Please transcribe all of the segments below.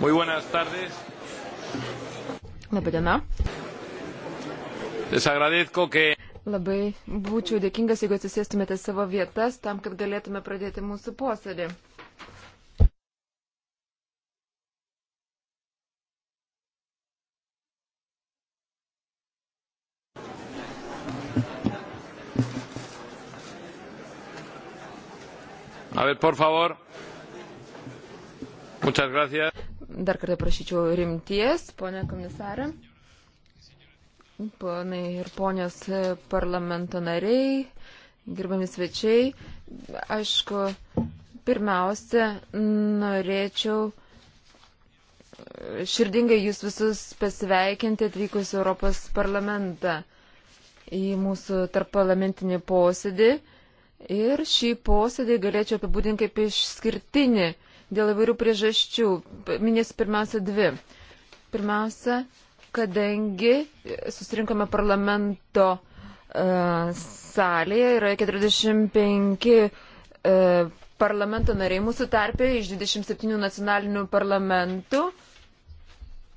Muy buenas tardes. Labadiena. Les agradezco que. Labai būčiau dėkingas, jeigu atsisėstumėte savo vietas tam, kad galėtume pradėti mūsų posėdį. A ver, por favor. Muchas gracias. Dar kartą prašyčiau rimties, ponė komisarė. Ponai ir ponios parlamento nariai, gerbami svečiai, aišku, pirmiausia, norėčiau širdingai jūs visus pasveikinti atvykus Europos parlamentą į mūsų tarp parlamentinį posėdį. Ir šį posėdį galėčiau apibūdinti kaip išskirtinį dėl įvairių priežasčių. Minėsiu pirmiausia dvi. Pirmiausia, kadangi susirinkome parlamento uh, salėje, yra 45 uh, e, parlamento nariai mūsų tarpė iš 27 nacionalinių parlamentų.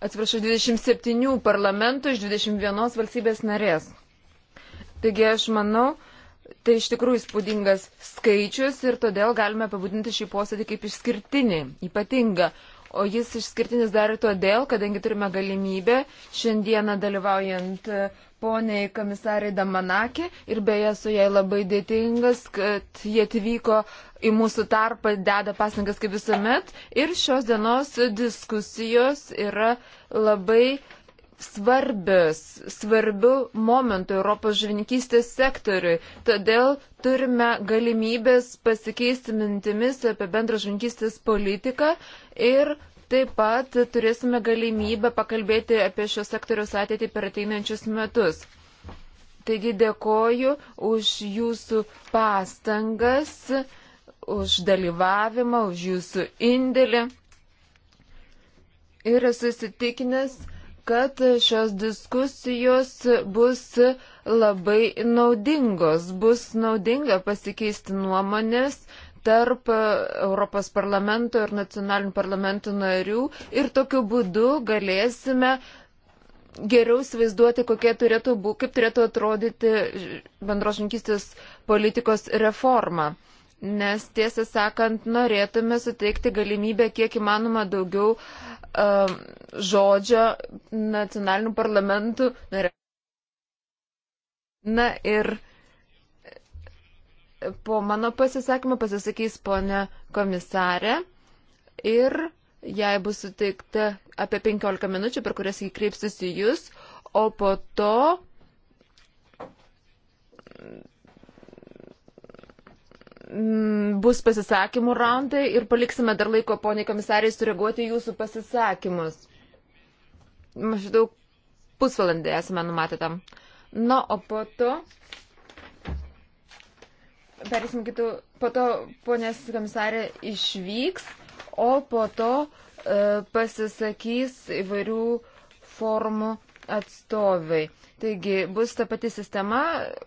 Atsiprašau, 27 parlamentų iš 21 valstybės narės. Taigi aš manau, Tai iš tikrųjų įspūdingas skaičius ir todėl galime pavadinti šį posėdį kaip išskirtinį, ypatingą. O jis išskirtinis dar ir todėl, kadangi turime galimybę šiandieną dalyvaujant e, poniai komisarai Damanakė ir beje su jai labai dėtingas, kad jie atvyko į mūsų tarpą, deda pasangas kaip visuomet ir šios dienos diskusijos yra labai svarbios, svarbių momentų Europos žuvininkystės sektoriui. Todėl turime galimybės pasikeisti mintimis apie bendrą žuvininkystės politiką ir taip pat turėsime galimybę pakalbėti apie šios sektoriaus ateitį per ateinančius metus. Taigi dėkoju už jūsų pastangas, už dalyvavimą, už jūsų indėlį. Ir esu įsitikinęs, kad šios diskusijos bus labai naudingos, bus naudinga pasikeisti nuomonės tarp Europos parlamento ir nacionalinių parlamentų narių ir tokiu būdu galėsime geriau įsivaizduoti, kokie turėtų būti, kaip turėtų atrodyti bendrošinkistės politikos reforma. Nes tiesą sakant, norėtume suteikti galimybę kiek įmanoma daugiau uh, žodžio nacionalinių parlamentų nariams. Na ir po mano pasisakymo pasisakys ponė komisarė ir jai bus suteikta apie 15 minučių, per kurias jį kreipsis į jūs, o po to Mm, bus pasisakymų raundai ir paliksime dar laiko, poniai komisariai, sureaguoti jūsų pasisakymus. Maždaug pusvalandį esame numatę tam. Na, o po to. Perėsim kitų. Po to ponės komisarė išvyks, o po to e, pasisakys įvairių formų atstovai. Taigi bus ta pati sistema,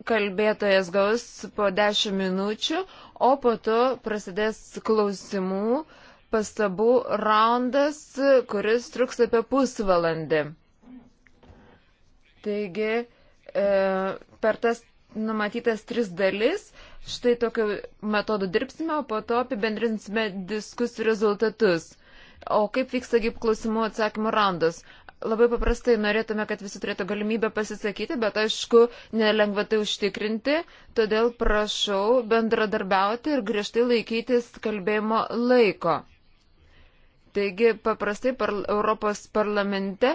kalbėtojas gaus po 10 minučių, o po to prasidės klausimų pastabų raundas, kuris truks apie pusvalandį. Taigi e, per tas numatytas tris dalis štai tokiu metodu dirbsime, o po to apibendrinsime diskusijų rezultatus. O kaip vyksta kaip klausimų atsakymų randas? Labai paprastai norėtume, kad visi turėtų galimybę pasisakyti, bet aišku, nelengva tai užtikrinti, todėl prašau bendradarbiauti ir griežtai laikytis kalbėjimo laiko. Taigi paprastai par Europos parlamente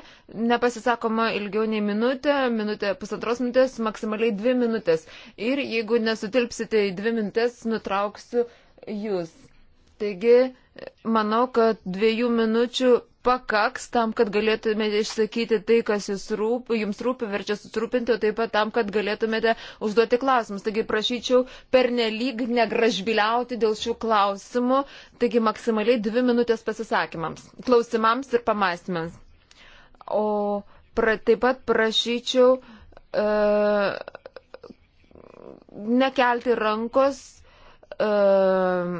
nepasisakoma ilgiau nei minutę, minutę pusantros minutės, maksimaliai dvi minutės. Ir jeigu nesutilpsite į dvi minutės, nutrauksiu jūs. Taigi manau, kad dviejų minučių pakaks tam, kad galėtumėte išsakyti tai, kas jūs rūpi, jums rūpi, verčia susirūpinti, o taip pat tam, kad galėtumėte užduoti klausimus. Taigi prašyčiau pernelyg negražbiliauti dėl šių klausimų, taigi maksimaliai dvi minutės pasisakymams, klausimams ir pamastymams. O pra, taip pat prašyčiau. Uh, nekelti rankos Ehm,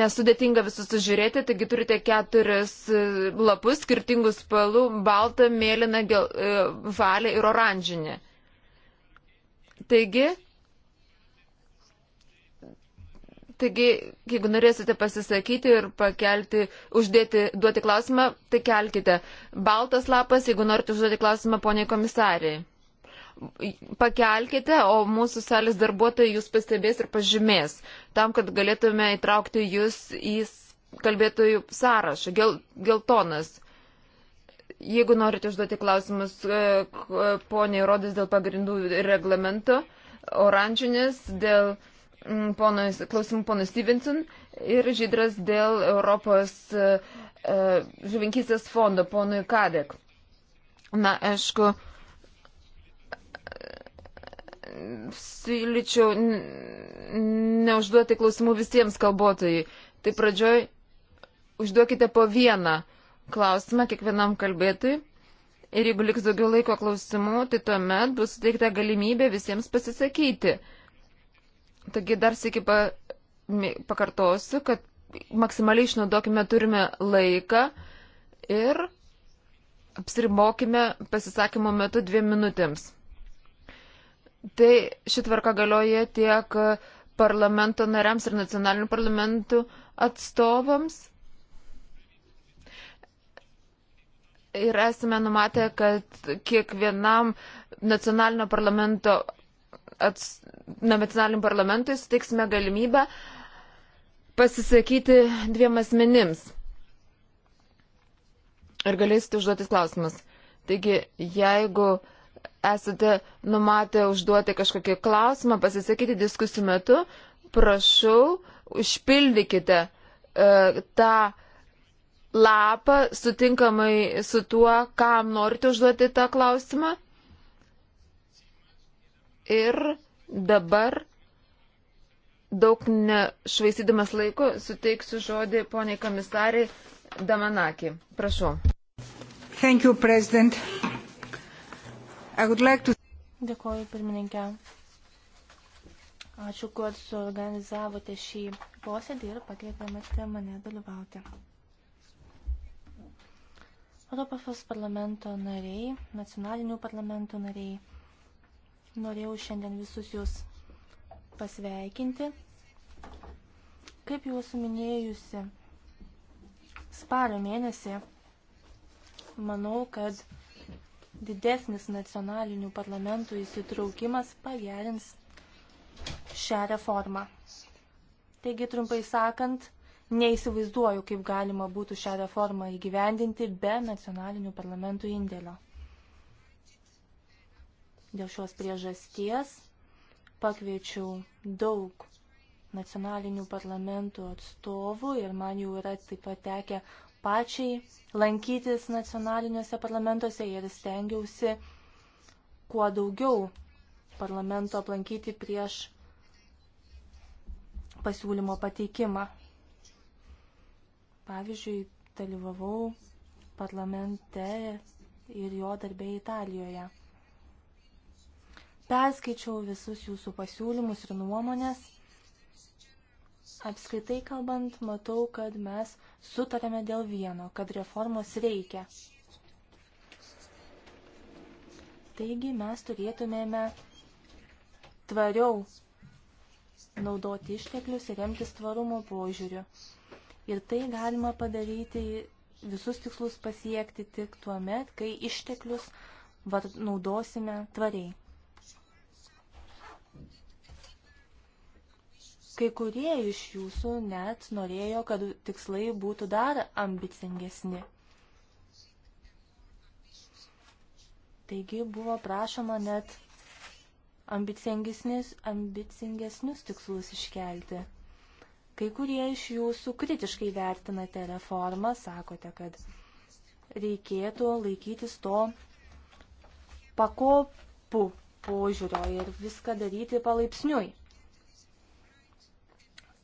nesudėtinga visus sužiūrėti, taigi turite keturis e, lapus skirtingų spalvų - baltą, mėlyną, gel, e, valę ir oranžinį. Taigi, taigi, jeigu norėsite pasisakyti ir pakelti, uždėti, duoti klausimą, tai kelkite. Baltas lapas, jeigu norite užduoti klausimą poniai komisariai pakelkite, o mūsų salės darbuotojai jūs pastebės ir pažymės, tam, kad galėtume įtraukti jūs į kalbėtojų sąrašą, gel, geltonas. Jeigu norite užduoti klausimus, e, poniai rodys dėl pagrindų reglamento, oranžinis dėl pono, klausimų pono Stevenson ir žydras dėl Europos e, e, žuvinkysės fondo ponui Kadek. Na, aišku, siūlyčiau neužduoti klausimų visiems kalbotojai. Tai pradžioj užduokite po vieną klausimą kiekvienam kalbėtojui. Ir jeigu liks daugiau laiko klausimų, tai tuomet bus suteikta galimybė visiems pasisakyti. Taigi dar sėki pa, pakartosiu, kad maksimaliai išnaudokime turime laiką ir apsiribokime pasisakymo metu dviem minutėms. Tai šitvarka galioja tiek parlamento nariams ir nacionalinių parlamentų atstovams. Ir esame numatę, kad kiekvienam nacionalinio parlamento ats... na, nacionaliniam parlamentui suteiksime galimybę pasisakyti dviem asmenims. Ir galėsite užduotis klausimus. Taigi, jeigu uh, esate numatę užduoti kažkokį klausimą, pasisakyti diskusijų metu, prašau, užpildykite e, tą lapą sutinkamai su tuo, kam norite užduoti tą klausimą. Ir dabar, daug nešvaistydamas laiko, suteiksiu žodį poniai komisariai Damanaki. Prašau. Thank you, President like to... Dėkoju, pirmininkė. Ačiū, kad suorganizavote šį posėdį ir pakvietėmėte mane dalyvauti. Europos parlamento nariai, nacionalinių parlamentų nariai, norėjau šiandien visus jūs pasveikinti. Kaip jau esu minėjusi, spalio mėnesį, manau, kad Didesnis nacionalinių parlamentų įsitraukimas pagerins šią reformą. Taigi, trumpai sakant, neįsivaizduoju, kaip galima būtų šią reformą įgyvendinti be nacionalinių parlamentų indėlio. Dėl šios priežasties pakviečiau daug nacionalinių parlamentų atstovų ir man jau yra taip pat tekę pačiai lankytis nacionaliniuose parlamentuose ir stengiausi kuo daugiau parlamento aplankyti prieš pasiūlymo pateikimą. Pavyzdžiui, dalyvavau parlamente ir jo darbė Italijoje. Perskaičiau visus jūsų pasiūlymus ir nuomonės Apskritai kalbant, matau, kad mes sutarėme dėl vieno, kad reformos reikia. Taigi mes turėtumėme tvariau naudoti išteklius ir remtis tvarumo požiūriu. Ir tai galima padaryti visus tikslus pasiekti tik tuo met, kai išteklius naudosime tvariai. Kai kurie iš jūsų net norėjo, kad tikslai būtų dar ambicingesni. Taigi buvo prašoma net ambicingesnius, ambicingesnius tikslus iškelti. Kai kurie iš jūsų kritiškai vertinate reformą, sakote, kad reikėtų laikytis to pakopų požiūrio ir viską daryti palaipsniui.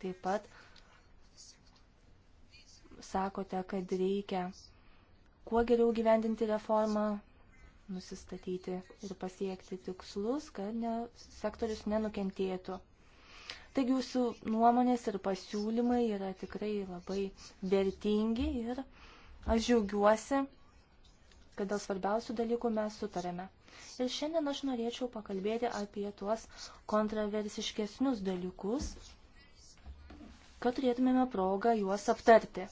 Taip pat sakote, kad reikia kuo geriau gyvendinti reformą, nusistatyti ir pasiekti tikslus, kad ne, sektorius nenukentėtų. Taigi jūsų nuomonės ir pasiūlymai yra tikrai labai vertingi ir aš džiaugiuosi, kad dėl svarbiausių dalykų mes sutarėme. Ir šiandien aš norėčiau pakalbėti apie tuos kontroversiškesnius dalykus, kad turėtumėme progą juos aptarti.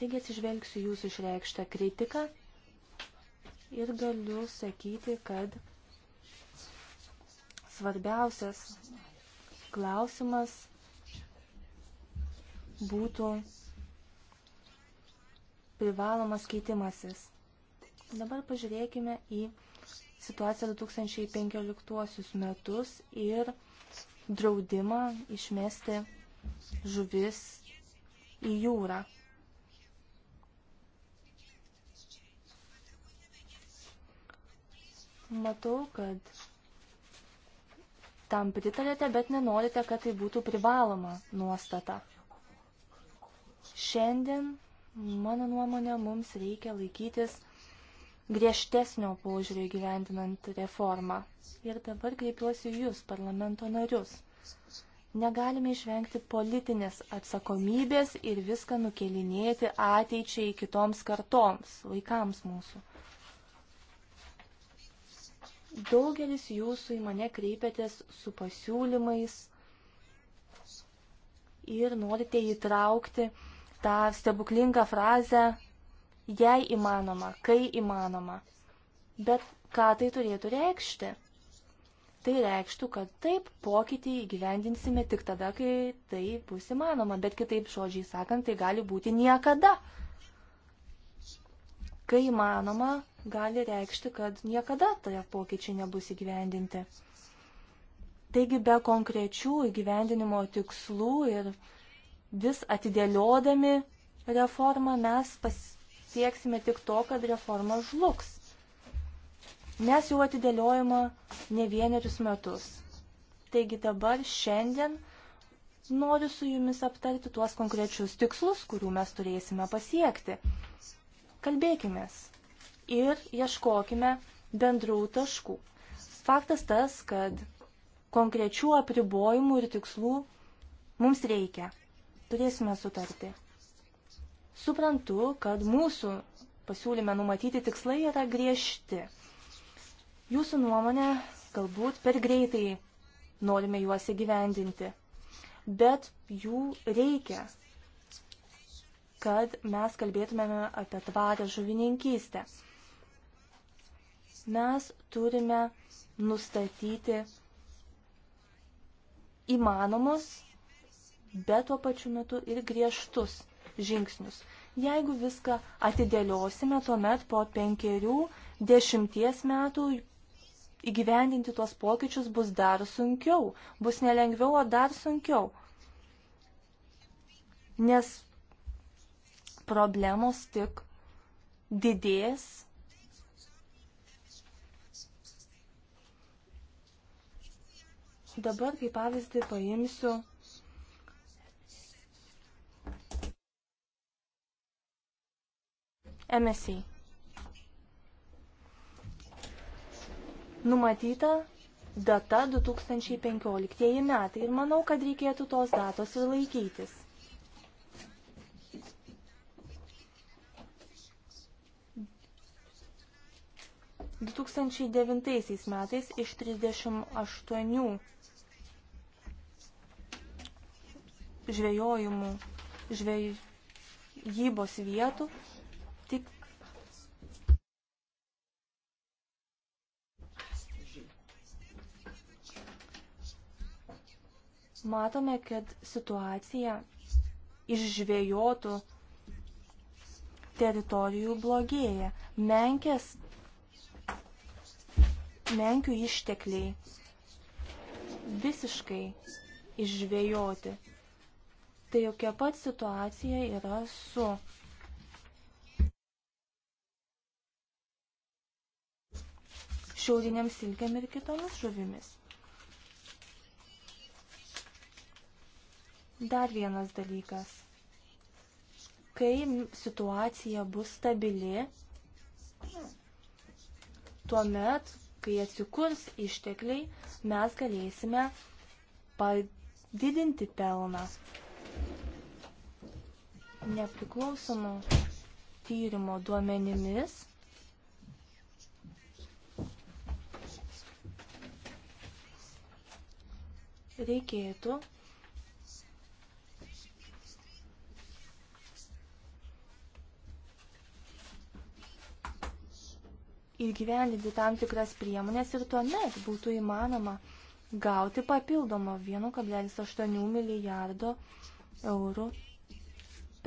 Taigi atsižvelgsiu jūsų išreikštą kritiką ir galiu sakyti, kad svarbiausias klausimas būtų privalomas keitimasis. Dabar pažiūrėkime į situaciją 2015 metus ir draudimą išmesti žuvis į jūrą. Matau, kad tam pritarėte, bet nenorite, kad tai būtų privaloma nuostata. Šiandien, mano nuomonė, mums reikia laikytis griežtesnio požiūrio gyvendinant reformą. Ir dabar kreipiuosi jūs, parlamento narius. Negalime išvengti politinės atsakomybės ir viską nukelinėti ateičiai kitoms kartoms, vaikams mūsų. Daugelis jūsų į mane kreipiatės su pasiūlymais ir norite įtraukti tą stebuklingą frazę jei įmanoma, kai įmanoma. Bet ką tai turėtų reikšti? Tai reikštų, kad taip, pokytį įgyvendinsime tik tada, kai tai bus įmanoma, bet kitaip žodžiai sakant, tai gali būti niekada. Kai įmanoma, gali reikšti, kad niekada toje pokyčiai nebus įgyvendinti. Taigi be konkrečių įgyvendinimo tikslų ir vis atidėliodami reformą mes pas, sieksime tik to, kad reforma žlugs. Mes jau atidėliojama ne vienerius metus. Taigi dabar šiandien noriu su jumis aptarti tuos konkrečius tikslus, kurių mes turėsime pasiekti. Kalbėkime ir ieškokime bendrų taškų. Faktas tas, kad konkrečių apribojimų ir tikslų mums reikia. Turėsime sutarti. Suprantu, kad mūsų pasiūlyme numatyti tikslai yra griežti. Jūsų nuomonė, galbūt per greitai norime juos įgyvendinti, bet jų reikia, kad mes kalbėtumėme apie tvarę žuvininkystę. Mes turime nustatyti įmanomus, bet tuo pačiu metu ir griežtus žingsnius. Jeigu viską atidėliosime, tuomet po penkerių, dešimties metų įgyvendinti tuos pokyčius bus dar sunkiau, bus nelengviau, o dar sunkiau. Nes problemos tik didės. Dabar kaip pavyzdį paimsiu MSI. Numatyta data 2015 metai ir manau, kad reikėtų tos datos ir laikytis. Du tūkstančiai devintaisiais metais iš 38 žvejojimų žvejybos vietų matome, kad situacija išžvėjotų teritorijų blogėja. Menkės, menkių ištekliai visiškai išžvėjoti. Tai jokia pat situacija yra su šiaudinėms silkėm ir kitomis žuvimis. Dar vienas dalykas. Kai situacija bus stabili, tuomet, kai atsikurs ištekliai, mes galėsime padidinti pelną. Nepriklausomų tyrimo duomenimis reikėtų įgyvendinti tam tikras priemonės ir tuomet būtų įmanoma gauti papildomą 1,8 milijardo eurų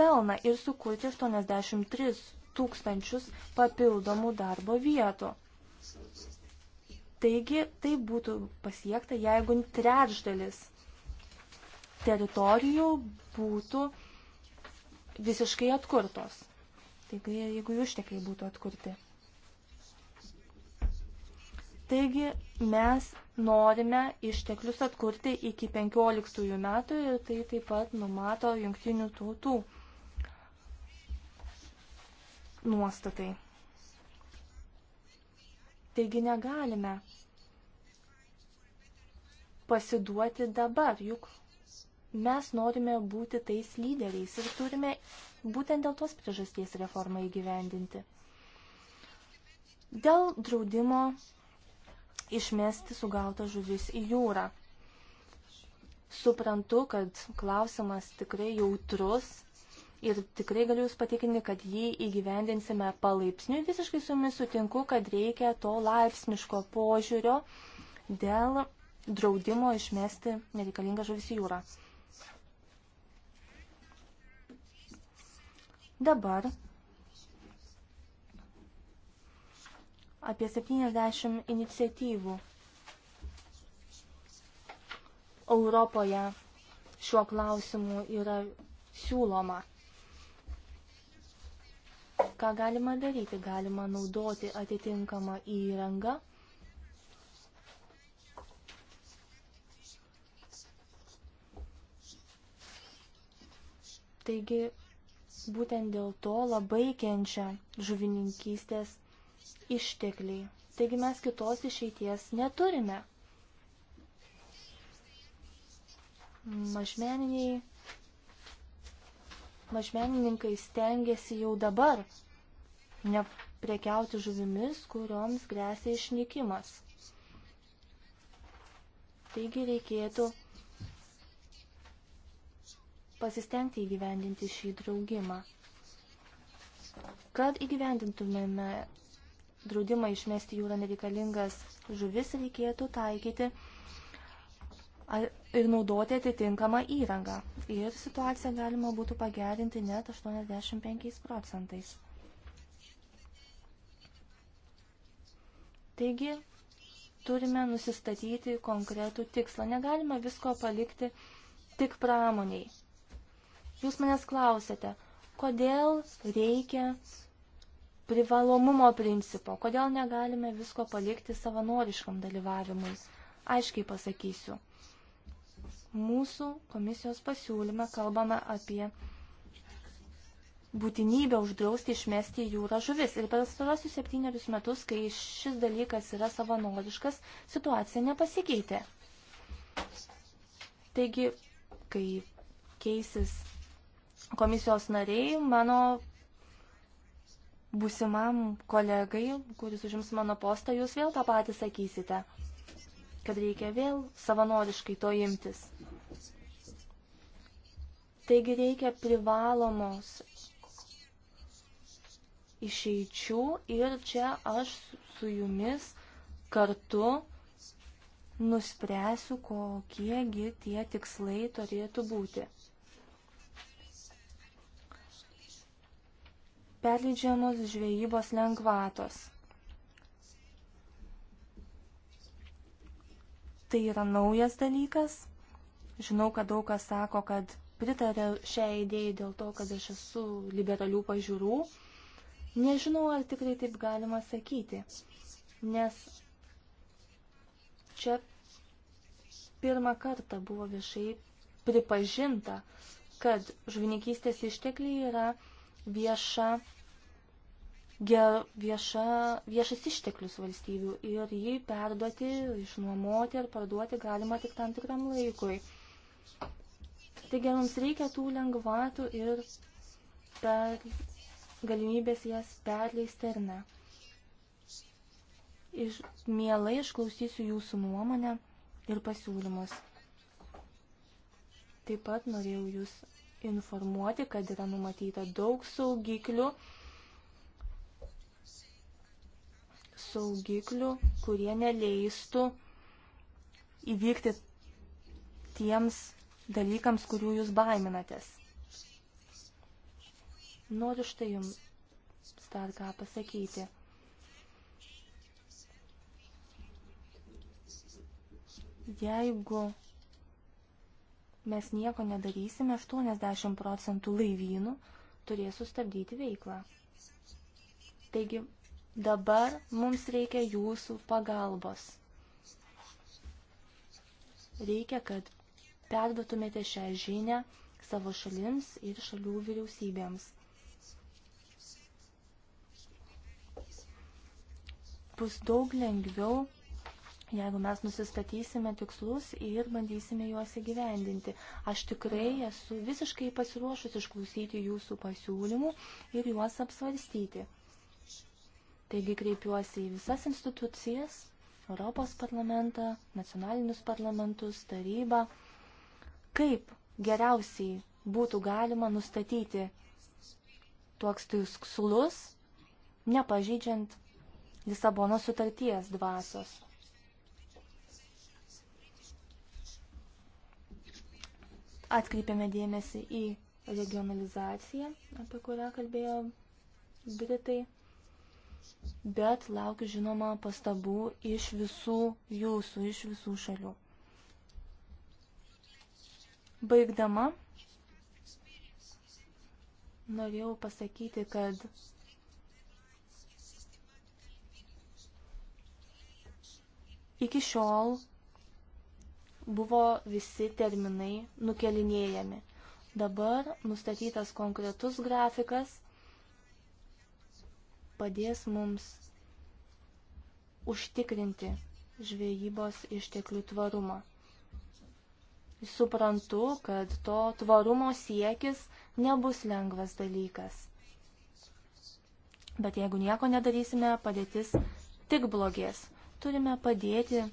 pelną ir sukurti 83 tūkstančius papildomų darbo vietų. Taigi tai būtų pasiekta, jeigu trečdalis teritorijų būtų visiškai atkurtos. Taigi jeigu ištekliai būtų atkurti. Taigi mes norime išteklius atkurti iki 15 metų ir tai taip pat numato jungtinių tautų nuostatai. Taigi negalime pasiduoti dabar, juk mes norime būti tais lyderiais ir turime būtent dėl tos priežasties reformą įgyvendinti. Dėl draudimo išmesti sugautą žuvis į jūrą. Suprantu, kad klausimas tikrai jautrus ir tikrai galiu Jūs patikinti, kad jį įgyvendinsime palaipsniui. Visiškai su Jumis sutinku, kad reikia to laipsniško požiūrio dėl draudimo išmesti nereikalingą žuvis į jūrą. Dabar apie 70 iniciatyvų Europoje šiuo klausimu yra siūloma. Ką galima daryti? Galima naudoti atitinkamą įrangą. Taigi, būtent dėl to labai kenčia žuvininkystės ištekliai. Taigi mes kitos išeities neturime. Mažmeniniai, mažmenininkai stengiasi jau dabar neprekiauti žuvimis, kurioms grėsia išnykimas. Taigi reikėtų pasistengti įgyvendinti šį draugimą. Kad įgyvendintumėme draudimą išmesti jūrą nereikalingas žuvis reikėtų taikyti ir naudoti atitinkamą įrangą. Ir situaciją galima būtų pagerinti net 85 procentais. Taigi, turime nusistatyti konkretų tikslą. Negalima visko palikti tik pramoniai. Jūs manęs klausėte, kodėl reikia privalomumo principo. Kodėl negalime visko palikti savanoriškam dalyvavimui? Aiškiai pasakysiu. Mūsų komisijos pasiūlyme kalbame apie būtinybę uždrausti išmesti į jūrą žuvis. Ir per pastarosius septynerius metus, kai šis dalykas yra savanoriškas, situacija nepasikeitė. Taigi, kai keisis komisijos nariai, mano busimam kolegai, kuris užims mano postą, jūs vėl tą patį sakysite, kad reikia vėl savanoriškai to imtis. Taigi reikia privalomos išeičių ir čia aš su jumis kartu nuspręsiu, kokiegi tie tikslai turėtų būti. perleidžiamos žvejybos lengvatos. Tai yra naujas dalykas. Žinau, kad daug kas sako, kad pritarė šią idėją dėl to, kad aš esu liberalių pažiūrų. Nežinau, ar tikrai taip galima sakyti, nes čia pirmą kartą buvo viešai pripažinta, kad žuvininkystės ištekliai yra vieša, ge, vieša, viešas išteklius valstybių ir jį perduoti, išnuomoti ar parduoti galima tik tam tikram laikui. Taigi mums reikia tų lengvatų ir per galimybės jas perleisti ar ne. Iš, mielai išklausysiu jūsų nuomonę ir pasiūlymus. Taip pat norėjau jūs informuoti, kad yra numatyta daug saugiklių, saugiklių, kurie neleistų įvykti tiems dalykams, kurių jūs baiminatės. Noriu štai jums dar ką pasakyti. Jeigu mes nieko nedarysime, 80 procentų laivynų turės sustabdyti veiklą. Taigi dabar mums reikia jūsų pagalbos. Reikia, kad perduotumėte šią žinę savo šalims ir šalių vyriausybėms. Bus daug lengviau jeigu mes nusistatysime tikslus ir bandysime juos įgyvendinti. Aš tikrai esu visiškai pasiruošus išklausyti jūsų pasiūlymų ir juos apsvarstyti. Taigi kreipiuosi į visas institucijas, Europos parlamentą, nacionalinius parlamentus, tarybą, kaip geriausiai būtų galima nustatyti tuoks tikslus, nepažydžiant Lisabono sutarties dvasios. atkreipėme dėmesį į regionalizaciją, apie kurią kalbėjo Britai, bet laukiu žinoma pastabų iš visų jūsų, iš visų šalių. Baigdama, norėjau pasakyti, kad iki šiol buvo visi terminai nukelinėjami. Dabar nustatytas konkretus grafikas padės mums užtikrinti žvejybos išteklių tvarumą. Suprantu, kad to tvarumo siekis nebus lengvas dalykas. Bet jeigu nieko nedarysime, padėtis tik blogės. Turime padėti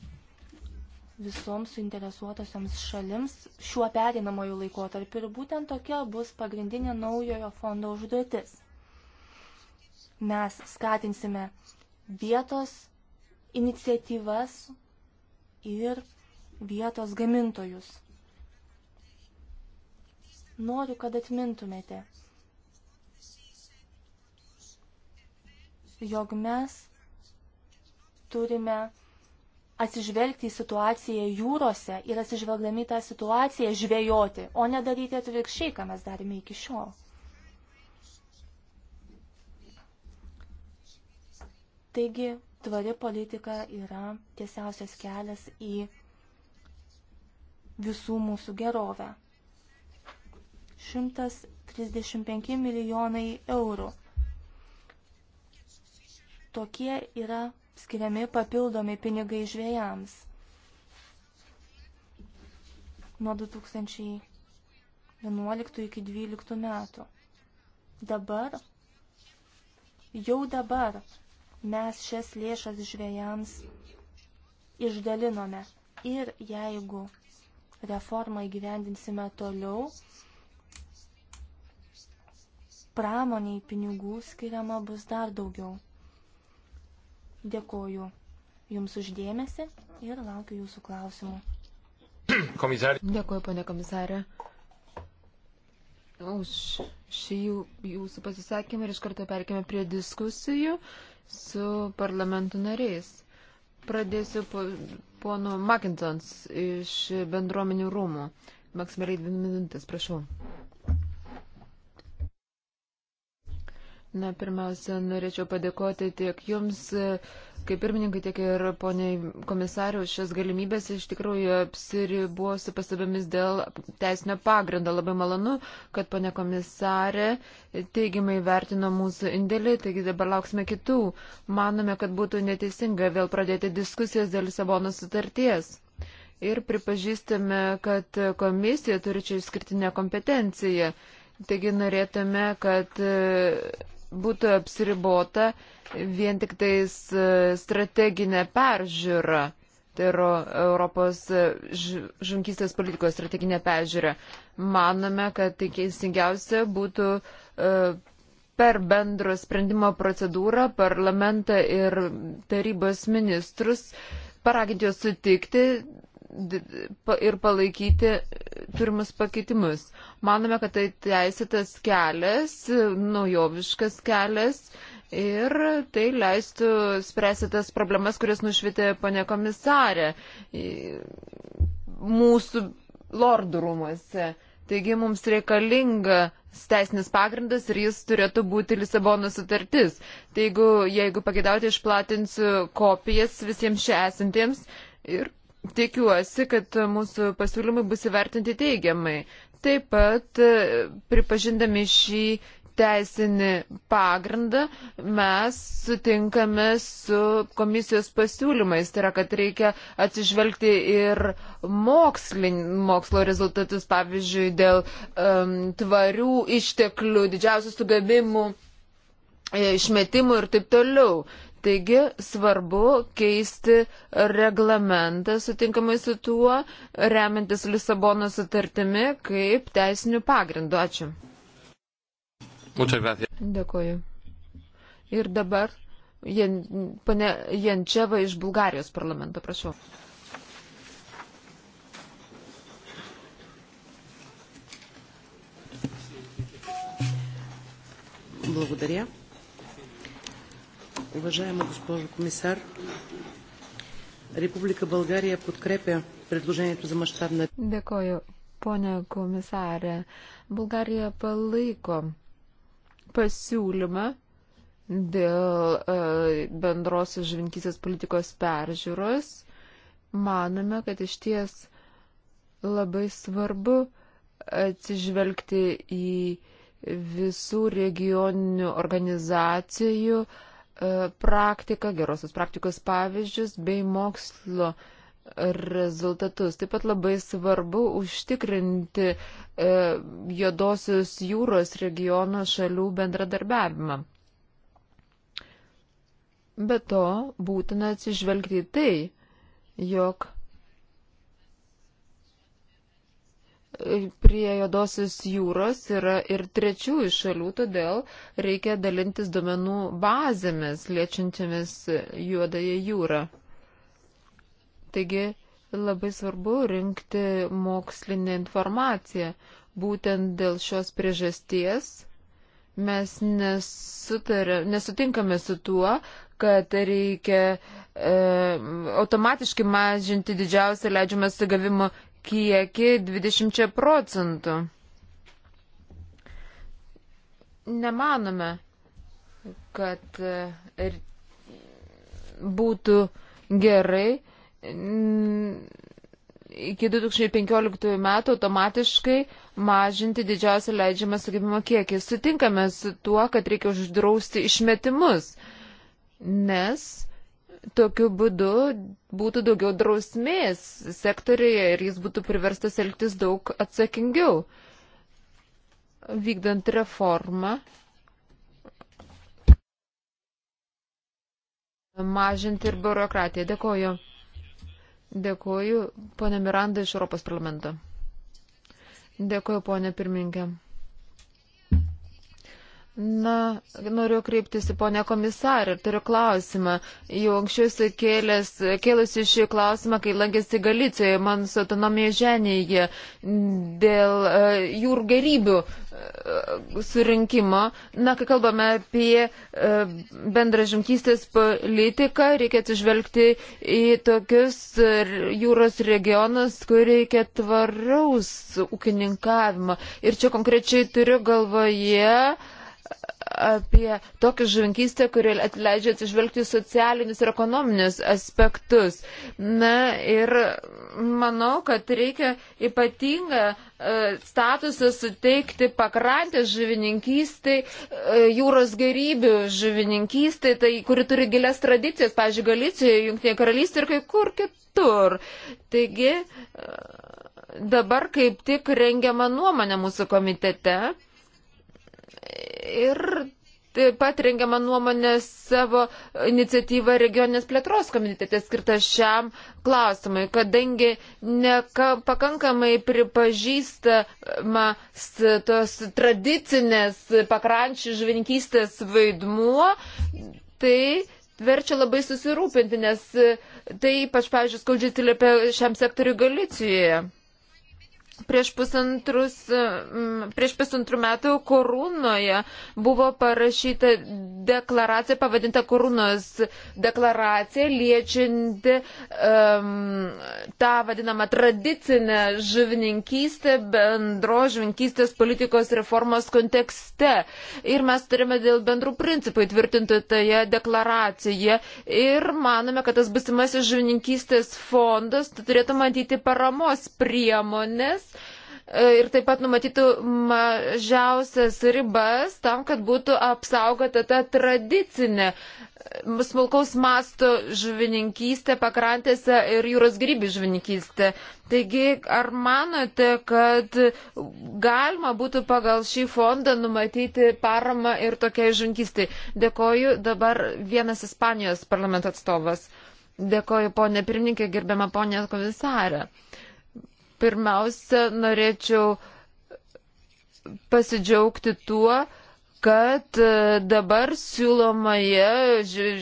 visoms suinteresuotosioms šalims šiuo perinamojų laikotarpiu ir būtent tokia bus pagrindinė naujojo fondo užduotis. Mes skatinsime vietos iniciatyvas ir vietos gamintojus. Noriu, kad atmintumėte, jog mes turime atsižvelgti į situaciją jūrose ir atsižvelgdami tą situaciją žvejoti, o nedaryti atvirkščiai, ką mes darėme iki šiol. Taigi, tvari politika yra tiesiausias kelias į visų mūsų gerovę. 135 milijonai eurų. Tokie yra skiriami papildomi pinigai žvėjams. Nuo 2011 iki 2012 metų. Dabar, jau dabar mes šias lėšas žvėjams išdalinome. Ir jeigu reformą įgyvendinsime toliau, pramoniai pinigų skiriama bus dar daugiau. Dėkoju Jums uždėmesi ir laukiu Jūsų klausimų. Komisarė. Dėkoju, ponė komisarė, už šį Jūsų pasisakymą ir iš karto perkime prie diskusijų su parlamentų nariais. Pradėsiu po, ponu Makintons iš bendruomenių rūmų. Maksimiliai dvi minutės, prašau. Na, pirmiausia, norėčiau padėkoti tiek jums, e, kaip pirmininkai, tiek ir poniai komisariaus šias galimybės. Iš tikrųjų, apsiribuosiu pastabomis dėl teisinio pagrindo. Labai malonu, kad ponia komisarė teigiamai vertino mūsų indėlį, taigi dabar lauksime kitų. Manome, kad būtų neteisinga vėl pradėti diskusijas dėl Lisabono sutarties. Ir pripažįstame, kad komisija turi čia išskirtinę kompetenciją. Taigi norėtume, kad e, būtų apsiribota vien tik tais e, strateginė peržiūra. Tai yra Europos e, žunkystės politikos strateginė peržiūra. Manome, kad tai teisingiausia būtų e, per bendro sprendimo procedūrą parlamentą ir tarybos ministrus paraginti juos sutikti ir palaikyti turimus pakeitimus. Manome, kad tai teisėtas kelias, naujoviškas kelias ir tai leistų spręsti tas problemas, kurias nušvitė pane komisarė mūsų lordų rūmose. Taigi mums reikalinga teisinis pagrindas ir jis turėtų būti Lisabono sutartis. Tai jeigu, jeigu pagėdauti, išplatinsiu kopijas visiems čia esantiems ir Tikiuosi, kad mūsų pasiūlymai bus įvertinti teigiamai. Taip pat e, pripažindami šį teisinį pagrindą mes sutinkame su komisijos pasiūlymais. Tai yra, kad reikia atsižvelgti ir mokslin, mokslo rezultatus, pavyzdžiui, dėl um, tvarių išteklių, didžiausių sugabimų, e, išmetimų ir taip toliau. Taigi svarbu keisti reglamentą sutinkamai su tuo, remiantis Lisabono sutartimi kaip teisiniu pagrindu. Ačiū. Dėkuoju. Ir dabar Jan, pane Jančeva iš Bulgarijos parlamento, prašau. Благодаря. Уважаема госпожо комисар, Република България подкрепя предложението за мащабна. Dėkoju, ponia komisarė. Bulgarija palaiko pasiūlymą dėl e, bendrosios žvinkysios politikos peržiūros. Manome, kad iš ties labai svarbu atsižvelgti į visų regioninių organizacijų e, E, praktiką, gerosios praktikos pavyzdžius bei mokslo rezultatus. Taip pat labai svarbu užtikrinti e, juodosios jūros regiono šalių bendradarbiavimą. Be to, būtina atsižvelgti į tai, jog prie Jodosios jūros yra ir trečiųjų šalių, todėl reikia dalintis duomenų bazėmis liečiančiamis Juodąją jūrą. Taigi labai svarbu rinkti mokslinę informaciją. Būtent dėl šios priežasties mes nesutarė, nesutinkame su tuo, kad reikia e, automatiškai mažinti didžiausią leidžiamą sugavimo kiekį 20 procentų. Nemanome, kad e, būtų gerai iki 2015 metų automatiškai mažinti didžiausią leidžiamą sugebimo kiekį. Sutinkame su tuo, kad reikia uždrausti išmetimus, nes tokiu būdu būtų daugiau drausmės sektorėje ir jis būtų priverstas elgtis daug atsakingiau. Vykdant reformą, mažinti ir biurokratiją. Dėkoju. Dėkoju, ponė Miranda iš Europos parlamento. Dėkoju, ponė pirmininkė. Na, noriu kreiptis į ponę komisarę ir turiu klausimą. Jau anksčiau esu kėlusi šį klausimą, kai lankėsi Galicijoje, man su autonomija žemėje dėl uh, jūrų gerybių uh, surinkimo. Na, kai kalbame apie uh, e, bendrą žimkystės politiką, reikia atsižvelgti į tokius uh, jūros regionus, kur reikia tvaraus ūkininkavimo. Ir čia konkrečiai turiu galvoje, uh, apie tokią žuvinkystę, kuri atleidžia atsižvelgti socialinius ir ekonominius aspektus. Na ir manau, kad reikia ypatingą e, statusą suteikti pakrantės žuvininkystai, e, jūros gerybių žuvininkystai, tai, kuri turi gilias tradicijas, pavyzdžiui, Galicijoje, Junktinėje karalystėje ir kai kur kitur. Taigi, e, dabar kaip tik rengiama nuomonė mūsų komitete ir taip pat rengiama nuomonė savo iniciatyvą regioninės plėtros komitete skirtą šiam klausimui, kadangi nepakankamai pripažįstamas tos tradicinės pakrančių žvinkystės vaidmuo, tai verčia labai susirūpinti, nes tai ypač, pavyzdžiui, skaudžiai atsiliepia šiam sektoriu Galicijoje. Prieš pusantrus, mm, prieš pusantrų metų Korūnoje buvo parašyta deklaracija, pavadinta Korūnos deklaracija, liečianti um, tą vadinamą tradicinę žuvininkystę bendro žuvininkystės politikos reformos kontekste. Ir mes turime dėl bendrų principų įtvirtinti toje deklaracijoje. Ir manome, kad tas busimasis žuvininkystės fondas turėtų matyti paramos priemonės E, ir taip pat numatytų mažiausias ribas tam, kad būtų apsaugota ta tradicinė smulkaus masto žuvininkystė pakrantėse ir jūros grybių žuvininkystė. Taigi, ar manote, kad galima būtų pagal šį fondą numatyti paramą ir tokiai žuvininkystė? Dėkoju, dabar vienas Ispanijos parlamento atstovas. Dėkoju, ponė pirmininkė, gerbiama ponė komisarė. Pirmiausia, norėčiau pasidžiaugti tuo, kad e, dabar siūlomoje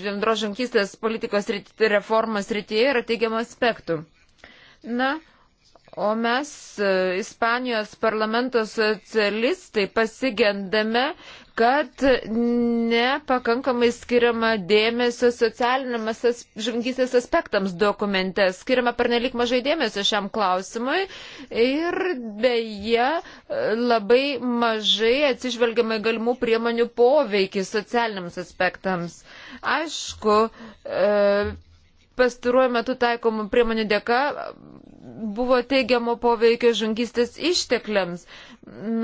žemdros žankystės politikos reformos rytyje yra teigiamų aspektų. Na, o mes, e, Ispanijos parlamento socialistai, pasigendame, kad nepakankamai skiriama dėmesio socialiniamas as, žvangysės aspektams dokumente. Skiriama pernelik mažai dėmesio šiam klausimui ir beje labai mažai atsižvelgiama į galimų priemonių poveikį socialiniams aspektams. Aišku, e, pastaruoju metu taikomų priemonių dėka buvo teigiamo poveikio žungystės ištekliams.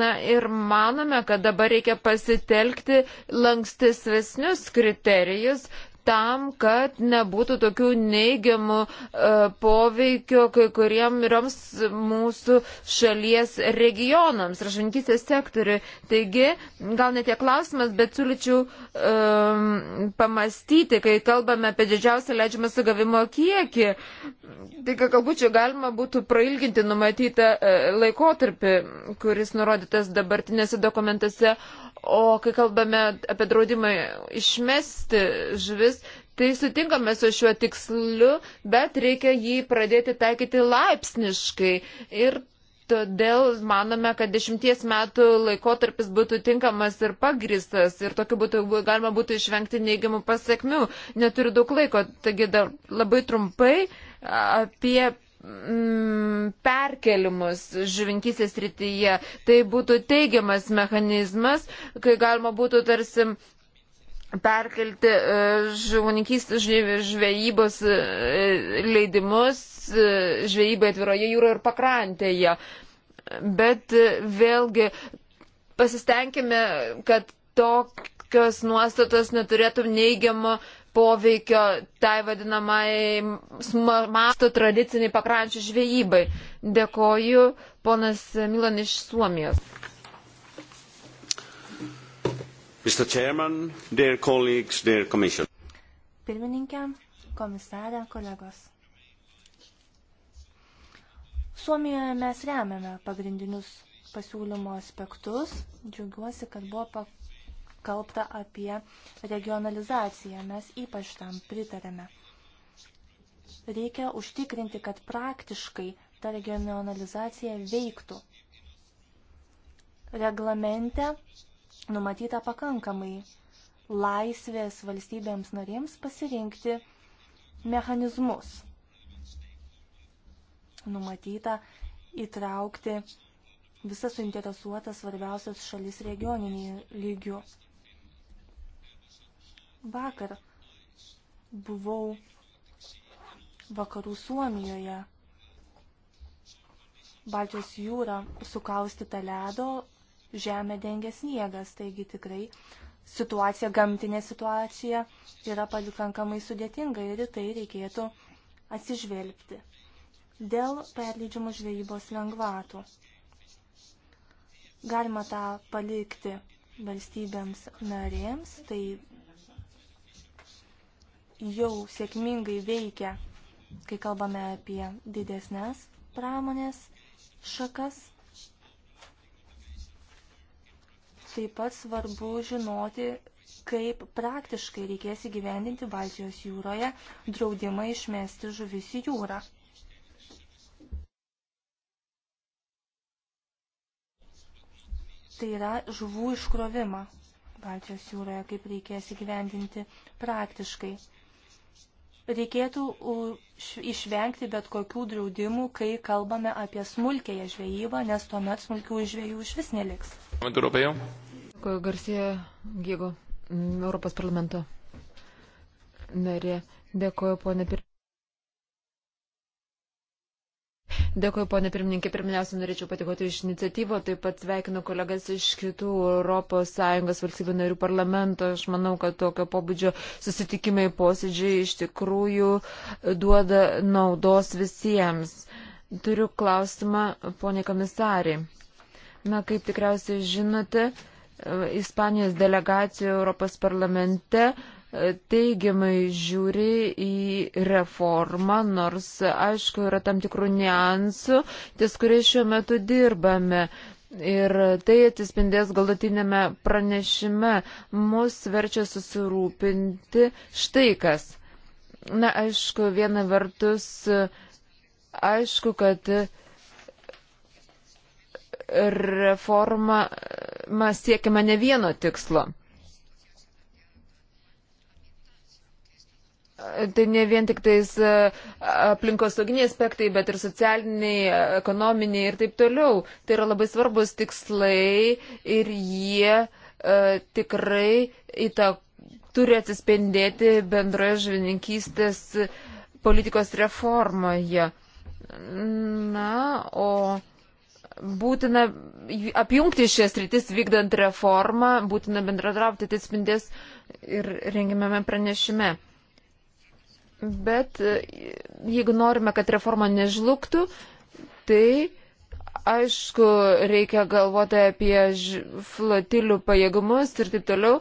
Na ir manome, kad dabar reikia pasitelkti lankstesnius kriterijus, tam, kad nebūtų tokių neigiamų e, poveikio kai kuriems mūsų šalies regionams, ražankysės sektoriui. Taigi, gal ne tie klausimas, bet siūlyčiau e, pamastyti, kai kalbame apie didžiausią leidžiamą sugavimo kiekį. Tai, kad galbūt čia galima būtų prailginti numatytą e, laikotarpį, kuris nurodytas dabartinėse dokumentuose, O kai kalbame apie draudimą išmesti žuvis, tai sutinkame su šiuo tiksliu, bet reikia jį pradėti taikyti laipsniškai. Ir todėl manome, kad dešimties metų laikotarpis būtų tinkamas ir pagristas. Ir tokiu būtų galima būtų išvengti neigiamų pasiekmių. Neturiu daug laiko, taigi dar labai trumpai apie Mm, perkelimus žuvinkysės rytyje. Tai būtų teigiamas mechanizmas, kai galima būtų tarsi perkelti e, žuvininkystės žvejybos e, leidimus e, žvejybai atviroje jūroje ir pakrantėje. Bet vėlgi pasistengime, kad tokios nuostatos neturėtų neigiamo uh, poveikio tai vadinamai masto tradiciniai pakrančių žvejybai. Dėkoju, ponas Milan iš Suomijos. Mr. Chairman, dear colleagues, dear commission. Pirmininkė, komisarė, kolegos. Suomijoje mes remiame pagrindinius pasiūlymo aspektus. Džiaugiuosi, kad buvo pakankamai kalbta apie regionalizaciją. Mes ypač tam pritarėme. Reikia užtikrinti, kad praktiškai ta regionalizacija veiktų. Reglamente numatyta pakankamai laisvės valstybėms narėms pasirinkti mechanizmus. Numatyta įtraukti visas suinteresuotas svarbiausias šalis regioninį lygių. Vakar buvau vakarų Suomijoje. Baltijos jūra sukaustyta ledo, žemė dengia sniegas, taigi tikrai situacija, gamtinė situacija yra pakankamai sudėtinga ir į tai reikėtų atsižvelgti. Dėl perleidžiamų žvejybos lengvatų. Galima tą palikti valstybėms narėms, tai jau sėkmingai veikia, kai kalbame apie didesnės pramonės šakas. Taip pat svarbu žinoti, kaip praktiškai reikės įgyvendinti Baltijos jūroje draudimą išmesti žuvis į jūrą. Tai yra žuvų iškrovimą Baltijos jūroje, kaip reikės įgyvendinti praktiškai reikėtų išvengti bet kokių draudimų, kai kalbame apie smulkėją žvejybą, nes tuomet smulkių žvejų iš vis neliks. Garsėja Gygo, Europos parlamento narė. Dėkoju, ponė Pirmininkė. Dėkuoju, ponė pirmininkė. Pirmiausia, norėčiau patikoti iš iniciatyvo, taip pat sveikinu kolegas iš kitų ES valstybių narių parlamento. Aš manau, kad tokio pobūdžio susitikimai posėdžiai iš tikrųjų duoda naudos visiems. Turiu klausimą, ponė komisarė. Na, kaip tikriausiai žinote, Ispanijos delegacija Europos parlamente teigiamai žiūri į reformą, nors, aišku, yra tam tikrų niansų, ties kuriais šiuo metu dirbame. Ir tai atsispindės galutinėme pranešime. Mus verčia susirūpinti štai kas. Na, aišku, viena vertus, aišku, kad reforma siekiama ne vieno tikslo. Tai ne vien tik tais e, aplinkosauginiai aspektai, bet ir socialiniai, e, ekonominiai ir taip toliau. Tai yra labai svarbus tikslai ir jie e, tikrai įtak, turi atsispindėti bendroje žvininkystės politikos reformoje. Na, o būtina apjungti šias rytis vykdant reformą, būtina bendradrauti, tai atspindės ir rengiamame pranešime. Bet e, jeigu norime, kad reforma nežlugtų, tai aišku, reikia galvoti apie flotilių pajėgumus ir taip toliau.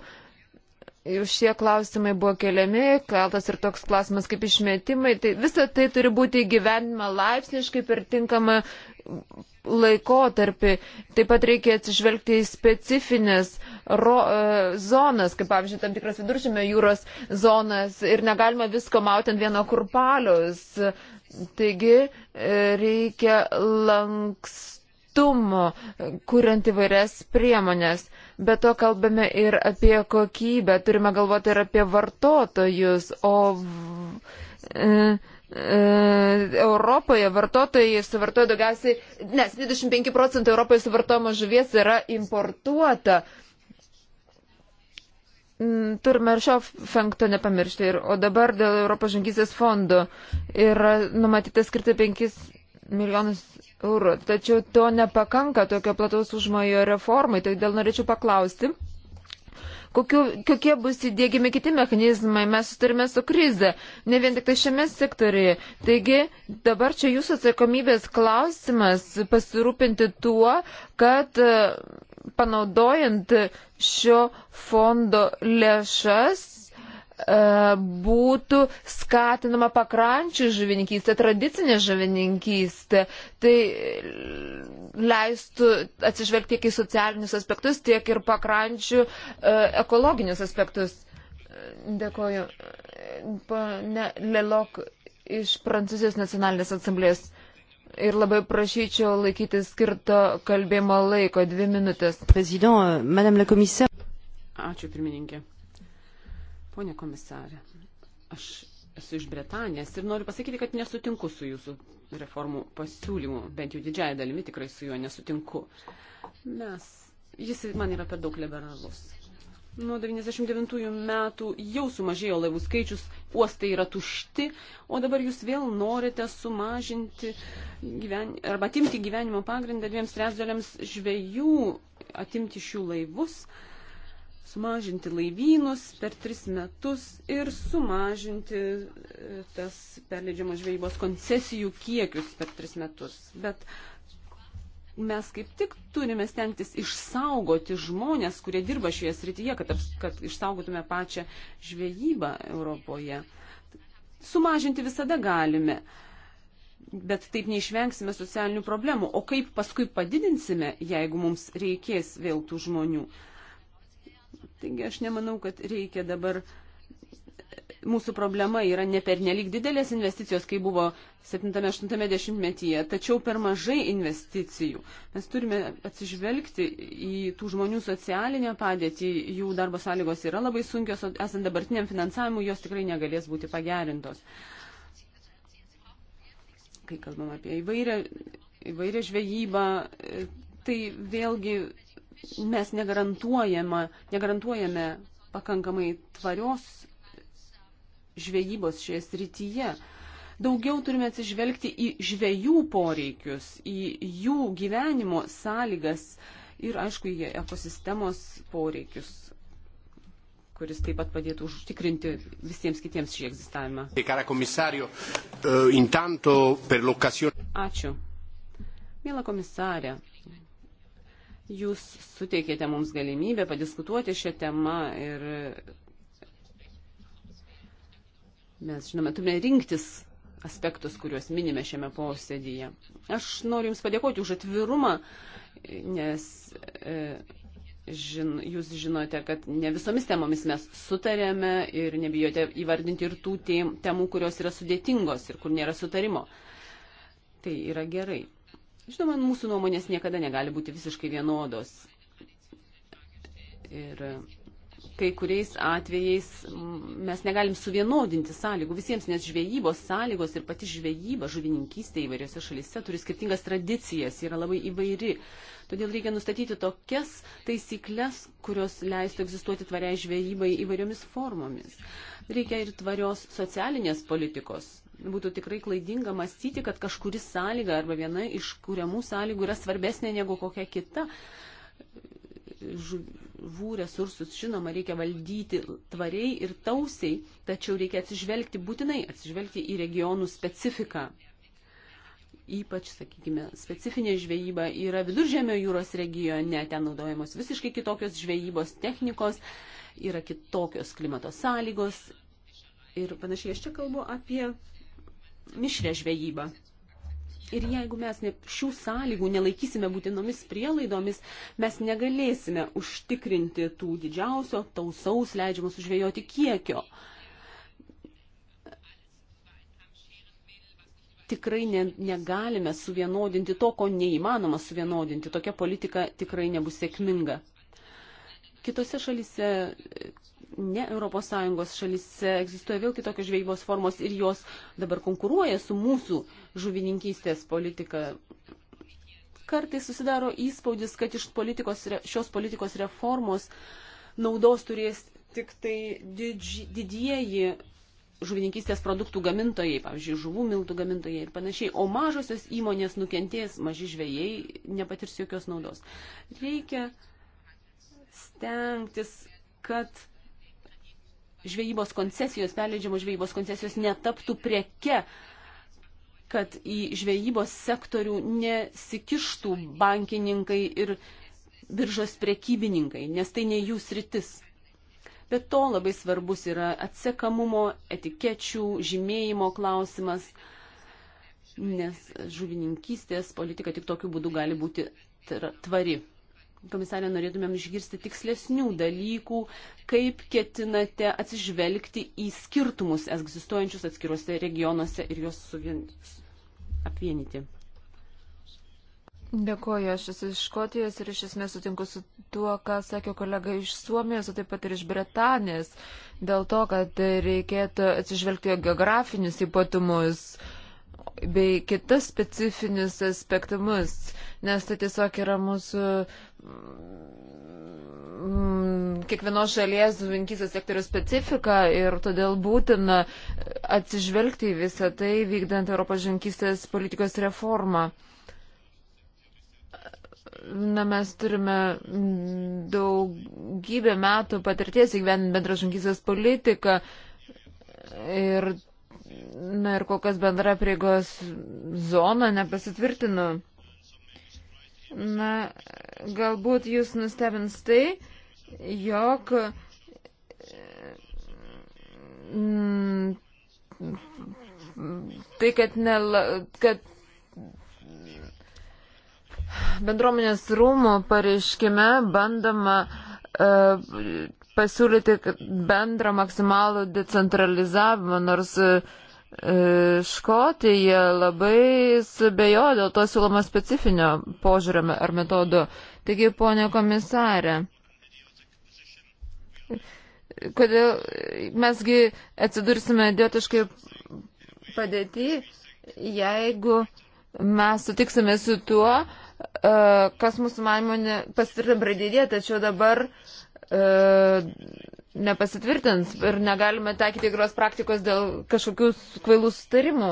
Jau šie klausimai buvo keliami, keltas ir toks klausimas kaip išmetimai. Tai visa tai turi būti įgyvendima laipsniškai per tinkamą laikotarpį. Taip pat reikia atsižvelgti į specifines uh, ro, e, zonas, kaip pavyzdžiui, tam tikras viduržėmio jūros zonas ir negalima visko mauti ant vieno kurpalius. Taigi e, reikia lankstumo, kuriant įvairias priemonės. Be to kalbame ir apie kokybę, turime galvoti ir apie vartotojus, o e, e, Europoje vartotojai suvartoja daugiausiai, nes 25 procentų Europoje suvartojama žuvies yra importuota. Mm, turime ir šio fenkto nepamiršti. Ir, o dabar dėl Europos žangysės fondo yra numatyta skirti 5 milijonus eurų. Tačiau to nepakanka tokio plataus užmojo reformai. Todėl tai norėčiau paklausti, kokiu, kokie bus įdėgiami kiti mechanizmai, mes turime su krize, ne vien tik tai šiame sektoriuje. Taigi dabar čia jūsų atsakomybės klausimas pasirūpinti tuo, kad panaudojant šio fondo lėšas e, būtų skatinama pakrančių žuvininkystė, tradicinė žuvininkystė. Tai leistų atsižvelgti tiek į socialinius aspektus, tiek ir pakrančių e, ekologinius aspektus. Dėkoju. Pane Lelok iš Prancūzijos nacionalinės asamblės. Ir labai prašyčiau laikyti skirto kalbėjimo laiko, dvi minutės. Prezident, euh, madame la komisarė. Ačiū, pirmininkė. Pone komisarė, aš esu iš Britanijos ir noriu pasakyti, kad nesutinku su jūsų reformų pasiūlymu, bent jau didžiai dalimi tikrai su juo nesutinku. Mes, jis man yra per daug liberalus. Nuo 99 metų jau sumažėjo laivų skaičius, uostai yra tušti, o dabar jūs vėl norite sumažinti gyven... arba atimti gyvenimo pagrindą dviems trečdaliams žvėjų, atimti šių laivus, sumažinti laivynus per tris metus ir sumažinti e, tas perleidžiamos žvejybos koncesijų kiekius per tris metus. Bet uh, mes kaip tik turime stengtis išsaugoti žmonės, kurie dirba šioje srityje, kad, aps, kad išsaugotume pačią žvejybą Europoje. Sumažinti visada galime, bet taip neišvengsime socialinių problemų. O kaip paskui padidinsime, jeigu mums reikės vėl tų žmonių? Taigi aš nemanau, kad reikia dabar uh, mūsų problema yra ne pernelyg didelės investicijos, kai buvo 7-8 metyje, tačiau per mažai investicijų. Mes turime atsižvelgti į tų žmonių socialinę padėtį, jų darbo sąlygos yra labai sunkios, o esant dabartiniam finansavimui jos tikrai negalės būti pagerintos. Kai kalbam apie įvairią, įvairią žvejybą, tai vėlgi mes negarantuojame pakankamai tvarios žvejybos šioje srityje. Daugiau turime atsižvelgti į žvejų poreikius, į jų gyvenimo sąlygas ir, aišku, į ekosistemos poreikius, kuris taip pat padėtų užtikrinti visiems kitiems šį egzistavimą. E, eh, Ačiū. Mėla komisarė, jūs suteikėte mums galimybę padiskutuoti šią temą ir Mes, žinome, turime rinktis aspektus, kuriuos minime šiame posėdyje. Aš noriu Jums padėkoti už atvirumą, nes e, žin, Jūs žinote, kad ne visomis temomis mes sutarėme ir nebijote įvardinti ir tų temų, kurios yra sudėtingos ir kur nėra sutarimo. Tai yra gerai. Žinoma, mūsų nuomonės niekada negali būti visiškai vienodos. Ir kai kuriais atvejais mes negalim suvienodinti sąlygų visiems, nes žvejybos sąlygos ir pati žvejyba, žuvininkystė įvairiose šalise turi skirtingas tradicijas, yra labai įvairi. Todėl reikia nustatyti tokias taisyklės, kurios leistų egzistuoti tvariai žvejybai įvairiomis formomis. Reikia ir tvarios socialinės politikos. Būtų tikrai klaidinga mąstyti, kad kažkuri sąlyga arba viena iš kuriamų sąlygų yra svarbesnė negu kokia kita. Žu žuvų resursus, žinoma, reikia valdyti tvariai ir tausiai, tačiau reikia atsižvelgti būtinai, atsižvelgti į regionų specifiką. Ypač, sakykime, specifinė žvejyba yra viduržėmio jūros regione, ten naudojamos visiškai kitokios žvejybos technikos, yra kitokios klimato sąlygos ir panašiai. Aš čia kalbu apie mišrę žvejybą. Ir jeigu mes ne, šių sąlygų nelaikysime būtinomis prielaidomis, mes negalėsime užtikrinti tų didžiausio tausaus leidžiamo sužvėjoti kiekio. Tikrai ne, negalime suvienodinti to, ko neįmanoma suvienodinti. Tokia politika tikrai nebus sėkminga. Kitose šalise ne ES šalise egzistuoja vėl kitokios žvejybos formos ir jos dabar konkuruoja su mūsų žuvininkystės politika. Kartais susidaro įspūdis, kad iš politikos, šios politikos reformos naudos turės tik tai didži, didieji žuvininkystės produktų gamintojai, pavyzdžiui, žuvų miltų gamintojai ir panašiai, o mažosios įmonės nukentės, maži žvėjai nepatirs jokios naudos. Reikia stengtis, kad žvejybos koncesijos, perleidžiamos žvejybos koncesijos netaptų prieke, kad į žvejybos sektorių nesikištų bankininkai ir biržos prekybininkai, nes tai ne jų sritis. Bet to labai svarbus yra atsekamumo, etikečių, žymėjimo klausimas, nes žuvininkystės politika tik tokiu būdu gali būti tvari komisarė, norėtumėm išgirsti tikslesnių dalykų, kaip ketinate atsižvelgti į skirtumus egzistuojančius atskiruose regionuose ir juos suvien... apvienyti. Dėkuoju, aš esu iš Škotijos ir iš esmės sutinku su tuo, ką sakė kolega iš Suomijos, o taip pat ir iš Britanijos, dėl to, kad reikėtų atsižvelgti geografinius ypatumus bei kitas specifinius aspektumus nes tai tiesiog yra mūsų mm, kiekvienos šalies žuvinkysės sektorių specifiką ir todėl būtina atsižvelgti į visą tai vykdant Europos žuvinkysės politikos reformą. Na, mes turime daugybę metų patirties įgyvendinti bendrą žuvinkysės politiką ir, na, ir kol kas bendra prieigos zona nepasitvirtino. Na, galbūt jūs nustebins tai, jog e, mm, tai, kad, nela, kad bendruomenės rūmų pareiškime bandama uh, e, pasiūlyti bendrą maksimalų decentralizavimą, nors uh, E, Škotija labai subejo dėl to siūloma specifinio požiūrio ar metodo. Taigi, ponė komisarė, kodėl mesgi atsidursime idiotiškai padėti, jeigu mes sutiksime su tuo, e, kas mūsų manimo pasitvirtina bradėdė, tačiau dabar e, nepasitvirtins ir negalime taikyti tikros praktikos dėl kažkokių kvailų sustarimų.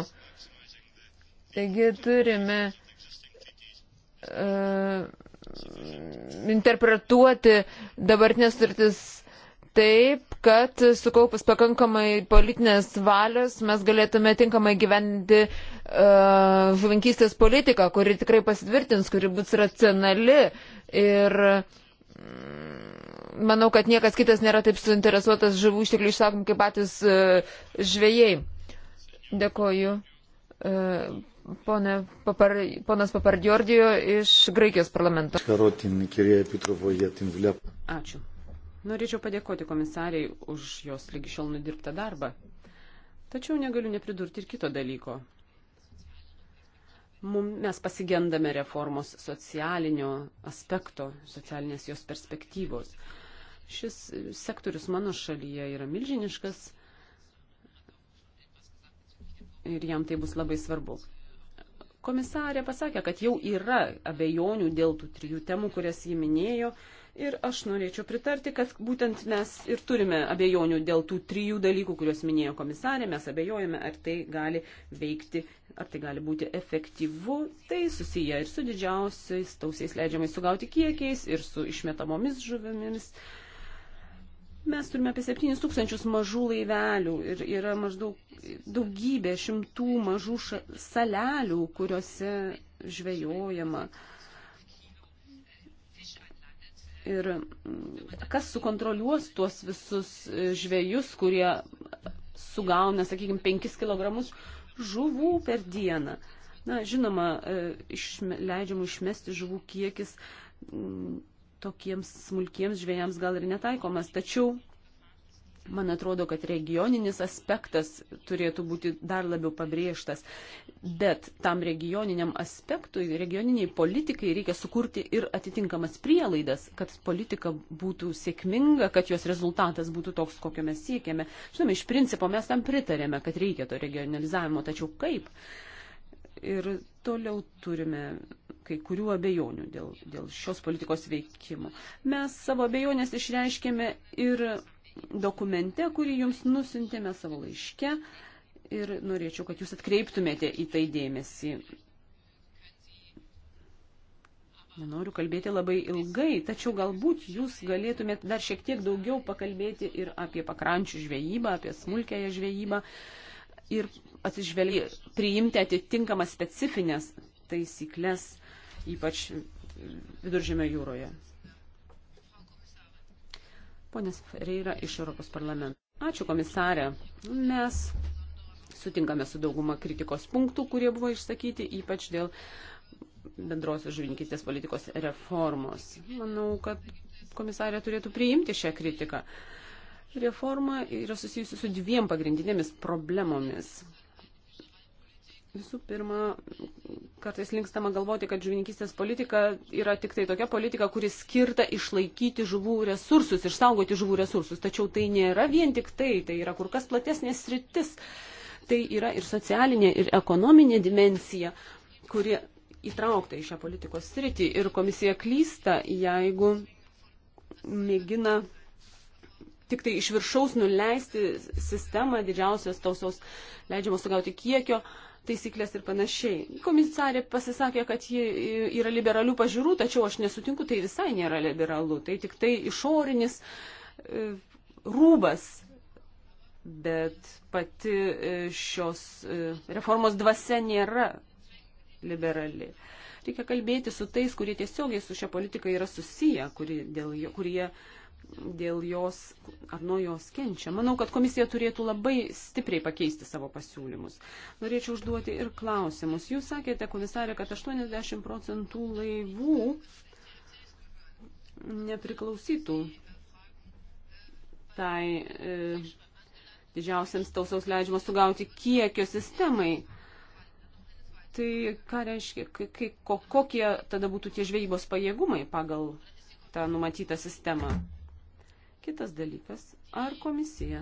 Taigi turime uh, interpretuoti dabartinės sutartis taip, kad sukaupus pakankamai politinės valios mes galėtume tinkamai gyventi uh, žuvinkystės politiką, kuri tikrai pasitvirtins, kuri bus racionali ir uh, manau, kad niekas kitas nėra taip suinteresuotas žuvų išteklių išsakom kaip patys e, žvėjai. Dėkoju. E, pone, papar, ponas Papardiordijo iš Graikijos parlamento. Ačiū. Norėčiau padėkoti komisariai už jos lygi šiol nudirbtą darbą. Tačiau negaliu nepridurti ir kito dalyko. Mum, mes pasigendame reformos socialinio aspekto, socialinės jos perspektyvos. Šis sektorius mano šalyje yra milžiniškas ir jam tai bus labai svarbu. Komisarė pasakė, kad jau yra abejonių dėl tų trijų temų, kurias jį minėjo. Ir aš norėčiau pritarti, kad būtent mes ir turime abejonių dėl tų trijų dalykų, kuriuos minėjo komisarė, mes abejojame, ar tai gali veikti, ar tai gali būti efektyvu. Tai susiję ir su didžiausiais tausiais leidžiamais sugauti kiekiais, ir su išmetamomis žuvimis, Mes turime apie 7 tūkstančius mažų laivelių ir yra maždaug daugybė šimtų mažų salelių, kuriuose žvejojama. Ir kas sukontroliuos tuos visus e, žvėjus, kurie sugauna, sakykime, 5 kg žuvų per dieną. Na, žinoma, e, išleidžiamų išmesti žuvų kiekis tokiems smulkiems žvėjams gal ir netaikomas, tačiau man atrodo, kad regioninis aspektas turėtų būti dar labiau pabrėžtas, bet tam regioniniam aspektui, regioniniai politikai reikia sukurti ir atitinkamas prielaidas, kad politika būtų sėkminga, kad jos rezultatas būtų toks, kokio mes siekiame. Žinoma, iš principo mes tam pritarėme, kad reikia to regionalizavimo, tačiau kaip? Ir toliau turime kai kurių abejonių dėl, dėl šios politikos veikimo. Mes savo abejonės išreiškėme ir dokumente, kurį jums nusintėme savo laiške ir norėčiau, kad jūs atkreiptumėte į tai dėmesį. Nenoriu kalbėti labai ilgai, tačiau galbūt jūs galėtumėte dar šiek tiek daugiau pakalbėti ir apie pakrančių žvejybą, apie smulkėją žvejybą ir atsižvelgti, priimti atitinkamas specifines taisyklės ypač viduržėme jūroje. Ponės Reira iš Europos parlamento. Ačiū komisarė. Mes sutinkame su dauguma kritikos punktų, kurie buvo išsakyti, ypač dėl bendrosios žuvininkystės politikos reformos. Manau, kad komisarė turėtų priimti šią kritiką. Reforma yra susijusi su dviem pagrindinėmis problemomis. Visų pirma, kartais linkstama galvoti, kad žuvininkistės politika yra tik tai tokia politika, kuri skirta išlaikyti žuvų resursus, išsaugoti žuvų resursus. Tačiau tai nėra vien tik tai, tai yra kur kas platesnė sritis. Tai yra ir socialinė, ir ekonominė dimensija, kuri įtraukta į šią politikos sritį. Ir komisija klysta, jeigu mėgina tik tai iš viršaus nuleisti sistemą didžiausios tausios leidžiamos sugauti kiekio taisyklės ir panašiai. Komisarė pasisakė, kad ji yra liberalių pažiūrų, tačiau aš nesutinku, tai visai nėra liberalų. Tai tik tai išorinis e, rūbas. Bet pati e, šios e, reformos dvasia nėra liberali. Reikia kalbėti su tais, kurie tiesiogiai su šia politika yra susiję, kurie, dėl, kurie dėl jos ar nuo jos kenčia. Manau, kad komisija turėtų labai stipriai pakeisti savo pasiūlymus. Norėčiau užduoti ir klausimus. Jūs sakėte, komisarė, kad 80 procentų laivų nepriklausytų tai e, didžiausiams tausos leidžiama sugauti kiekio sistemai. Tai ką reiškia, kai, ko, kokie tada būtų tie žvejybos pajėgumai pagal tą numatytą sistemą? Kitas dalykas, ar komisija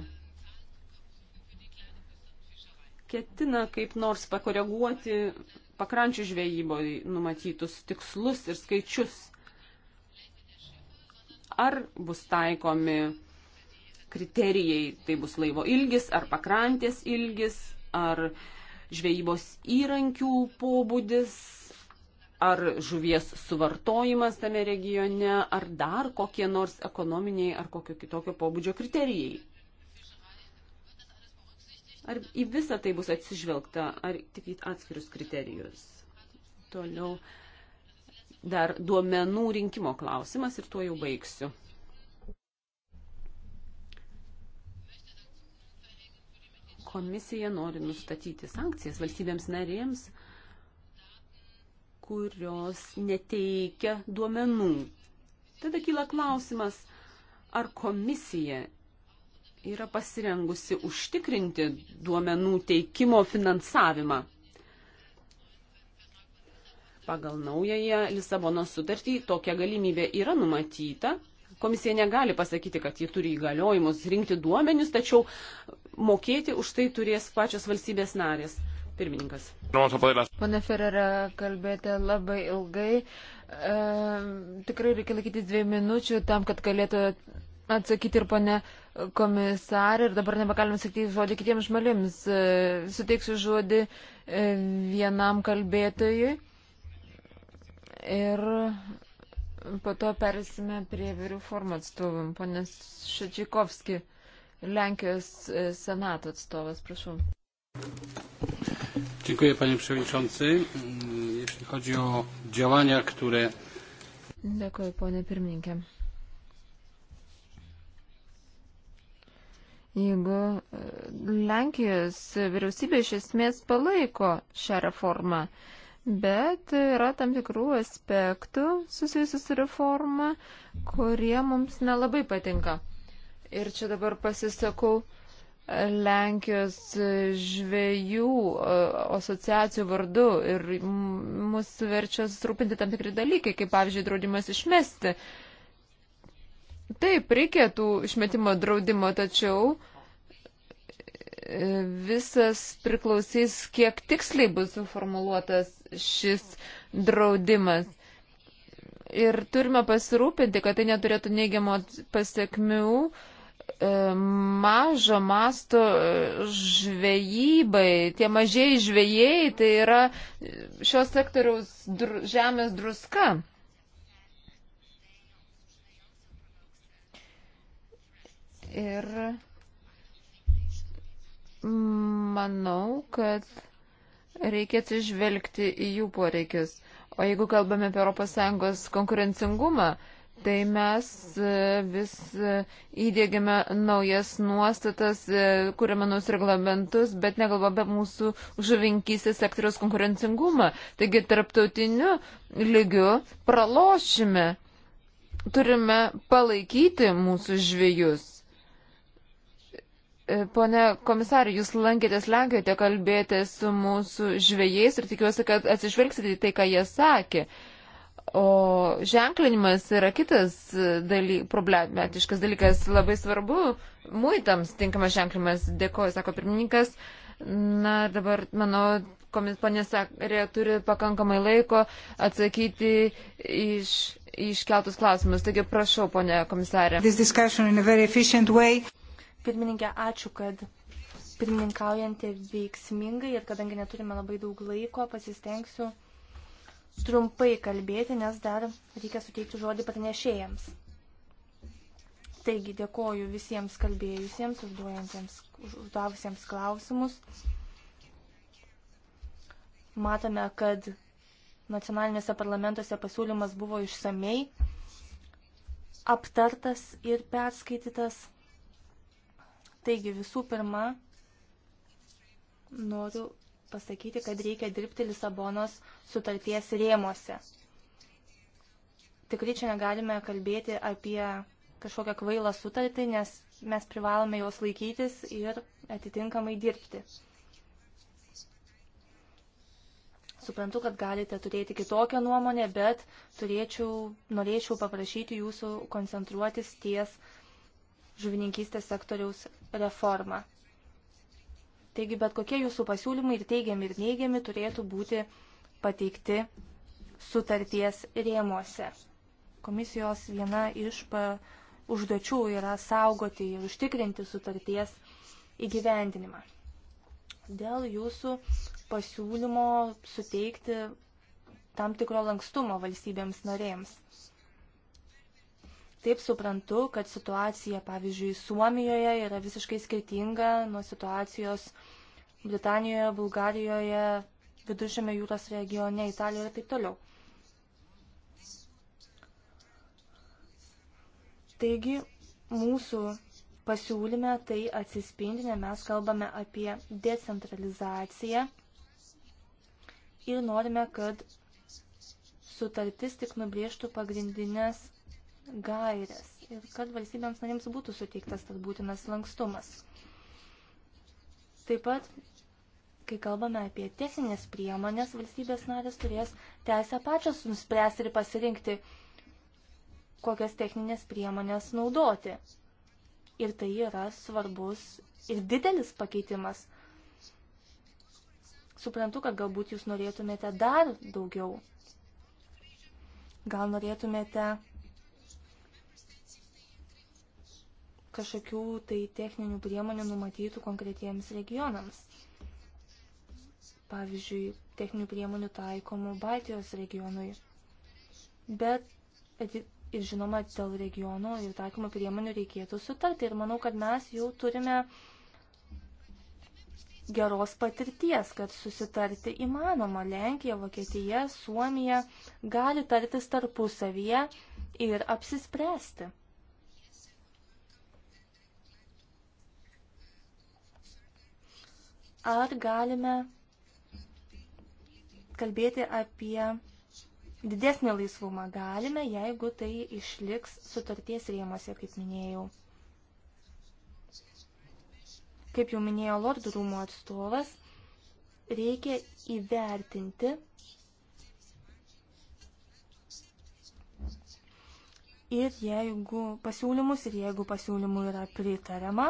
ketina kaip nors pakoreguoti pakrančių žvejyboje numatytus tikslus ir skaičius? Ar bus taikomi kriterijai, tai bus laivo ilgis ar pakrantės ilgis, ar žvejybos įrankių pobūdis, ar žuvies suvartojimas tame regione, ar dar kokie nors ekonominiai ar kokio kitokio pobūdžio kriterijai. Ar į visą tai bus atsižvelgta, ar tik į atskirius kriterijus. Toliau dar duomenų rinkimo klausimas ir tuo jau baigsiu. Komisija nori nustatyti sankcijas valstybėms narėms kurios neteikia duomenų. Tada kyla klausimas, ar komisija yra pasirengusi užtikrinti duomenų teikimo finansavimą. Pagal naująją Lisabono sutartį tokia galimybė yra numatyta. Komisija negali pasakyti, kad ji turi įgaliojimus rinkti duomenius, tačiau mokėti už tai turės pačios valstybės narės. Pirmininkas. Nu, pane Ferrera, kalbėjote labai ilgai. E, tikrai reikia laikytis dviejų minučių tam, kad galėtų atsakyti ir pane komisarė. Ir dabar nebegalime sakyti žodį kitiems žmonėms. E, suteiksiu žodį e, vienam kalbėtojui. Ir po to perėsime prie vyrių formų atstovų. Pane Šečikovski, Lenkijos e, senato atstovas, prašau. Dziękuję panie przewodniczący. Mm, jeśli chodzi o działania, które. Dziękuję panie pirmininkė. Jeigu e, Lenkijos vyriausybė iš esmės palaiko šią reformą, bet yra tam tikrų aspektų susijusių su reforma, kurie mums nelabai patinka. Ir čia dabar pasisakau uh, Lenkijos žvėjų e, asociacijų vardu ir mus verčia susirūpinti tam tikri dalykai, kaip pavyzdžiui draudimas išmesti. Taip, reikėtų išmetimo draudimo, tačiau e, visas priklausys, kiek tiksliai bus suformuluotas šis draudimas. Ir turime pasirūpinti, kad tai neturėtų neigiamo pasiekmių uh, E, mažo masto žvejybai, tie mažieji žvėjai, tai yra šios sektoriaus dr žemės druska. Ir manau, kad reikia atsižvelgti į jų poreikius. O jeigu kalbame apie ES konkurencingumą, tai mes e, vis e, įdėgiame naujas nuostatas, e, kuriame naus reglamentus, bet negalvome apie mūsų žuvinkysės sektoriaus konkurencingumą. Taigi tarptautiniu lygiu pralošime. Turime palaikyti mūsų žvėjus. Pone komisarė, jūs lankėtės Lenkijoje, kalbėjote su mūsų žvėjais ir tikiuosi, kad atsižvelgsite į tai, ką jie sakė. Uh, O ženklinimas yra kitas e, daly, problematiškas dalykas, labai svarbu, muitams tinkamas ženklinimas, dėkoju, sako pirmininkas. Na, dabar, manau, komisponė sakė, turi pakankamai laiko atsakyti iš, iškeltus klausimus. Taigi, prašau, ponė komisarė. Pirmininkė, ačiū, kad pirmininkaujantė veiksmingai ir kadangi neturime labai daug laiko, pasistengsiu trumpai kalbėti, nes dar reikia suteikti žodį pranešėjams. Taigi dėkoju visiems kalbėjusiems, užduojantiems klausimus. Matome, kad nacionalinėse parlamentuose pasiūlymas buvo išsamei aptartas ir perskaitytas. Taigi visų pirma, noriu pasakyti, kad reikia dirbti Lisabonos sutarties rėmuose. Tikrai čia negalime kalbėti apie kažkokią kvailą sutartį, nes mes privalome jos laikytis ir atitinkamai dirbti. Suprantu, kad galite turėti kitokią nuomonę, bet turėčiau, norėčiau paprašyti jūsų koncentruotis ties žuvininkystės sektoriaus reformą. Taigi bet kokie jūsų pasiūlymai ir teigiami ir neigiami turėtų būti pateikti sutarties rėmuose. Komisijos viena iš užduočių yra saugoti ir užtikrinti sutarties įgyvendinimą. Dėl jūsų pasiūlymo suteikti tam tikro lankstumo valstybėms norėjams. Taip suprantu, kad situacija, pavyzdžiui, Suomijoje yra visiškai skirtinga nuo situacijos Britanijoje, Bulgarijoje, Viduržėme jūros regione, Italijoje ir taip toliau. Taigi, mūsų pasiūlyme tai atsispindi, nes mes kalbame apie decentralizaciją ir norime, kad sutartis tik nubrėžtų pagrindinės gairės ir kad valstybėms narėms būtų suteiktas tas būtinas lankstumas. Taip pat, kai kalbame apie tiesinės priemonės, valstybės narės turės teisę pačios nuspręsti ir pasirinkti, kokias techninės priemonės naudoti. Ir tai yra svarbus ir didelis pakeitimas. Suprantu, kad galbūt jūs norėtumėte dar daugiau. Gal norėtumėte kažkokių tai techninių priemonių numatytų konkretiems regionams. Pavyzdžiui, techninių priemonių taikomų Baltijos regionui. Bet ir žinoma, dėl regiono ir taikomų priemonių reikėtų sutarti. Ir manau, kad mes jau turime geros patirties, kad susitarti įmanoma. Lenkija, Vokietija, Suomija gali tartis tarpusavyje ir apsispręsti. ar galime kalbėti apie didesnį laisvumą. Galime, jeigu tai išliks sutarties rėmose, kaip minėjau. Kaip jau minėjo Lordų rūmų atstovas, reikia įvertinti ir jeigu pasiūlymus, ir jeigu pasiūlymų yra pritariama,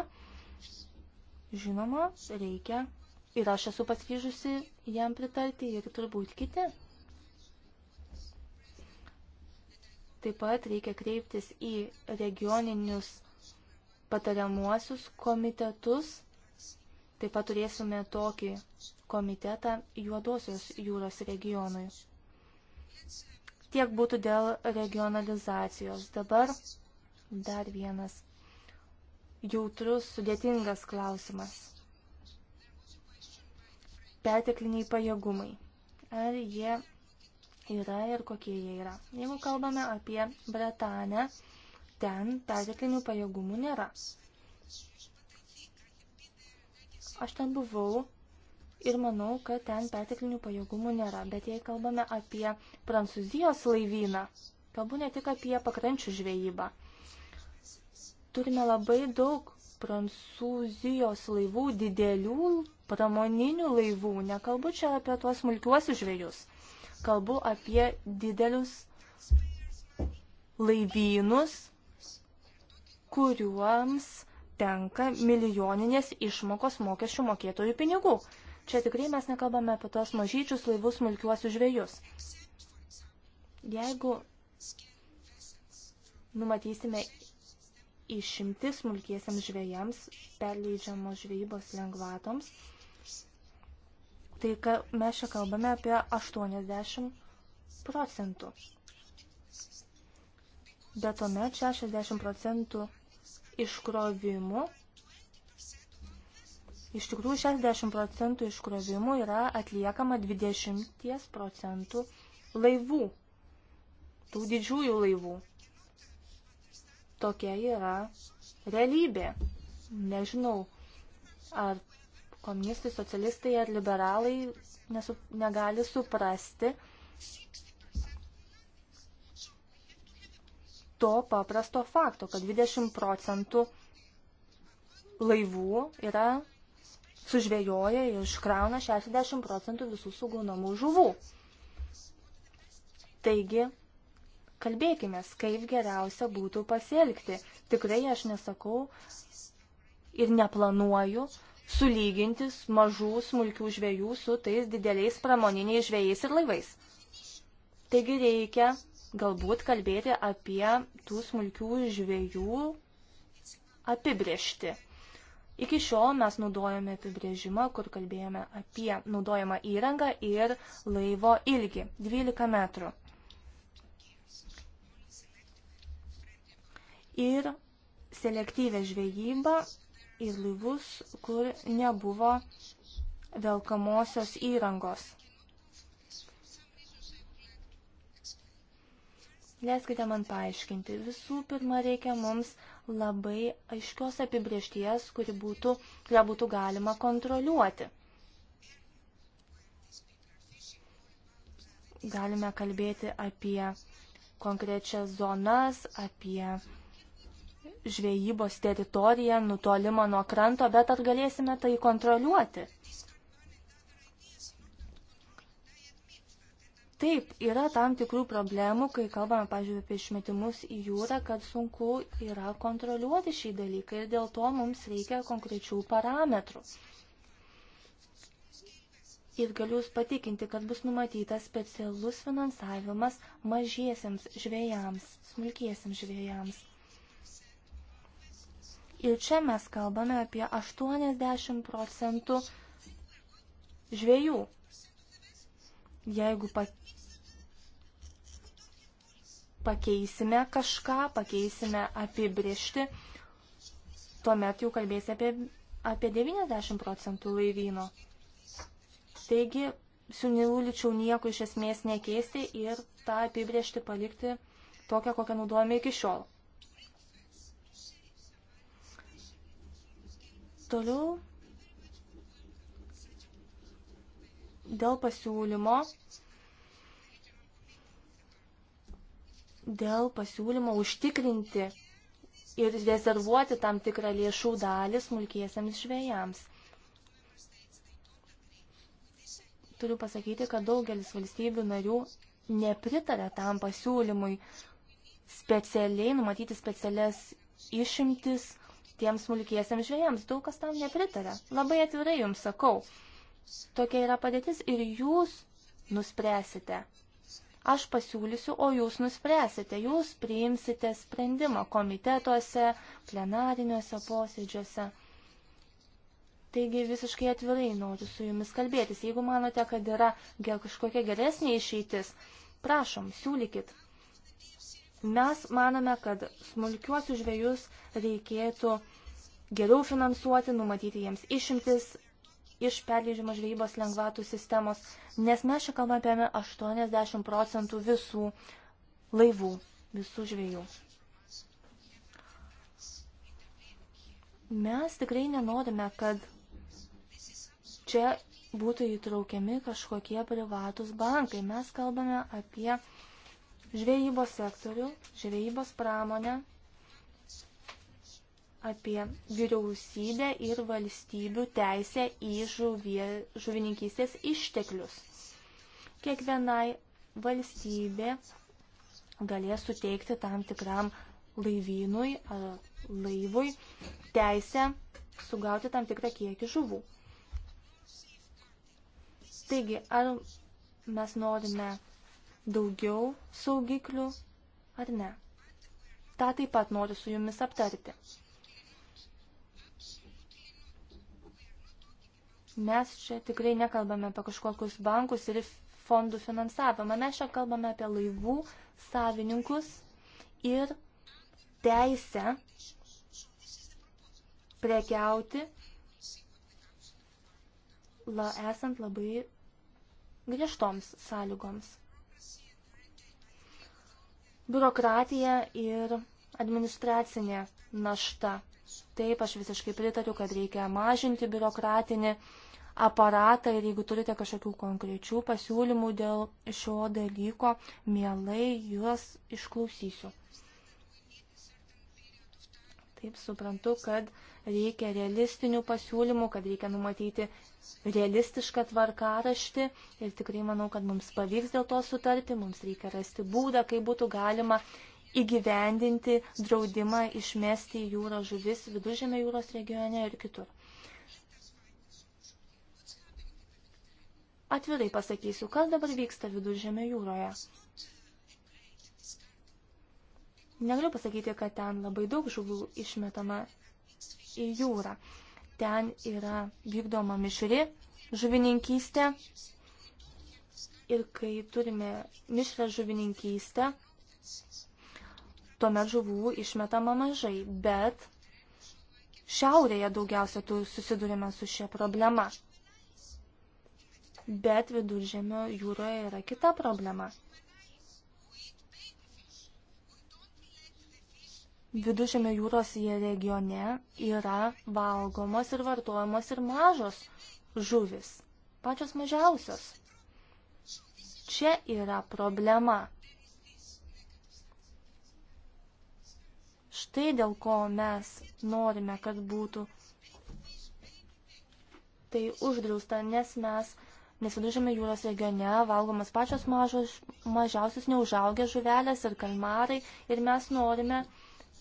žinoma, reikia ir aš esu pasiryžusi jam pritarti ir turbūt kiti. Taip pat reikia kreiptis į regioninius patariamuosius komitetus. Taip pat turėsime tokį komitetą Juodosios jūros regionui. Tiek būtų dėl regionalizacijos. Dabar dar vienas jautrus, sudėtingas klausimas pertekliniai pajėgumai. Ar jie yra ir kokie jie yra. Jeigu kalbame apie Bretanę, ten perteklinių pajėgumų nėra. Aš ten buvau ir manau, kad ten perteklinių pajėgumų nėra. Bet jei kalbame apie Prancūzijos laivyną, kalbu ne tik apie pakrančių žvejybą. Turime labai daug Prancūzijos laivų, didelių pramoninių laivų, nekalbu čia apie tuos smulkiuosius žvėjus, kalbu apie didelius laivynus, kuriuoms tenka milijoninės išmokos mokesčių mokėtojų pinigų. Čia tikrai mes nekalbame apie tos mažyčius laivus smulkiuosius žvėjus. Jeigu numatysime išimti smulkiesiams žvėjams perleidžiamos žvejybos lengvatoms, Tai ka, mes čia kalbame apie 80 procentų. Bet tuomet 60 procentų iškrovimų, iš tikrųjų 60 procentų iškrovimų yra atliekama 20 procentų laivų, tų didžiųjų laivų. Tokia yra realybė. Nežinau, ar komunistai, socialistai ar liberalai nesu, negali suprasti to paprasto fakto, kad 20 procentų laivų yra sužvėjoja ir iškrauna 60 procentų visų sugaunamų žuvų. Taigi, kalbėkime, kaip geriausia būtų pasielgti. Tikrai aš nesakau ir neplanuoju sulygintis mažų smulkių žvėjų su tais dideliais pramoniniais žvėjais ir laivais. Taigi reikia galbūt kalbėti apie tų smulkių žvėjų apibriešti. Iki šiol mes naudojame apibrėžimą, kur kalbėjome apie naudojamą įrangą ir laivo ilgį - 12 metrų. Ir selektyvę žvejybą į laivus, kur nebuvo velkamosios įrangos. Leiskite man paaiškinti. Visų pirma, reikia mums labai aiškios apibriešties, kuri būtų, kurią būtų galima kontroliuoti. Galime kalbėti apie konkrečias zonas, apie žvejybos teritoriją, nutolimą nuo kranto, bet ar galėsime tai kontroliuoti? Taip, yra tam tikrų problemų, kai kalbame, pažiūrėjau, apie išmetimus į jūrą, kad sunku yra kontroliuoti šį dalyką ir dėl to mums reikia konkrečių parametrų. Ir galiu jūs patikinti, kad bus numatytas specialus finansavimas mažiesiams žvėjams, smulkiesiams žvėjams. Ir čia mes kalbame apie 80 procentų žvėjų. Jeigu pakeisime kažką, pakeisime apibriežti, tuomet jau kalbėsi apie, apie 90 procentų laivyno. Taigi, siūlyčiau nieko iš esmės nekeisti ir tą apibriežti palikti tokią, kokią naudojame iki šiol. Toliau dėl pasiūlymo dėl pasiūlymo užtikrinti ir rezervuoti tam tikrą lėšų dalį smulkiesiams žvėjams. Turiu pasakyti, kad daugelis valstybių narių nepritarė tam pasiūlymui specialiai numatyti specialias išimtis tiems smulkiesiams žvėjams. Daug kas tam nepritarė. Labai atvirai jums sakau. Tokia yra padėtis ir jūs nuspręsite. Aš pasiūlysiu, o jūs nuspręsite. Jūs priimsite sprendimą komitetuose, plenariniuose posėdžiuose. Taigi visiškai atvirai noriu su jumis kalbėtis. Jeigu manote, kad yra kažkokia geresnė išeitis, prašom, siūlykit. Mes manome, kad smulkiuosius žvėjus reikėtų geriau finansuoti, numatyti jiems išimtis iš perleidžiamo žvejybos lengvatų sistemos, nes mes čia kalbame apie 80 procentų visų laivų, visų žvejų. Mes tikrai nenorime, kad čia būtų įtraukiami kažkokie privatus bankai. Mes kalbame apie žvejybos sektorių, žvejybos pramonę, apie vyriausybę ir valstybių teisę į žuvie, žuvininkystės išteklius. Kiekvienai valstybė galės suteikti tam tikram laivynui ar laivui teisę sugauti tam tikrą kiekį žuvų. Taigi, ar mes norime daugiau saugiklių ar ne. Ta taip pat noriu su jumis aptarti. Mes čia tikrai nekalbame apie kažkokius bankus ir fondų finansavimą. Mes čia kalbame apie laivų savininkus ir teisę prekiauti, la, esant labai griežtoms sąlygoms biurokratija ir administracinė našta. Taip, aš visiškai pritariu, kad reikia mažinti biurokratinį aparatą ir jeigu turite kažkokių konkrečių pasiūlymų dėl šio dalyko, mielai juos išklausysiu. Taip suprantu, kad reikia realistinių pasiūlymų, kad reikia numatyti realistišką tvarkaraštį ir tikrai manau, kad mums pavyks dėl to sutarti, mums reikia rasti būdą, kaip būtų galima įgyvendinti draudimą išmesti į jūrą žuvis viduržėme jūros regione ir kitur. Atvirai pasakysiu, kas dabar vyksta viduržėme jūroje. Negaliu pasakyti, kad ten labai daug žuvų išmetama į jūrą. Ten yra vykdoma mišri žuvininkystė ir kai turime mišrę žuvininkystę, tuomet žuvų išmetama mažai, bet šiaurėje daugiausia susidurime su šia problema. Bet viduržėmio jūroje yra kita problema – Vidužėme jūros regione yra valgomos ir vartojamos ir mažos žuvis, pačios mažiausios. Čia yra problema. Štai dėl ko mes norime, kad būtų tai uždrausta, nes mes nes viduržėme jūros regione valgomas pačios mažos, mažiausios neužaugę žuvelės ir kalmarai ir mes norime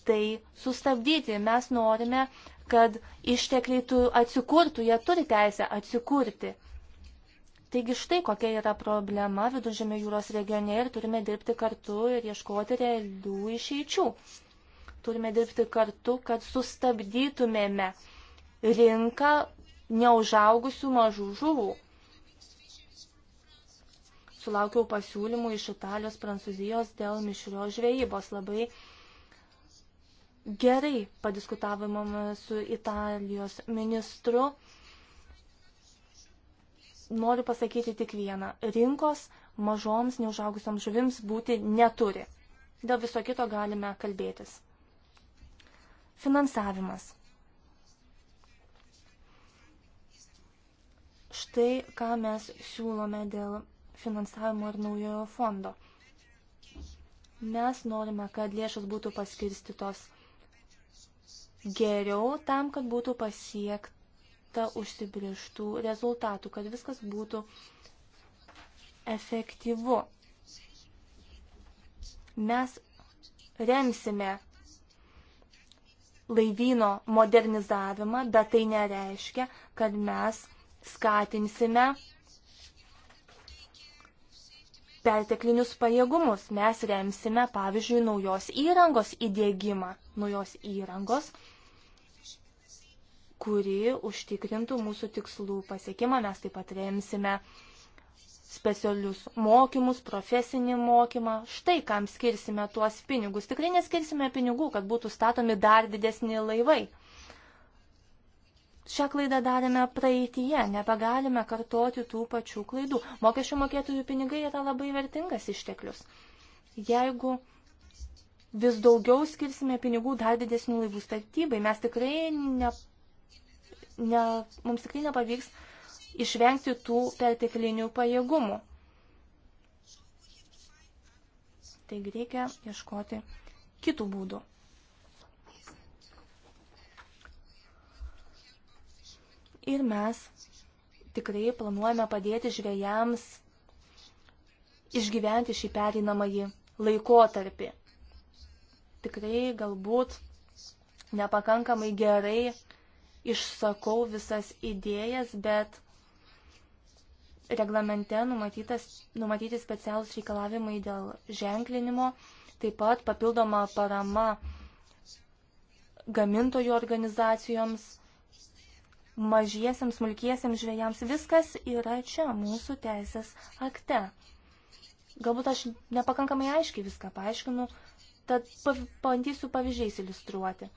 tai sustabdyti. Mes norime, kad ištekliai tu atsikurtų, jie turi teisę atsikurti. Taigi štai kokia yra problema Vidužėmio jūros regione ir turime dirbti kartu ir ieškoti realių išeičių. Turime dirbti kartu, kad sustabdytumėme rinką neužaugusių mažų žuvų. Sulaukiau pasiūlymų iš Italijos, Prancūzijos dėl mišrios žvejybos. Labai uh, gerai padiskutavome su Italijos ministru. Noriu pasakyti tik vieną. Rinkos mažoms neužaugusioms žuvims būti neturi. Dėl viso kito galime kalbėtis. Finansavimas. Štai ką mes siūlome dėl finansavimo ir naujojo fondo. Mes norime, kad lėšos būtų paskirstytos geriau tam, kad būtų pasiekta užsibrieštų rezultatų, kad viskas būtų efektyvu. Mes remsime laivyno modernizavimą, bet tai nereiškia, kad mes skatinsime perteklinius pajėgumus. Mes remsime, pavyzdžiui, naujos įrangos įdėgymą, naujos įrangos, kuri užtikrintų mūsų tikslų pasiekimą. Mes taip pat remsime specialius mokymus, profesinį mokymą. Štai kam skirsime tuos pinigus. Tikrai neskirsime pinigų, kad būtų statomi dar didesni laivai. Šią klaidą darėme praeitie, nebegalime kartoti tų pačių klaidų. Mokesčių mokėtojų pinigai yra labai vertingas išteklius. Jeigu vis daugiau skirsime pinigų dar didesnių laivų statybai, mes tikrai ne, ne, mums tikrai nepavyks išvengti tų perteklinių pajėgumų. Taigi reikia ieškoti kitų būdų. Ir mes tikrai planuojame padėti žvėjams išgyventi šį pereinamąjį laikotarpį. Tikrai galbūt nepakankamai gerai išsakau visas idėjas, bet reglamente numatyti specialus reikalavimai dėl ženklinimo, taip pat papildoma parama gamintojų organizacijoms, mažiesiams, smulkiesiams žvėjams, viskas yra čia mūsų teisės akte. Galbūt aš nepakankamai aiškiai viską paaiškinu, tad pav bandysiu pavyzdžiais iliustruoti.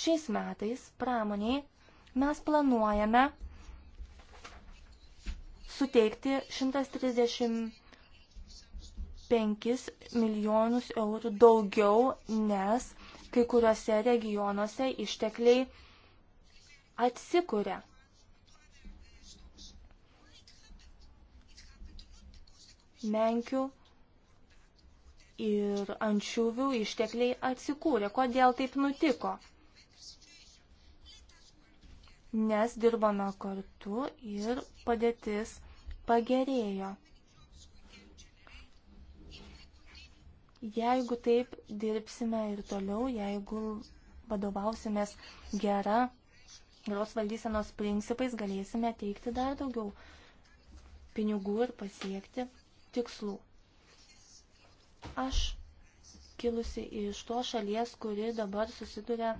Šiais metais pramoniai Mes planuojame suteikti 135 milijonus eurų daugiau, nes kai kuriuose regionuose ištekliai atsikuria. menkių ir ančiuvių ištekliai atsikūrė. Kodėl taip nutiko? nes dirbome kartu ir padėtis pagerėjo. Jeigu taip dirbsime ir toliau, jeigu vadovausimės gera geros valdysenos principais, galėsime teikti dar daugiau pinigų ir pasiekti tikslų. Aš kilusi iš to šalies, kuri dabar susiduria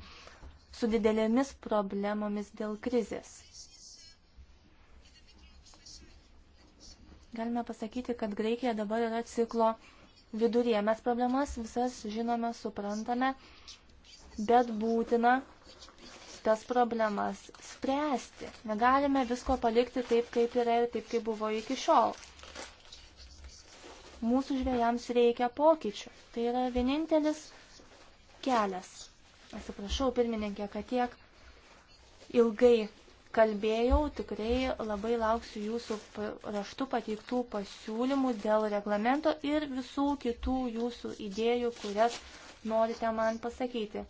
su didelėmis problemomis dėl krizės. Galime pasakyti, kad Graikija dabar yra ciklo viduryje. Mes problemas visas žinome, suprantame, bet būtina tas problemas spręsti. Negalime visko palikti taip, kaip yra ir taip, kaip buvo iki šiol mūsų žvėjams reikia pokyčių. Tai yra vienintelis kelias. Atsiprašau, pirmininkė, kad tiek ilgai kalbėjau, tikrai labai lauksiu jūsų raštu pateiktų pasiūlymų dėl reglamento ir visų kitų jūsų idėjų, kurias norite man pasakyti.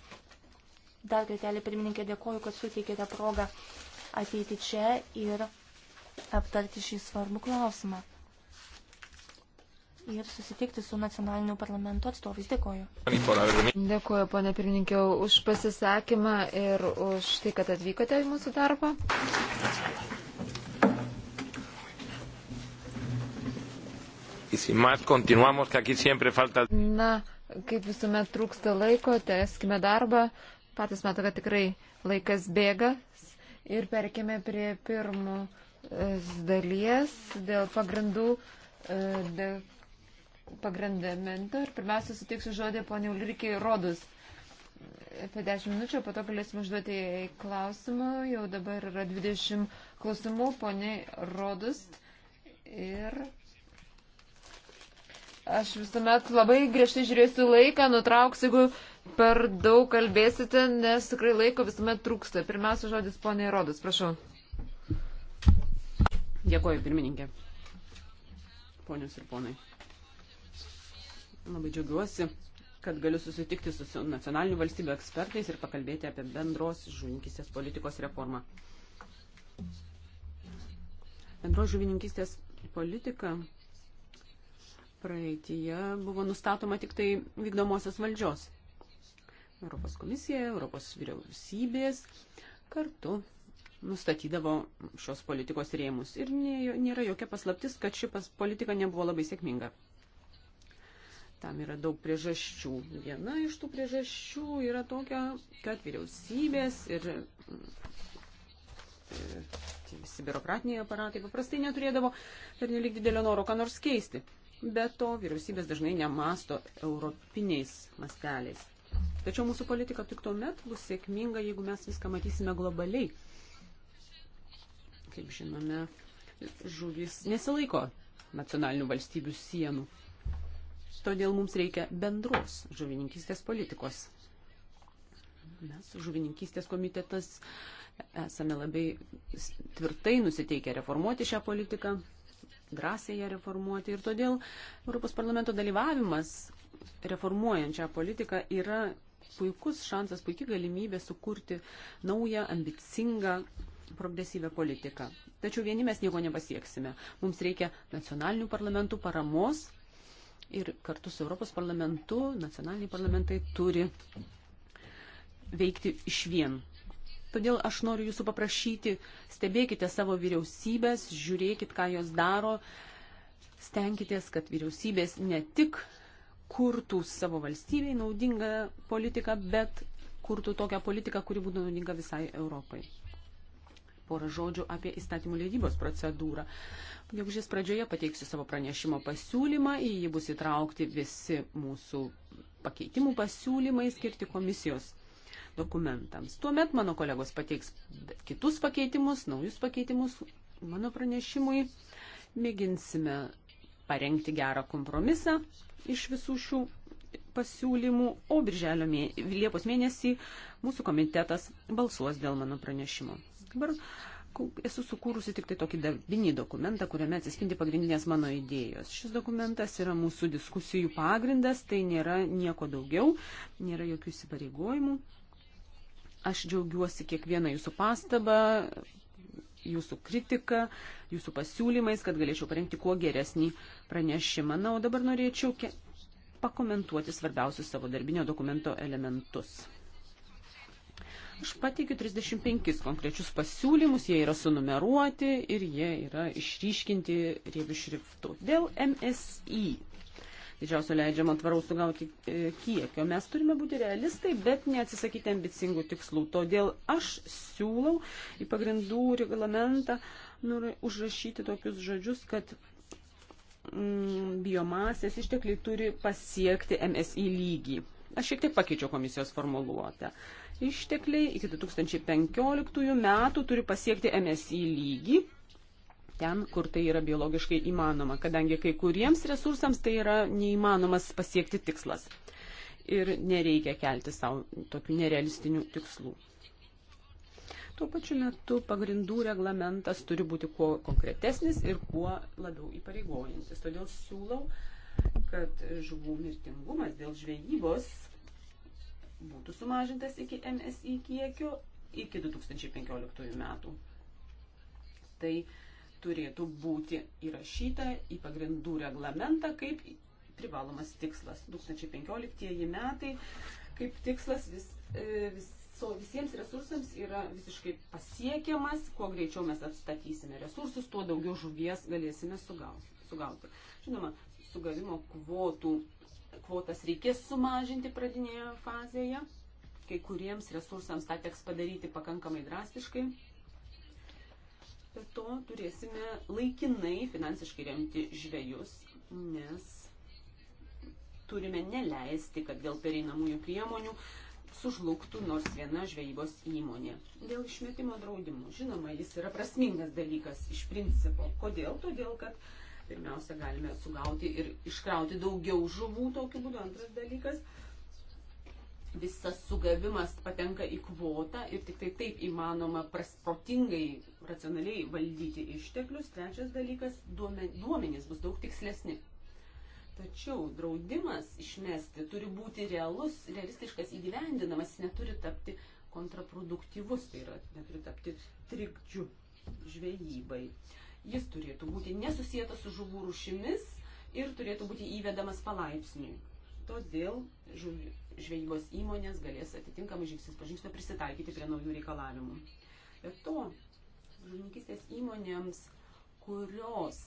Dar kartelį pirmininkė dėkoju, kad suteikėte progą ateiti čia ir aptarti šį svarbų klausimą ir susitikti su nacionaliniu parlamento atstovais. Dėkoju. Dėkoju, ponė pirmininkė, už pasisakymą ir už tai, kad atvykote į mūsų darbą. Na, kaip visuomet trūksta laiko, teskime darbą. Patys matome, kad tikrai laikas bėga. Ir perkime prie pirmų dalies dėl pagrindų. E, dėl pagrandamento ir pirmiausia suteiksiu žodį poniai Ulrikiai Rodus. Apie 10 minučių, po to galėsime užduoti klausimų. Jau dabar yra 20 klausimų, poniai Rodus. Ir aš visuomet labai griežtai žiūrėsiu laiką, nutrauksiu, jeigu per daug kalbėsite, nes tikrai laiko visuomet trūksta. Pirmiausia žodis poniai Rodus, prašau. Dėkuoju, pirmininkė. Ponios ir ponai. Labai džiaugiuosi, kad galiu susitikti su nacionalinių valstybių ekspertais ir pakalbėti apie bendros žuvininkistės politikos reformą. Bendros žuvininkistės politika praeitie buvo nustatoma tik tai vykdomosios valdžios. Europos komisija, Europos vyriausybės kartu nustatydavo šios politikos rėmus. Ir nėra jokia paslaptis, kad ši politika nebuvo labai sėkminga. Tam yra daug priežasčių. Viena iš tų priežasčių yra tokia, kad vyriausybės ir, ir tie visi biurokratiniai aparatai paprastai neturėdavo per nelik didelio noro ką nors keisti. Be to, vyriausybės dažnai nemasto europiniais masteliais. Tačiau mūsų politika tik tuomet bus sėkminga, jeigu mes viską matysime globaliai. Kaip žinome, žuvis nesilaiko nacionalinių valstybių sienų. Todėl mums reikia bendros žuvininkystės politikos. Mes žuvininkystės komitetas esame labai tvirtai nusiteikę reformuoti šią politiką, drąsiai ją reformuoti ir todėl Europos parlamento dalyvavimas reformuojant šią politiką yra puikus šansas, puikia galimybė sukurti naują, ambicingą, progresyvę politiką. Tačiau vieni mes nieko nepasieksime. Mums reikia nacionalinių parlamentų paramos ir kartu su Europos parlamentu nacionaliniai parlamentai turi veikti iš vien. Todėl aš noriu jūsų paprašyti, stebėkite savo vyriausybės, žiūrėkit, ką jos daro, stenkitės, kad vyriausybės ne tik kurtų savo valstybei naudingą politiką, bet kurtų tokią politiką, kuri būtų naudinga visai Europai porą žodžių apie įstatymų leidybos procedūrą. Gegužės pradžioje pateiksiu savo pranešimo pasiūlymą, į jį bus įtraukti visi mūsų pakeitimų pasiūlymai skirti komisijos dokumentams. Tuomet mano kolegos pateiks kitus pakeitimus, naujus pakeitimus mano pranešimui. Mėginsime parengti gerą kompromisą iš visų šių pasiūlymų, o birželio mė... Liepos mėnesį mūsų komitetas balsuos dėl mano pranešimo. Dabar esu sukūrusi tik tai tokį darbinį dokumentą, kuriame atsispindi pagrindinės mano idėjos. Šis dokumentas yra mūsų diskusijų pagrindas, tai nėra nieko daugiau, nėra jokių įsipareigojimų. Aš džiaugiuosi kiekvieną jūsų pastabą, jūsų kritiką, jūsų pasiūlymais, kad galėčiau parengti kuo geresnį pranešimą. Na, o dabar norėčiau pakomentuoti svarbiausius savo darbinio dokumento elementus. Aš pateikiu 35 konkrečius pasiūlymus, jie yra sunumeruoti ir jie yra išryškinti riebių šriftų. Dėl MSI, didžiausio leidžiamo tvaraus sugauti e, kiekio, mes turime būti realistai, bet neatsisakyti ambicingų tikslų. Todėl aš siūlau į pagrindų reglamentą nu, užrašyti tokius žodžius, kad mm, biomasės ištekliai turi pasiekti MSI lygį. Aš šiek tiek pakeičiau komisijos formuluotę ištekliai iki 2015 metų turi pasiekti MSI lygį ten, kur tai yra biologiškai įmanoma, kadangi kai kuriems resursams tai yra neįmanomas pasiekti tikslas. Ir nereikia kelti savo tokių nerealistinių tikslų. Tuo pačiu metu pagrindų reglamentas turi būti kuo konkretesnis ir kuo labiau įpareigojantis. Todėl siūlau, kad žuvų mirtingumas dėl žvejybos būtų sumažintas iki MSI kiekio iki 2015 metų. Tai turėtų būti įrašyta į pagrindų reglamentą kaip privalomas tikslas. 2015 metai kaip tikslas vis, e, vis, so visiems resursams yra visiškai pasiekiamas, kuo greičiau mes atstatysime resursus, tuo daugiau žuvies galėsime sugauti. sugauti. Žinoma, sugavimo kvotų Kvotas reikės sumažinti pradinėje fazėje, kai kuriems resursams tą teks padaryti pakankamai drastiškai. Be to turėsime laikinai finansiškai remti žvėjus, nes turime neleisti, kad dėl pereinamųjų priemonių sužlugtų nors viena žvejybos įmonė. Dėl išmetimo draudimų, žinoma, jis yra prasmingas dalykas iš principo. Kodėl? Todėl, kad Pirmiausia, galime sugauti ir iškrauti daugiau žuvų tokiu būdu. Antras dalykas, visas sugavimas patenka į kvotą ir tik tai taip įmanoma prasprotingai, racionaliai valdyti išteklius. Trečias dalykas, duomenys bus daug tikslesni. Tačiau draudimas išmesti turi būti realus, realistiškas įgyvendinamas, neturi tapti kontraproduktyvus, tai yra neturi tapti trikdžių žvejybai. Uh, Jis turėtų būti nesusijęs su žuvų rušimis ir turėtų būti įvedamas palaipsniui. Todėl žvejybos įmonės galės atitinkamai žingsnis po žingsnio prisitaikyti prie naujų reikalavimų. Be to, žuvininkistės įmonėms, kurios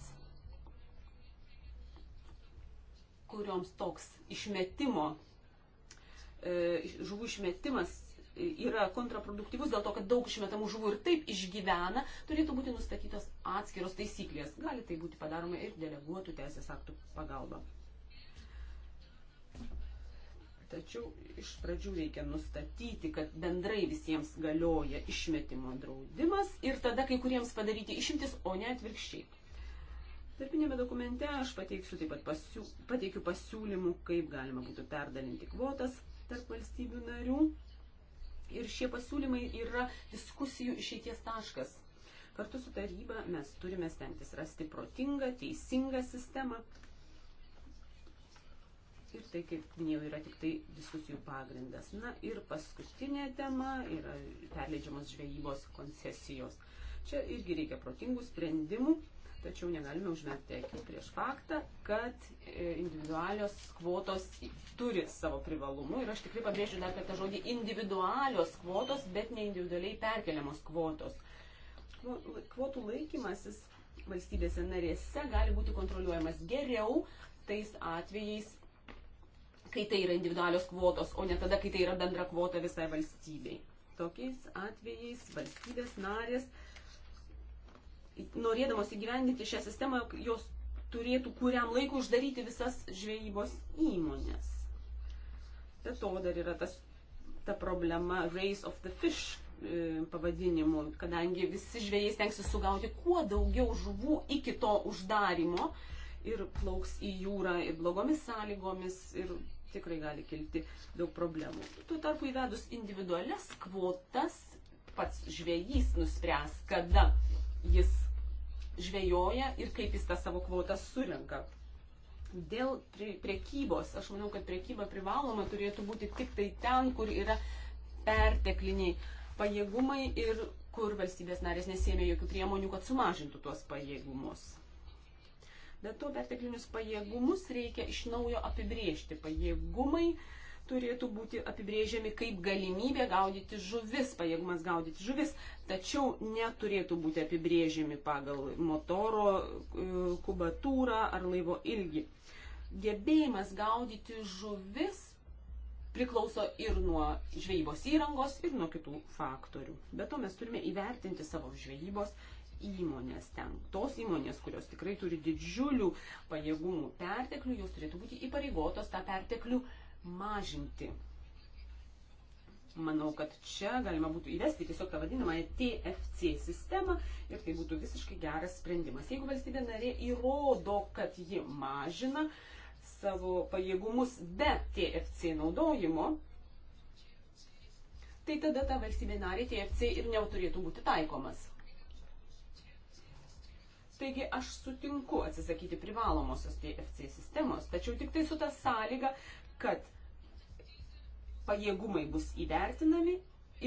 kurioms toks išmetimo, e, žuvų išmetimas yra kontraproduktyvus dėl to, kad daug išmetamų žuvų ir taip išgyvena, turėtų būti nustatytos atskiros taisyklės. Gali tai būti padaroma ir deleguotų teisės aktų pagalba. Tačiau iš pradžių reikia nustatyti, kad bendrai visiems galioja išmetimo draudimas ir tada kai kuriems padaryti išimtis, o ne atvirkščiai. Tarpinėme dokumente aš pateiksiu taip pat pasiū, pateikiu pasiūlymų, kaip galima būtų perdalinti kvotas tarp valstybių narių ir šie pasiūlymai yra diskusijų išeities taškas. Kartu su taryba mes turime stengtis rasti protingą, teisingą sistemą. Ir tai, kaip minėjau, yra tik tai diskusijų pagrindas. Na ir paskutinė tema yra perleidžiamos žvejybos koncesijos. Čia irgi reikia protingų sprendimų Tačiau negalime užmerkti akių prieš faktą, kad e, individualios kvotos turi savo privalumų. Ir aš tikrai pabrėžiu dar kartą žodį individualios kvotos, bet ne individualiai perkeliamos kvotos. Kvotų laikymasis valstybėse narėse gali būti kontroliuojamas geriau tais atvejais, kai tai yra individualios kvotos, o ne tada, kai tai yra bendra kvota visai valstybei. Tokiais atvejais valstybės narės norėdamos įgyvendinti šią sistemą, jos turėtų kuriam laiku uždaryti visas žvejybos įmonės. Bet to dar yra tas, ta problema Race of the Fish e, pavadinimu, kadangi visi žvėjai stengsis sugauti kuo daugiau žuvų iki to uždarimo ir plauks į jūrą ir blogomis sąlygomis ir tikrai gali kilti daug problemų. Tuo tarpu įvedus individualias kvotas, pats žvėjys nuspręs, kada jis žvejoja ir kaip jis tą savo kvotą surenka. Dėl priekybos, aš manau, kad priekyba privaloma turėtų būti tik tai ten, kur yra pertekliniai pajėgumai ir kur valstybės narės nesėmė jokių priemonių, kad sumažintų tuos pajėgumus. Bet to perteklinius pajėgumus reikia iš naujo apibriežti. Pajėgumai uh, turėtų būti apibrėžiami kaip galimybė gaudyti žuvis, pajėgumas gaudyti žuvis, tačiau neturėtų būti apibrėžiami pagal motoro e, kubatūrą ar laivo ilgį. Gebėjimas gaudyti žuvis priklauso ir nuo žvejybos įrangos, ir nuo kitų faktorių. Be to mes turime įvertinti savo žvejybos įmonės ten. Tos įmonės, kurios tikrai turi didžiulių pajėgumų perteklių, jos turėtų būti įpareigotos tą perteklių mažinti. Manau, kad čia galima būtų įvesti tiesiog tą vadinamąją TFC sistemą ir tai būtų visiškai geras sprendimas. Jeigu valstybė narė įrodo, kad ji mažina savo pajėgumus be TFC naudojimo, tai tada ta valstybė narė TFC ir neturėtų būti taikomas. Taigi aš sutinku atsisakyti privalomosios TFC sistemos, tačiau tik tai su ta sąlyga, kad pajėgumai bus įvertinami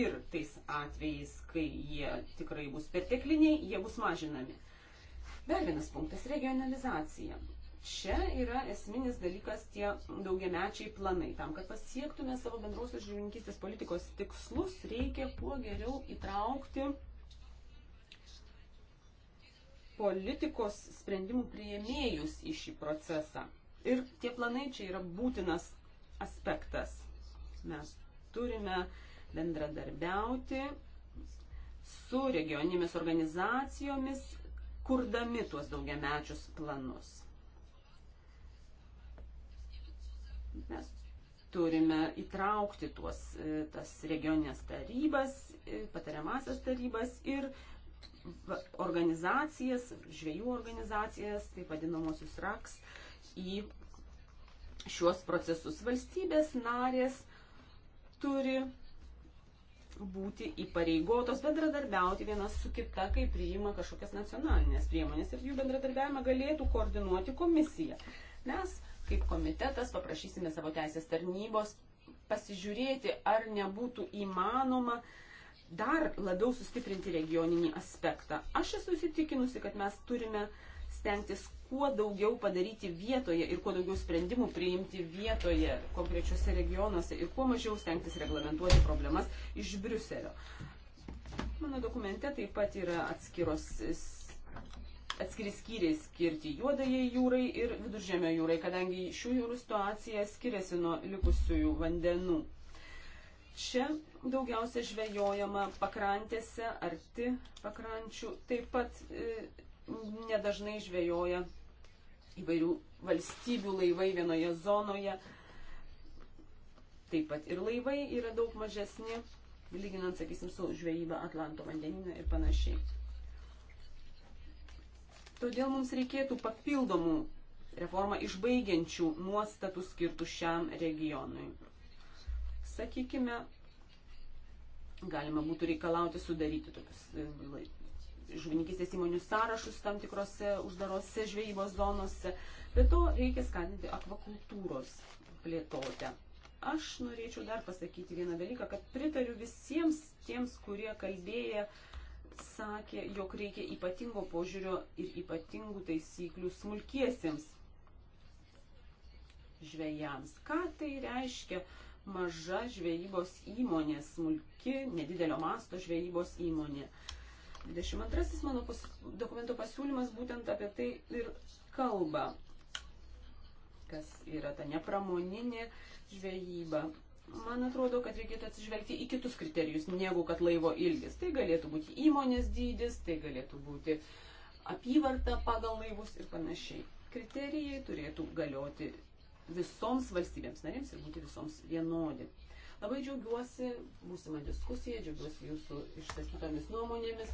ir tais atvejais, kai jie tikrai bus pertekliniai, jie bus mažinami. Dar vienas punktas - regionalizacija. Čia yra esminis dalykas tie daugiamečiai planai. Tam, kad pasiektume savo bendrausios žuvininkystės politikos tikslus, reikia kuo geriau įtraukti politikos sprendimų prieimėjus į šį procesą. Ir tie planai čia yra būtinas aspektas. Mes turime bendradarbiauti su regioninėmis organizacijomis, kurdami tuos daugiamečius planus. Mes turime įtraukti tuos, e, tas regioninės tarybas, e, patariamasias tarybas ir organizacijas, žvėjų organizacijas, taip vadinamosius RAKS, į šiuos procesus. Valstybės narės turi būti įpareigotos bendradarbiauti vienas su kita, kai priima kažkokias nacionalinės priemonės ir jų bendradarbiavimą galėtų koordinuoti komisija. Mes, kaip komitetas, paprašysime savo teisės tarnybos pasižiūrėti, ar nebūtų įmanoma dar labiau sustiprinti regioninį aspektą. Aš esu įsitikinusi, kad mes turime stengtis kuo daugiau padaryti vietoje ir kuo daugiau sprendimų priimti vietoje konkrečiuose regionuose ir kuo mažiau stengtis reglamentuoti problemas iš Briuselio. Mano dokumente taip pat yra atskiros atskiri skyriai skirti juodajai jūrai ir viduržėmio jūrai, kadangi šių jūrų situacija skiriasi nuo likusiųjų vandenų. Čia daugiausia žvejojama pakrantėse, arti pakrančių, taip pat e, nedažnai žvejoja įvairių valstybių laivai vienoje zonoje. Taip pat ir laivai yra daug mažesni, lyginant, sakysim, su žvejyba Atlanto vandeninė ir panašiai. Todėl mums reikėtų papildomų reformą išbaigiančių nuostatų skirtų šiam regionui. Sakykime, galima būtų reikalauti sudaryti tokius e, žuvininkistės įmonių sąrašus tam tikrose uždarose žvejybos zonose. Be to reikia skatinti akvakultūros plėtotę. Aš norėčiau dar pasakyti vieną dalyką, kad pritariu visiems tiems, kurie kalbėję sakė, jog reikia ypatingo požiūrio ir ypatingų taisyklių smulkiesiems žvejams. Ką tai reiškia maža žvejybos įmonė, smulki, nedidelio masto žvejybos įmonė? 22 mano pas, dokumento pasiūlymas būtent apie tai ir kalba, kas yra ta nepramoninė žvejyba. Man atrodo, kad reikėtų atsižvelgti į kitus kriterijus, negu kad laivo ilgis. Tai galėtų būti įmonės dydis, tai galėtų būti apyvarta pagal laivus ir panašiai. Kriterijai turėtų galioti visoms valstybėms narėms ir būti visoms vienodi. Labai džiaugiuosi būsimą diskusiją, džiaugiuosi jūsų išsakytomis nuomonėmis.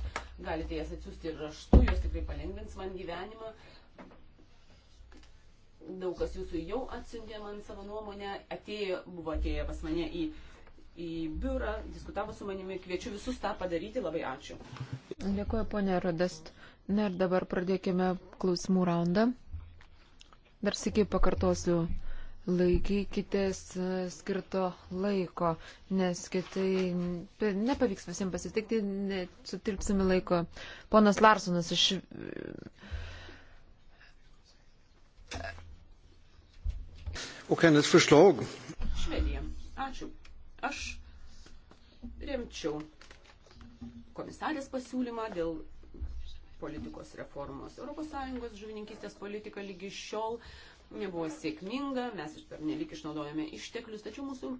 Galite jas atsiųsti ir raštu, jos tikrai palengvins man gyvenimą. Daug kas jūsų jau atsiuntė man savo nuomonę, atėjo, buvo atėję pas mane į, į biurą, diskutavo su manimi, kviečiu visus tą padaryti, labai ačiū. Dėkuoju, ponė Rodest. Na ir dabar pradėkime klausimų raundą. Dar sėkiai pakartosiu laikykitės e, skirto laiko, nes kitai nepavyks visiems pasitikti, sutilpsime laiko. Ponas Larsonas iš. Och hennes förslag. Švedija. Ačiū. Aš remčiau komisarės pasiūlymą dėl politikos reformos. ES žuvininkystės politika lygi šiol uh, nebuvo sėkminga, mes nelik išnaudojame išteklius, tačiau mūsų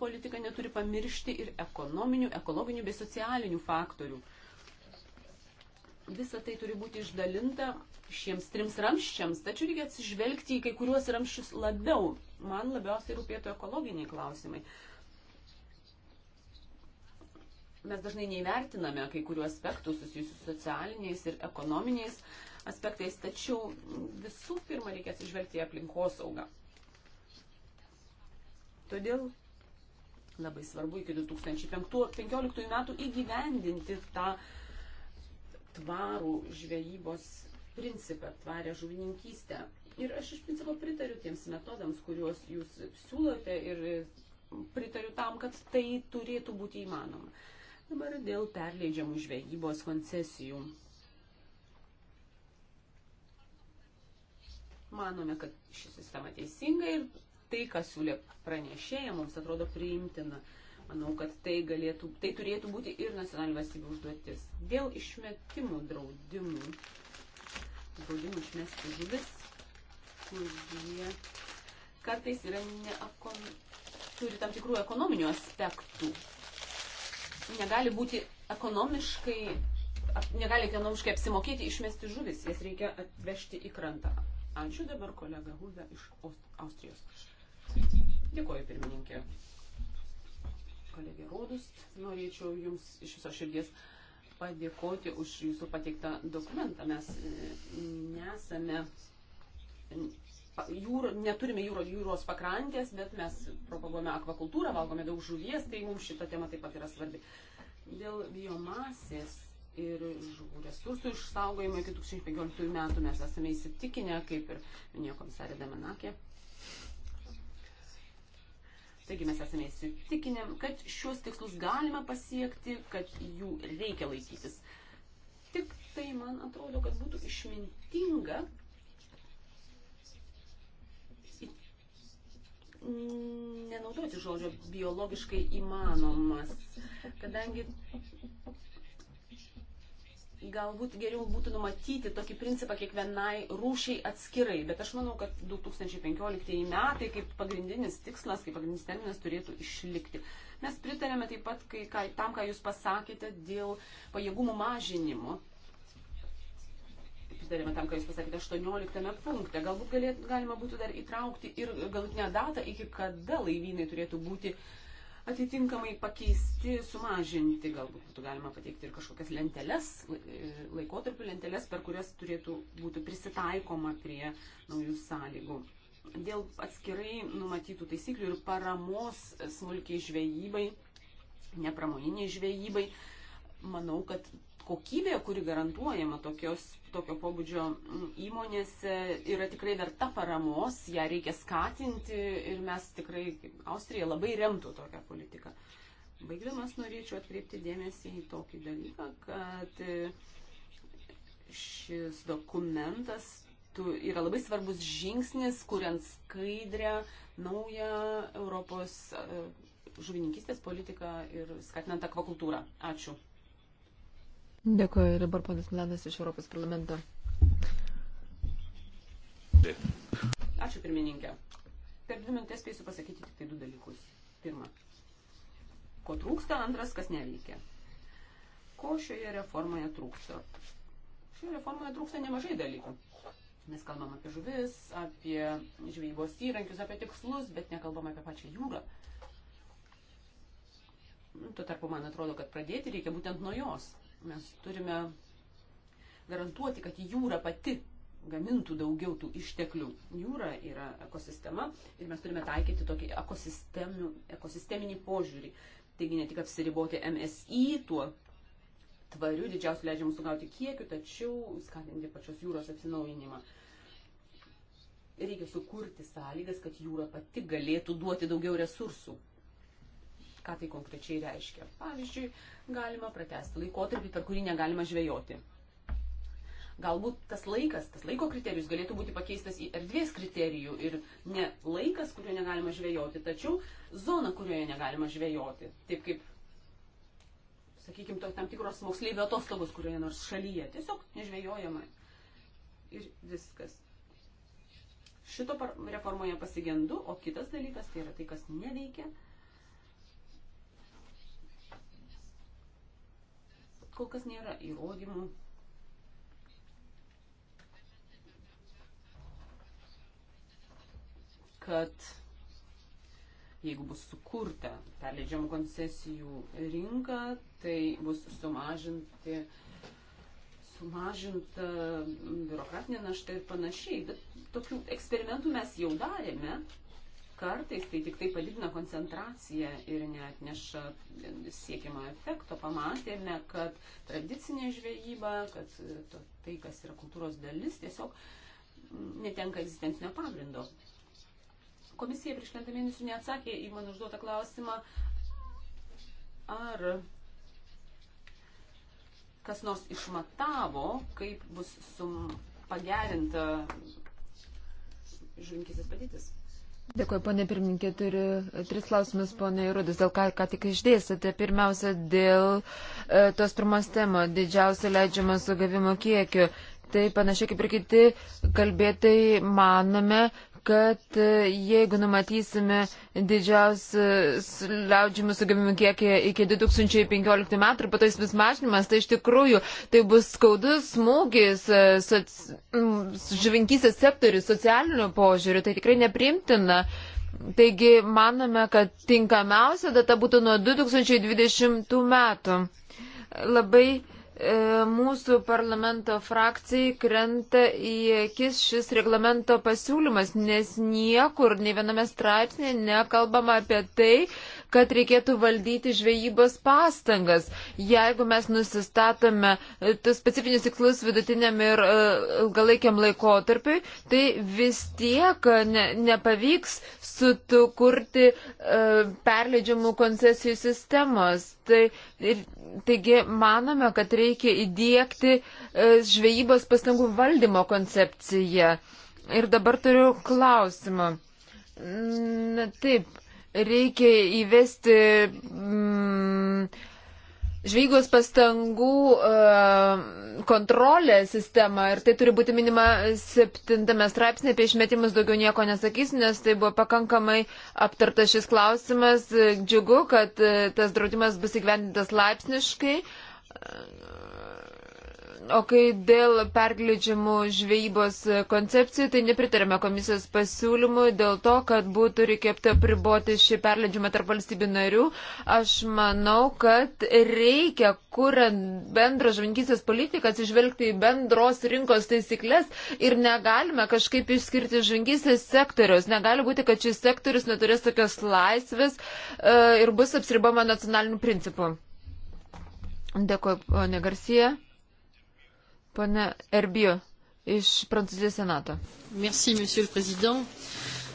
politika neturi pamiršti ir ekonominių, ekologinių bei socialinių faktorių. Visa tai turi būti išdalinta šiems trims ramščiams, tačiau reikia atsižvelgti į kai kuriuos ramščius labiau. Man labiausiai rūpėtų ekologiniai klausimai. Mes dažnai neįvertiname kai kurių aspektų susijusių socialiniais ir ekonominiais uh, aspektais, tačiau visų pirma reikia atsižvelgti į aplinkosaugą. Todėl labai svarbu iki 2015 metų įgyvendinti tą tvarų žvejybos principą, tvarę žuvininkystę. Ir aš iš principo pritariu tiems metodams, kuriuos jūs siūlote ir pritariu tam, kad tai turėtų būti įmanoma. Dabar dėl perleidžiamų žvejybos koncesijų. Manome, kad ši sistema teisinga ir tai, kas siūlė pranešėja, mums atrodo priimtina. Manau, kad tai, galėtų, tai turėtų būti ir nacionalinių valstybių užduotis. Dėl išmetimų draudimų, draudimų išmesti žuvis, kurie kartais yra neakon... turi tam tikrų ekonominių aspektų. Negali būti ekonomiškai, negali ekonomiškai apsimokėti išmesti žuvis, jas reikia atvežti į krantą. Ačiū dabar kolega Hulda iš Austrijos. Dėkuoju, pirmininkė. Kolegė Rodus, norėčiau Jums iš viso širdies padėkoti už Jūsų pateiktą dokumentą. Mes e, nesame jūro, neturime jūro, jūros pakrantės, bet mes propaguojame akvakultūrą, valgome daug žuvies, tai mums šita tema taip pat yra svarbi. Dėl biomasės ir žuvų resursų išsaugojimo iki 2015 metų mes esame įsitikinę, kaip ir minėjo komisarė Damanakė. Taigi mes esame įsitikinę, kad šiuos tikslus galime pasiekti, kad jų reikia laikytis. Tik tai man atrodo, kad būtų išmintinga nenaudoti žodžio biologiškai įmanomas, kadangi galbūt geriau būtų numatyti tokį principą kiekvienai rūšiai atskirai, bet aš manau, kad 2015 metai kaip pagrindinis tikslas, kaip pagrindinis terminas turėtų išlikti. Mes pritarėme taip pat kai, kai, tam, ką Jūs pasakėte dėl pajėgumų mažinimo. Pritarėme tam, ką Jūs pasakėte 18 punkte. Galbūt galėt, galima būtų dar įtraukti ir galutinę datą, iki kada laivynai turėtų būti uh, atitinkamai pakeisti, sumažinti, galbūt būtų galima pateikti ir kažkokias lenteles, laikotarpių lenteles, per kurias turėtų būti prisitaikoma prie naujų sąlygų. Dėl atskirai numatytų taisyklių ir paramos smulkiai žvejybai, nepramoniniai žvejybai, manau, kad kokybė, kuri garantuojama tokios, tokio pobūdžio mm, įmonėse, yra tikrai verta paramos, ją reikia skatinti ir mes tikrai, Austrija labai remtų tokią politiką. Baigdamas norėčiau atkreipti dėmesį į tokį dalyką, kad e, šis dokumentas yra labai svarbus žingsnis, kuriant skaidrę naują Europos e, žuvininkystės politiką ir skatinant akvakultūrą. Ačiū. Dėkuoju, dabar panas Milanas iš Europos parlamento. Ačiū pirmininkė. Per dvi minutės spėsiu pasakyti tik tai du dalykus. Pirma, ko trūksta, antras, kas neveikia. Ko šioje reformoje trūksta? Šioje reformoje trūksta nemažai dalykų. Mes kalbam apie žuvis, apie žvejybos įrankius, apie tikslus, bet nekalbam apie pačią jūrą. Nu, tuo tarpu man atrodo, kad pradėti reikia būtent nuo jos. Mes turime garantuoti, kad jūra pati gamintų daugiau tų išteklių. Jūra yra ekosistema ir mes turime taikyti tokį ekosisteminį požiūrį. Taigi ne tik apsiriboti MSI tuo tvariu didžiausiu leidžiamu sugauti kiekiu, tačiau skatinti pačios jūros atsinaujinimą. Reikia sukurti sąlygas, kad jūra pati galėtų duoti daugiau resursų ką tai konkrečiai reiškia. Pavyzdžiui, galima pratesti laikotarpį, per kurį negalima žvejoti. Galbūt tas laikas, tas laiko kriterijus galėtų būti pakeistas į erdvės kriterijų ir ne laikas, kurio negalima žvejoti, tačiau zona, kurioje negalima žvejoti. Taip kaip, sakykime, tam tikros moksleivio atostogos kurioje nors šalyje. Tiesiog nežvejojama. Ir viskas šito reformoje pasigendu, o kitas dalykas tai yra tai, kas neveikia. kol kas nėra įrodymų. kad jeigu bus sukurta perleidžiamų koncesijų rinka, tai bus sumažinti, sumažinta biurokratinė našta ir panašiai. Bet tokių eksperimentų mes jau darėme kartais tai tik tai padidina koncentraciją ir neatneša siekiamą efekto. Pamatėme, kad tradicinė žvejyba, kad e, to, tai, kas yra kultūros dalis, tiesiog mm, netenka egzistencinio pagrindo. Komisija prieš keletą mėnesių neatsakė į man užduotą klausimą, ar kas nors išmatavo, kaip bus sum pagerinta žuvinkistės padėtis. Dėkuoju, ponė pirmininkė, turiu e, tris klausimus, ponė Rudis, dėl ką, ką tik išdėsite. Pirmiausia, dėl e, tos pirmos temo, didžiausio leidžiamo sugavimo kiekio. Tai panašiai kaip ir kiti kalbėtai manome, kad e, jeigu numatysime didžiausius e, liaudžiamų sugebimų kiekį iki 2015 metų ir po to jis bus mažinimas, tai iš tikrųjų tai bus skaudus smūgis e, soc... žuvinkysės sektoriui socialiniu požiūriu, tai tikrai neprimtina. Taigi manome, kad tinkamiausia data būtų nuo 2020 metų. Labai E, mūsų parlamento frakcijai krenta į akis šis reglamento pasiūlymas, nes niekur, nei viename straipsnėje nekalbama apie tai, kad reikėtų valdyti žvejybos pastangas. Jeigu mes nusistatome e, specifinius tikslus vidutiniam ir e, ilgalaikiam laikotarpiui, tai vis tiek e, ne, nepavyks sukurti perleidžiamų koncesijų sistemos. Tai, ir, taigi manome, kad reikia įdėkti žvejybos pastangų valdymo koncepciją. Ir dabar turiu klausimą. Na taip, reikia įvesti mm, žvejybos pastangų e, kontrolę sistemą ir tai turi būti minima septintame straipsnė, apie išmetimus daugiau nieko nesakys, nes tai buvo pakankamai aptartas šis klausimas. Džiugu, kad e, tas draudimas bus įgyvendintas laipsniškai. O kai dėl pergleidžiamų žvejybos koncepcijų, tai nepritarėme komisijos pasiūlymui dėl to, kad būtų reikėtų apriboti šį perleidžiamą tarp valstybių narių. Aš manau, kad reikia, kuriant bendrą žvankysės politiką, atsižvelgti į bendros rinkos taisyklės ir negalime kažkaip išskirti žvankysės sektoriaus. Negali būti, kad šis sektorius neturės tokios laisvės uh, ir bus apsiribama nacionaliniu principu. Dėkuoju, negarsie. Pane Erbijo iš Prancūzijos senato. Merci, monsieur le président.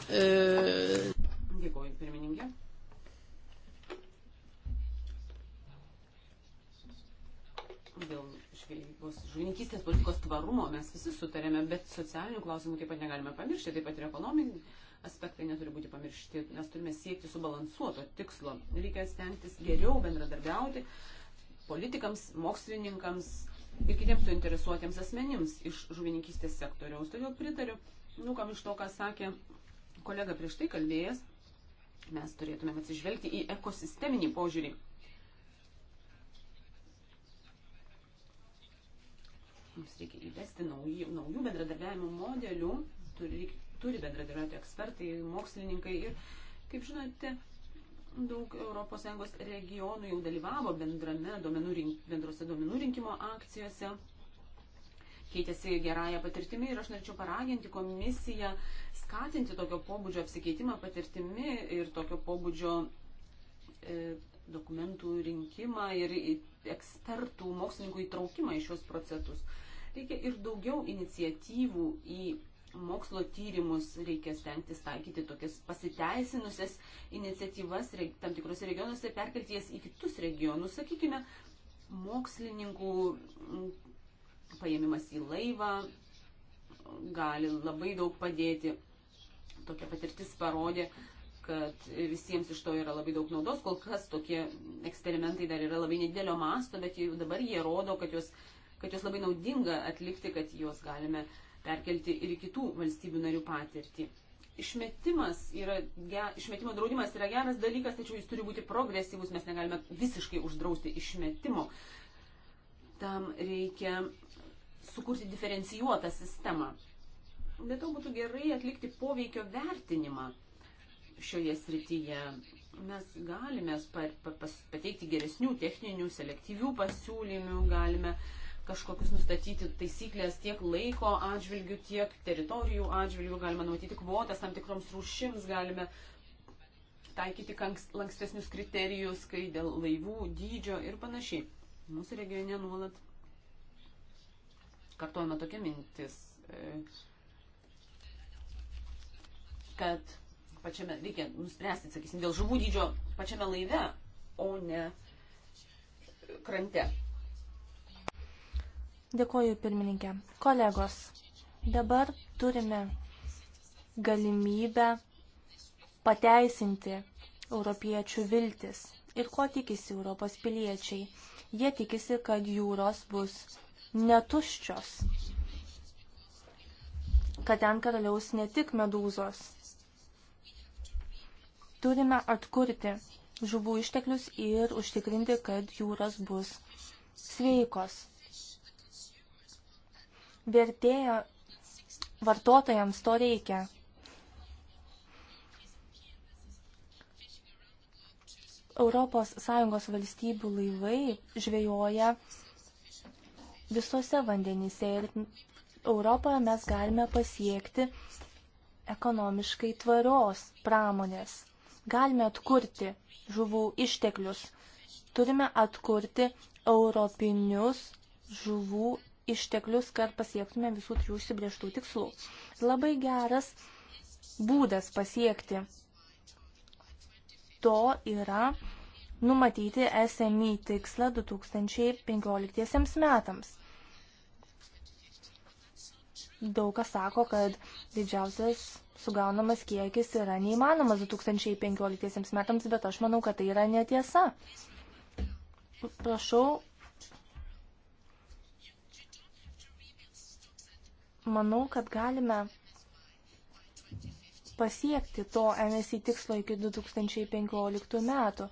E... Euh, Dėkuoju, pirmininkė. Dėl žvejybos, žuvininkystės politikos tvarumo mes visi sutarėme, bet socialinių klausimų taip pat negalime pamiršti, taip pat ir ekonominių aspektai neturi būti pamiršti. Mes turime siekti subalansuoto tikslo. Reikia stengtis geriau bendradarbiauti politikams, mokslininkams, ir kitiems suinteresuotiems asmenims iš žuvininkystės sektoriaus. Todėl pritariu, nu, kam iš to, ką sakė kolega prieš tai kalbėjęs, mes turėtumėm atsižvelgti į ekosisteminį požiūrį. Mums reikia įvesti naujų, naujų bendradarbiavimo modelių, turi, turi bendradarbiauti ekspertai, mokslininkai ir, kaip žinote, daug ES regionų jau dalyvavo bendrame duomenų rink, bendrose duomenų rinkimo akcijose, keitėsi gerąją patirtimį ir aš norėčiau paraginti komisiją skatinti tokio pobūdžio apsikeitimą patirtimi ir tokio pobūdžio e, dokumentų rinkimą ir ekspertų, mokslininkų įtraukimą į šios procesus. Reikia ir daugiau iniciatyvų į mokslo tyrimus, reikia stengtis taikyti tokias pasiteisinusias iniciatyvas tam tikrose regionuose, perkelti jas į kitus regionus, sakykime, mokslininkų paėmimas į laivą gali labai daug padėti. Tokia patirtis parodė, kad visiems iš to yra labai daug naudos. Kol kas tokie eksperimentai dar yra labai nedidelio masto, bet jau dabar jie rodo, kad juos, kad juos labai naudinga atlikti, kad juos galime uh, perkelti ir į kitų valstybių narių patirtį. Išmetimas yra, ge, išmetimo draudimas yra geras dalykas, tačiau jis turi būti progresyvus, mes negalime visiškai uždrausti išmetimo. Tam reikia sukurti diferencijuotą sistemą. Bet to būtų gerai atlikti poveikio vertinimą šioje srityje. Mes galime pateikti geresnių techninių, selektyvių pasiūlymų, galime uh, kažkokius nustatyti taisyklės tiek laiko atžvilgių, tiek teritorijų atžvilgių, galime numatyti kvotas tam tikroms rūšims, galime taikyti lankstesnius kriterijus, kai dėl laivų dydžio ir panašiai. Mūsų regione nuolat kartuojama tokia mintis, e, kad pačiame, reikia nuspręsti, sakysim, dėl žuvų dydžio pačiame laive, o ne krante. Dėkoju, pirmininkė. Kolegos, dabar turime galimybę pateisinti europiečių viltis. Ir ko tikisi Europos piliečiai? Jie tikisi, kad jūros bus netuščios, kad ten karaliaus ne tik medūzos. Turime atkurti žuvų išteklius ir užtikrinti, kad jūros bus sveikos vertėjo vartotojams to reikia. ES valstybių laivai žvejoja visose vandenyse ir Europoje mes galime pasiekti ekonomiškai tvarios pramonės. Galime atkurti žuvų išteklius. Turime atkurti europinius žuvų išteklius, kad pasiektume visų trijų užsibrieštų tikslų. Labai geras būdas pasiekti to yra numatyti SMI tikslą 2015 metams. Daug kas sako, kad didžiausias sugaunamas kiekis yra neįmanomas 2015 metams, bet aš manau, kad tai yra netiesa. Prašau manau, kad galime pasiekti to MSI tikslo iki 2015 metų.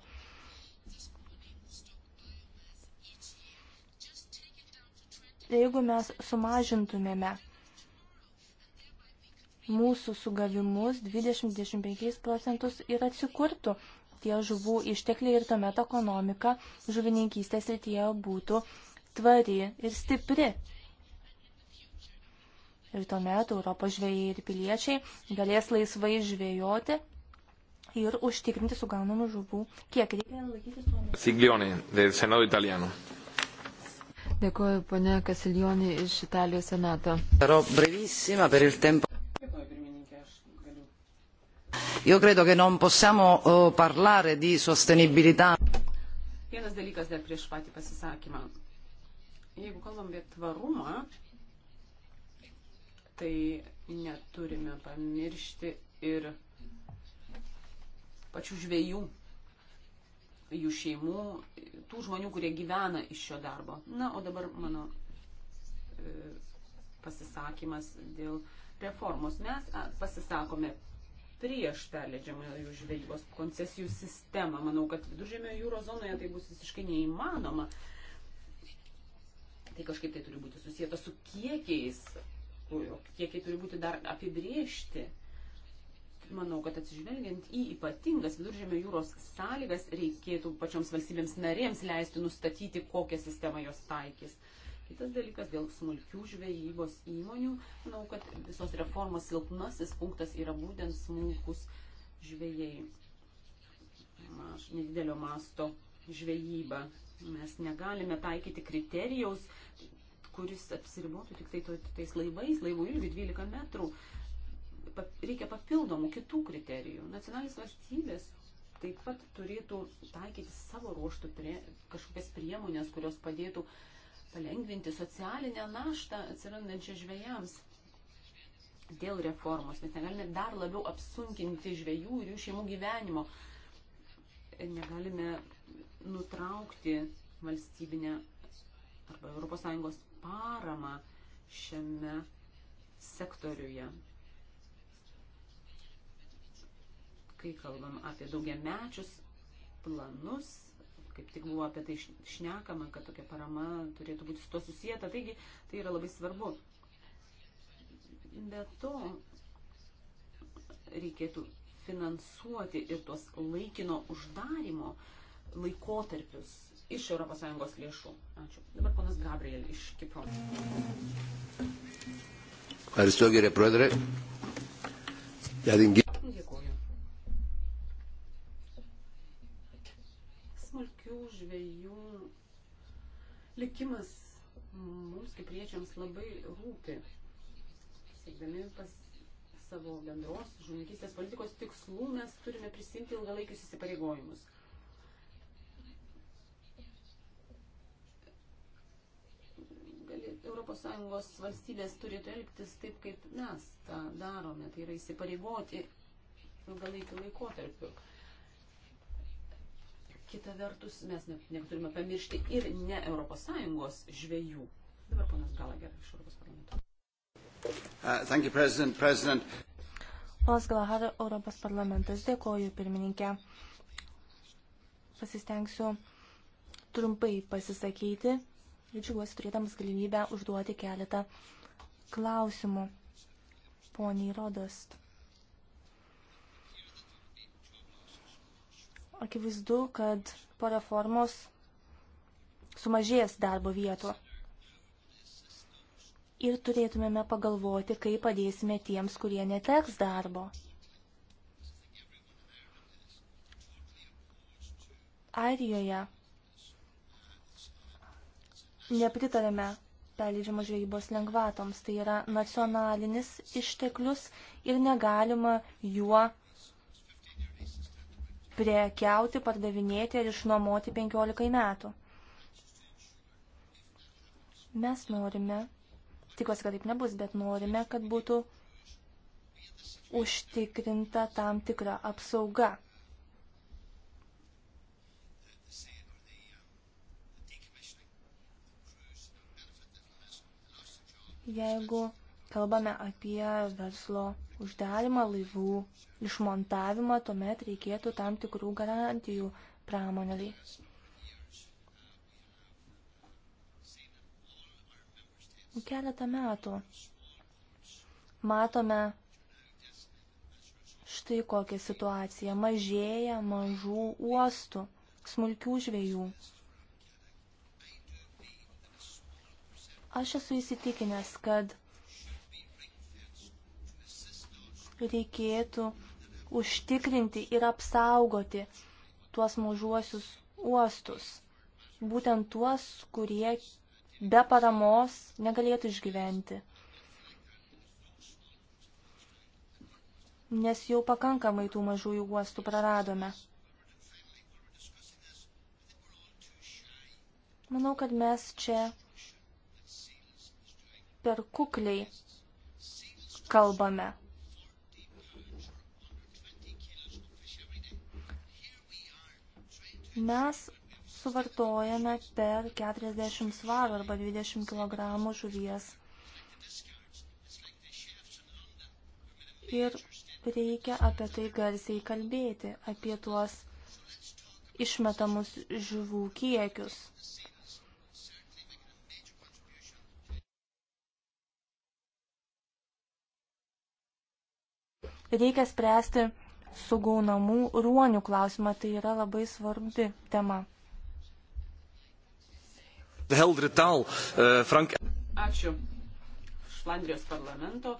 Jeigu mes sumažintumėme mūsų sugavimus 20-25 procentus ir atsikurtų tie žuvų ištekliai ir tuomet ekonomika žuvininkystės rytyje būtų tvari ir stipri ir tuomet Europos žvėjai ir piliečiai galės laisvai žvėjoti ir užtikrinti sugaunamų žuvų. Kiek reikia laikytis to? Siglione, del Senado italiano. Dėkuoju, ponė Kasiljonė iš Italijos senato. Sarò brevissima per il tempo. Io credo che non possiamo uh, parlare di sostenibilità. Vienas dalykas dar prieš patį pasisakymą. Jeigu kalbam apie tvarumą, tai neturime pamiršti ir pačių žvėjų, jų šeimų, tų žmonių, kurie gyvena iš šio darbo. Na, o dabar mano e, pasisakymas dėl reformos. Mes pasisakome prieš perleidžiamąjų žvejybos koncesijų sistemą. Manau, kad viduržėmio jūro zonoje tai bus visiškai neįmanoma. Tai kažkaip tai turi būti susijęta su kiekiais, kiekiai turi būti dar apibriežti. Manau, kad atsižvelgiant į ypatingas viduržėmio jūros sąlygas, reikėtų pačioms valstybėms narėms leisti nustatyti, kokią sistemą jos taikys. Kitas dalykas dėl smulkių žvejybos įmonių. Manau, kad visos reformos silpnasis punktas yra būtent smulkus žvėjai. Maž, nedidelio masto žvejyba. Mes negalime taikyti kriterijaus, kuris apsiribotų tik tai to, tais laivais, laivų ilgių 12 metrų. Reikia papildomų kitų kriterijų. Nacionalinės valstybės taip pat turėtų taikyti savo ruoštų prie, kažkokias priemonės, kurios padėtų palengvinti socialinę naštą atsirandančią žvėjams dėl reformos. Mes negalime dar labiau apsunkinti žvėjų ir jų šeimų gyvenimo. Negalime nutraukti valstybinę arba ES paramą šiame sektoriuje. Kai kalbam apie daugiamečius planus, kaip tik buvo apie tai šnekama, kad tokia parama turėtų būti su to susijęta, taigi tai yra labai svarbu. Be to reikėtų finansuoti ir tuos laikino uždarimo laikotarpius iš ES lėšų. Ačiū. Dabar ponas Gabriel iš Kipro. Ευχαριστώ κύριε Πρόεδρε για την Dėkuoju. Smulkių žvėjų likimas mums kaip priečiams labai rūpi. Siekdami pas savo bendros žuvininkystės politikos tikslų mes turime prisimti ilgalaikius įsipareigojimus. ES valstybės turėtų elgtis taip, kaip mes tą darome, tai yra įsipareigoti ilgalaikį laikotarpiu. Kita vertus, mes neturime pamiršti ir ne ES žvėjų. Dabar ponas Galager iš Europos parlamento. Uh, thank you, President. President. Ponas Galahar, Europos parlamentas, dėkoju pirmininkė. Pasistengsiu trumpai pasisakyti džiuguosi turėdamas galimybę užduoti keletą klausimų poniai Rodost. Akivaizdu, kad po reformos sumažės darbo vietų. Ir turėtumėme pagalvoti, kaip padėsime tiems, kurie neteks darbo. Airijoje nepritarėme perleidžiamos žvejybos lengvatoms. Tai yra nacionalinis išteklius ir negalima juo priekiauti, pardavinėti ir išnuomoti 15 metų. Mes norime, tikiuosi, kad taip nebus, bet norime, kad būtų užtikrinta tam tikra apsauga jeigu kalbame apie verslo uždarimą laivų išmontavimą, tuomet reikėtų tam tikrų garantijų pramoniai. Keletą metų matome štai kokią situaciją. Mažėja mažų uostų, smulkių žvėjų. Aš esu įsitikinęs, kad reikėtų užtikrinti ir apsaugoti tuos mažuosius uostus. Būtent tuos, kurie be paramos negalėtų išgyventi. Nes jau pakankamai tų mažųjų uostų praradome. Manau, kad mes čia per kukliai kalbame. Mes suvartojame per 40 svarų arba 20 kg žuvies. Ir reikia apie tai garsiai kalbėti, apie tuos išmetamus žuvų kiekius. Reikia spręsti sugaunamų ruonių klausimą, tai yra labai svarbi tema. Heldere taal, uh, Frank. Ačiū. Šlandrijos parlamento.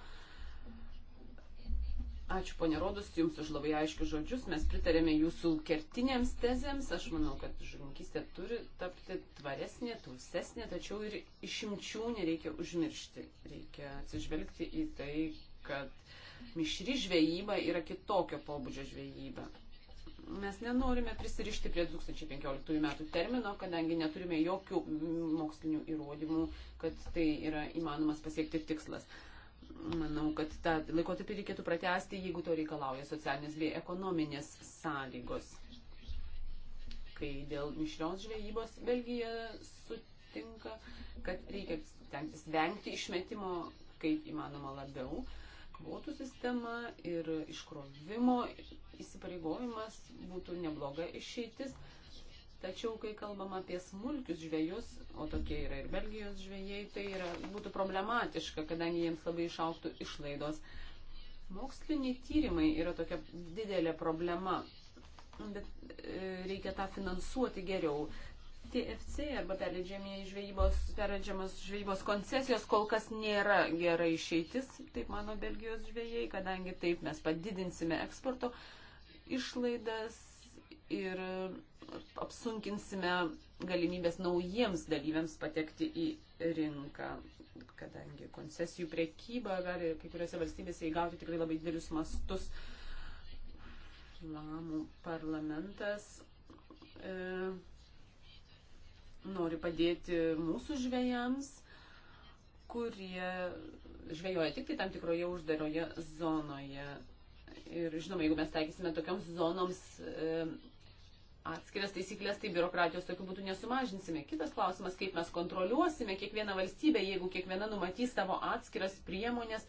Ačiū, ponė Rodus, Jums už labai aiškius žodžius. Mes pritarėme Jūsų kertinėms tezėms. Aš manau, kad žuvininkystė turi tapti tvaresnė, tausesnė, tačiau ir išimčių nereikia užmiršti. Reikia atsižvelgti į tai, kad mišri žvejyba yra kitokio pobūdžio žvejyba. Mes nenorime prisirišti prie 2015 metų termino, kadangi neturime jokių mokslinių įrodymų, kad tai yra įmanomas pasiekti tikslas. Manau, kad tą laikotarpį reikėtų pratesti, jeigu to reikalauja socialinės bei ekonominės sąlygos. Kai dėl mišrios žvejybos Belgija sutinka, kad reikia stengtis vengti išmetimo kaip įmanoma labiau kvotų sistema ir iškrovimo įsipareigojimas būtų nebloga išeitis. Tačiau, kai kalbam apie smulkius žvėjus, o tokie yra ir Belgijos žvėjai, tai yra, būtų problematiška, kadangi jiems labai išauktų išlaidos. Moksliniai tyrimai yra tokia didelė problema, bet e, reikia tą finansuoti geriau. TFC arba žvejybos, perleidžiamas žvejybos koncesijos kol kas nėra gera išeitis, taip mano Belgijos žvėjai, kadangi taip mes padidinsime eksporto išlaidas ir apsunkinsime galimybės naujiems dalyviams patekti į rinką, kadangi koncesijų priekyba gali kai kuriuose valstybėse įgauti tikrai labai didelius mastus. Lamų parlamentas. E, nori padėti mūsų žvėjams, kurie žvejoja tik tai tam tikroje uždaroje zonoje. Ir žinoma, jeigu mes taikysime tokioms zonoms e, atskiras taisyklės, tai biurokratijos tokiu būdu nesumažinsime. Kitas klausimas, kaip mes kontroliuosime kiekvieną valstybę, jeigu kiekviena numatys savo atskiras priemonės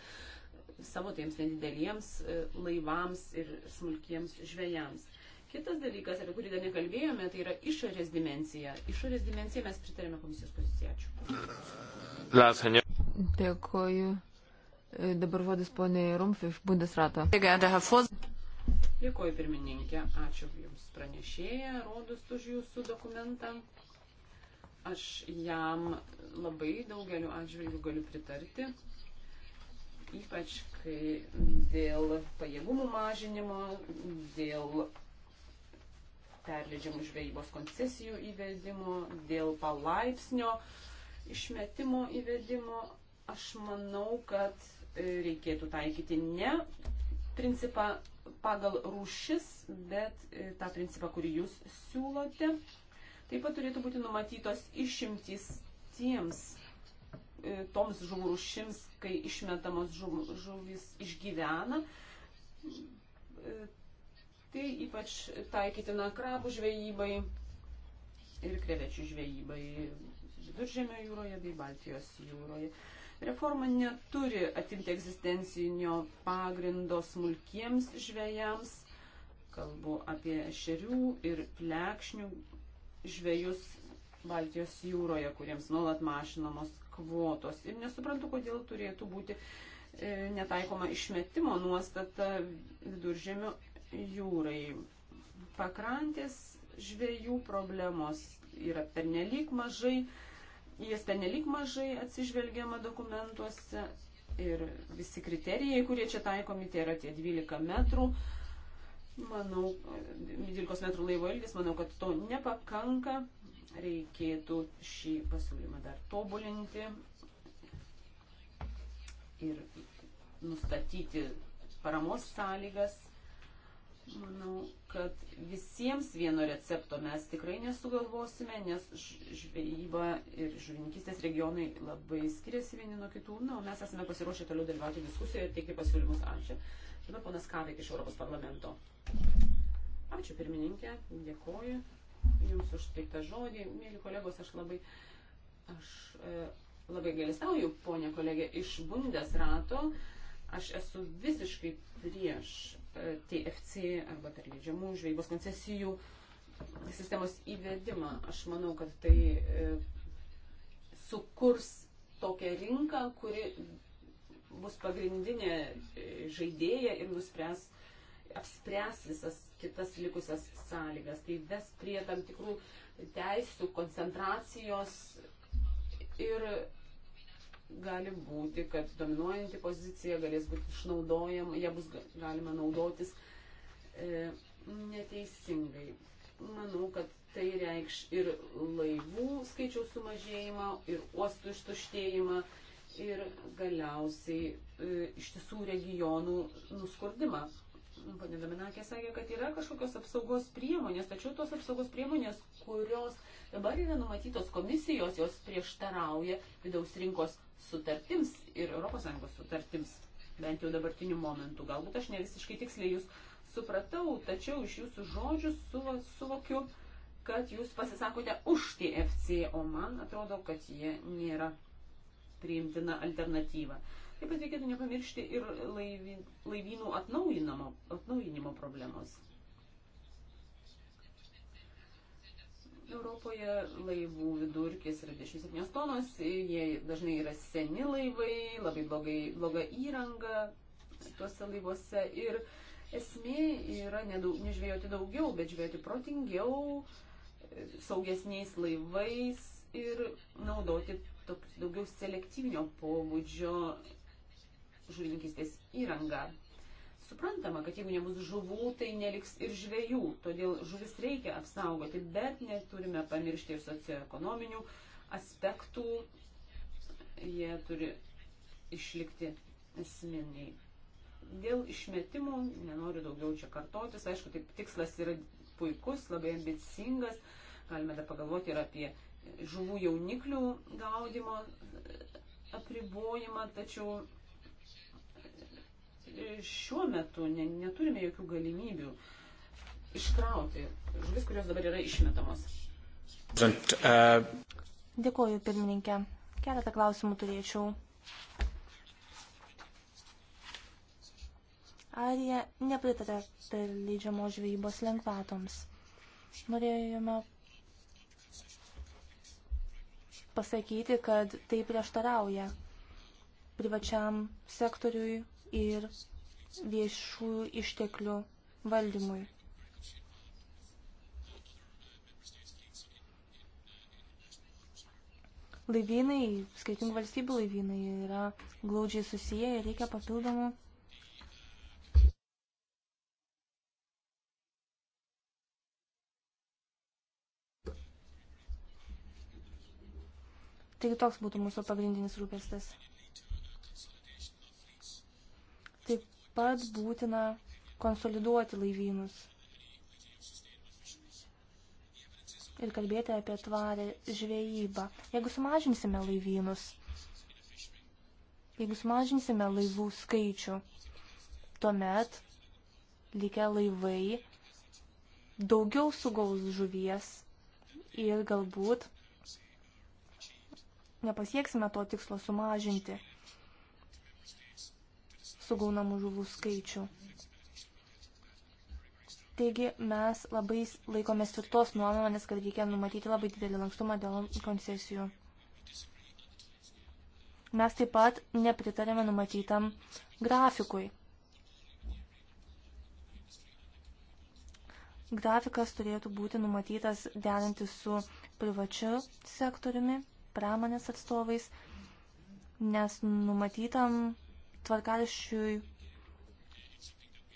savo tiems nedideliems e, laivams ir smulkiems žvėjams. Kitas dalykas, apie kurį dar nekalbėjome, tai yra išorės dimencija. Išorės dimencija mes pritarėme komisijos poziciją. Ačiū. Dėkoju. E, dabar vadis poniai Rumfi iš Bundesrato. Dėkoju pirmininkė. Ačiū Jums pranešėję, rodus už Jūsų dokumentą. Aš jam labai daugeliu atžvilgių galiu pritarti ypač kai dėl pajėgumų mažinimo, dėl perleidžiamų žvejybos koncesijų įvedimo, dėl palaipsnio išmetimo įvedimo, aš manau, kad e, reikėtų taikyti ne principą pagal rūšis, bet e, tą principą, kurį jūs siūlote. Taip pat turėtų būti numatytos išimtys tiems, e, toms žuvų rūšims, kai išmetamos žuvys išgyvena Tai ypač taikytina krabų žvejybai ir krevečių žvejybai Viduržėmio jūroje bei Baltijos jūroje. Reforma neturi atimti egzistencinio pagrindo smulkiems žvejams. Kalbu apie šerių ir plekšnių žvejus Baltijos jūroje, kuriems nuolat mašinamos kvotos. Ir nesuprantu, kodėl turėtų būti e, netaikoma išmetimo nuostata viduržėmio jūrai. Pakrantės žvėjų problemos yra pernelyg mažai, jas pernelyg mažai atsižvelgiama dokumentuose ir visi kriterijai, kurie čia taikomi, tai yra tie 12 metrų. Manau, 12 metrų laivo ilgis, manau, kad to nepakanka, reikėtų šį pasiūlymą dar tobulinti ir nustatyti paramos sąlygas Manau, kad visiems vieno recepto mes tikrai nesugalvosime, nes žvejyba ir žuvininkystės regionai labai skiriasi vieni nuo kitų. Na, o mes esame pasiruošę toliau dalyvauti diskusijoje ir teikti pasiūlymus. Ačiū. Dabar ponas Kavik iš Europos parlamento. Ačiū pirmininkė, dėkoju Jums už teiktą žodį. Mėly kolegos, aš labai, aš, e, labai gėlistauju, ponė kolegė, iš Bundesrato. Aš esu visiškai prieš TFC arba per leidžiamų žvejybos koncesijų sistemos įvedimą. Aš manau, kad tai e, sukurs tokią rinką, kuri bus pagrindinė e, žaidėja ir nuspręs, apspręs visas kitas likusias sąlygas. Tai ves prie tam tikrų teisų koncentracijos ir gali būti, kad dominuojanti pozicija galės būti išnaudojama, ją bus galima naudotis e, neteisingai. Manau, kad tai reikš ir laivų skaičiaus sumažėjimą, ir uostų ištuštėjimą, ir galiausiai e, ištisų regionų nuskurdimą. Pane Dominakė sakė, kad yra kažkokios apsaugos priemonės, tačiau tos apsaugos priemonės, kurios dabar yra numatytos komisijos, jos prieštarauja vidaus rinkos sutartims ir ES sutartims, bent jau dabartiniu momentu. Galbūt aš ne visiškai tiksliai jūs supratau, tačiau iš jūsų žodžių suvo, suvokiu, kad jūs pasisakote už TFC, o man atrodo, kad jie nėra priimtina alternatyva. Taip pat reikėtų nepamiršti ir laivynų atnaujinimo problemos. Europoje laivų vidurkis yra 27 tonos, jie dažnai yra seni laivai, labai blogai, bloga įranga tuose laivuose ir esmė yra nedaug, nežvėjoti daugiau, bet žvėjoti protingiau, saugesniais laivais ir naudoti toks, daugiau selektyvinio pobūdžio žuvininkistės įrangą. Suprantama, kad jeigu nebus žuvų, tai neliks ir žvėjų, todėl žuvis reikia apsaugoti, bet neturime pamiršti ir socioekonominių aspektų, jie turi išlikti esminiai. Dėl išmetimų nenoriu daugiau čia kartotis, aišku, taip tikslas yra puikus, labai ambicingas, galime dar pagalvoti ir apie žuvų jauniklių gaudimo apribojimą, tačiau šiuo metu ne, neturime jokių galimybių iškrauti žuvis, kurios dabar yra išmetamos. Uh, Dėkuoju, pirmininkė. Keletą klausimų turėčiau. Ar jie nepritarė perleidžiamos žvejybos lengvatoms? Norėjome pasakyti, kad tai prieštarauja privačiam sektoriui ir viešųjų išteklių valdymui. Laivynai, skirtingų valstybių laivynai yra glaudžiai susiję ir reikia papildomų Taigi toks būtų mūsų pagrindinis rūpestis. Taip pat būtina konsoliduoti laivynus ir kalbėti apie tvarę žvejybą. Jeigu sumažinsime laivynus, jeigu sumažinsime laivų skaičių, tuomet likę laivai daugiau sugaus žuvies ir galbūt nepasieksime to tikslo sumažinti sugaunamų žuvų skaičių. Taigi mes labai laikomės tvirtos nuomonės, kad reikia numatyti labai didelį lankstumą dėl koncesijų. Mes taip pat nepritarėme numatytam grafikui. Grafikas turėtų būti numatytas derintis su privačiu sektoriumi, pramonės atstovais, nes numatytam tvarkarašiui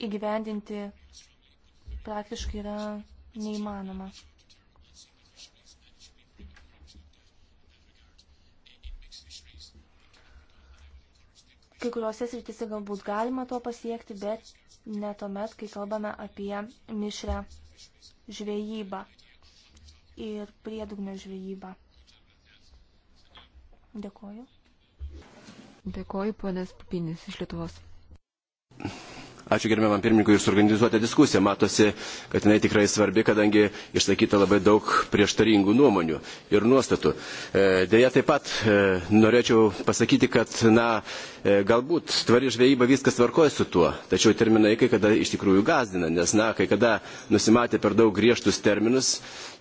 įgyvendinti praktiškai yra neįmanoma. Kai kuriuose srityse galbūt galima to pasiekti, bet ne tuomet, kai kalbame apie mišrę žvejybą ir priedugnio žvejybą. Dėkuoju. Dėkoju, ponas Pupinis iš Lietuvos. Ačiū gerbiamam pirmininkui ir suorganizuotą diskusiją. Matosi, kad jinai tikrai svarbi, kadangi išsakyta labai daug prieštaringų nuomonių ir nuostatų. E, deja, taip pat e, norėčiau pasakyti, kad na, e, galbūt tvari žvejyba viskas tvarkoja su tuo, tačiau terminai kai kada iš tikrųjų gazdina, nes na, kai kada nusimatė per daug griežtus terminus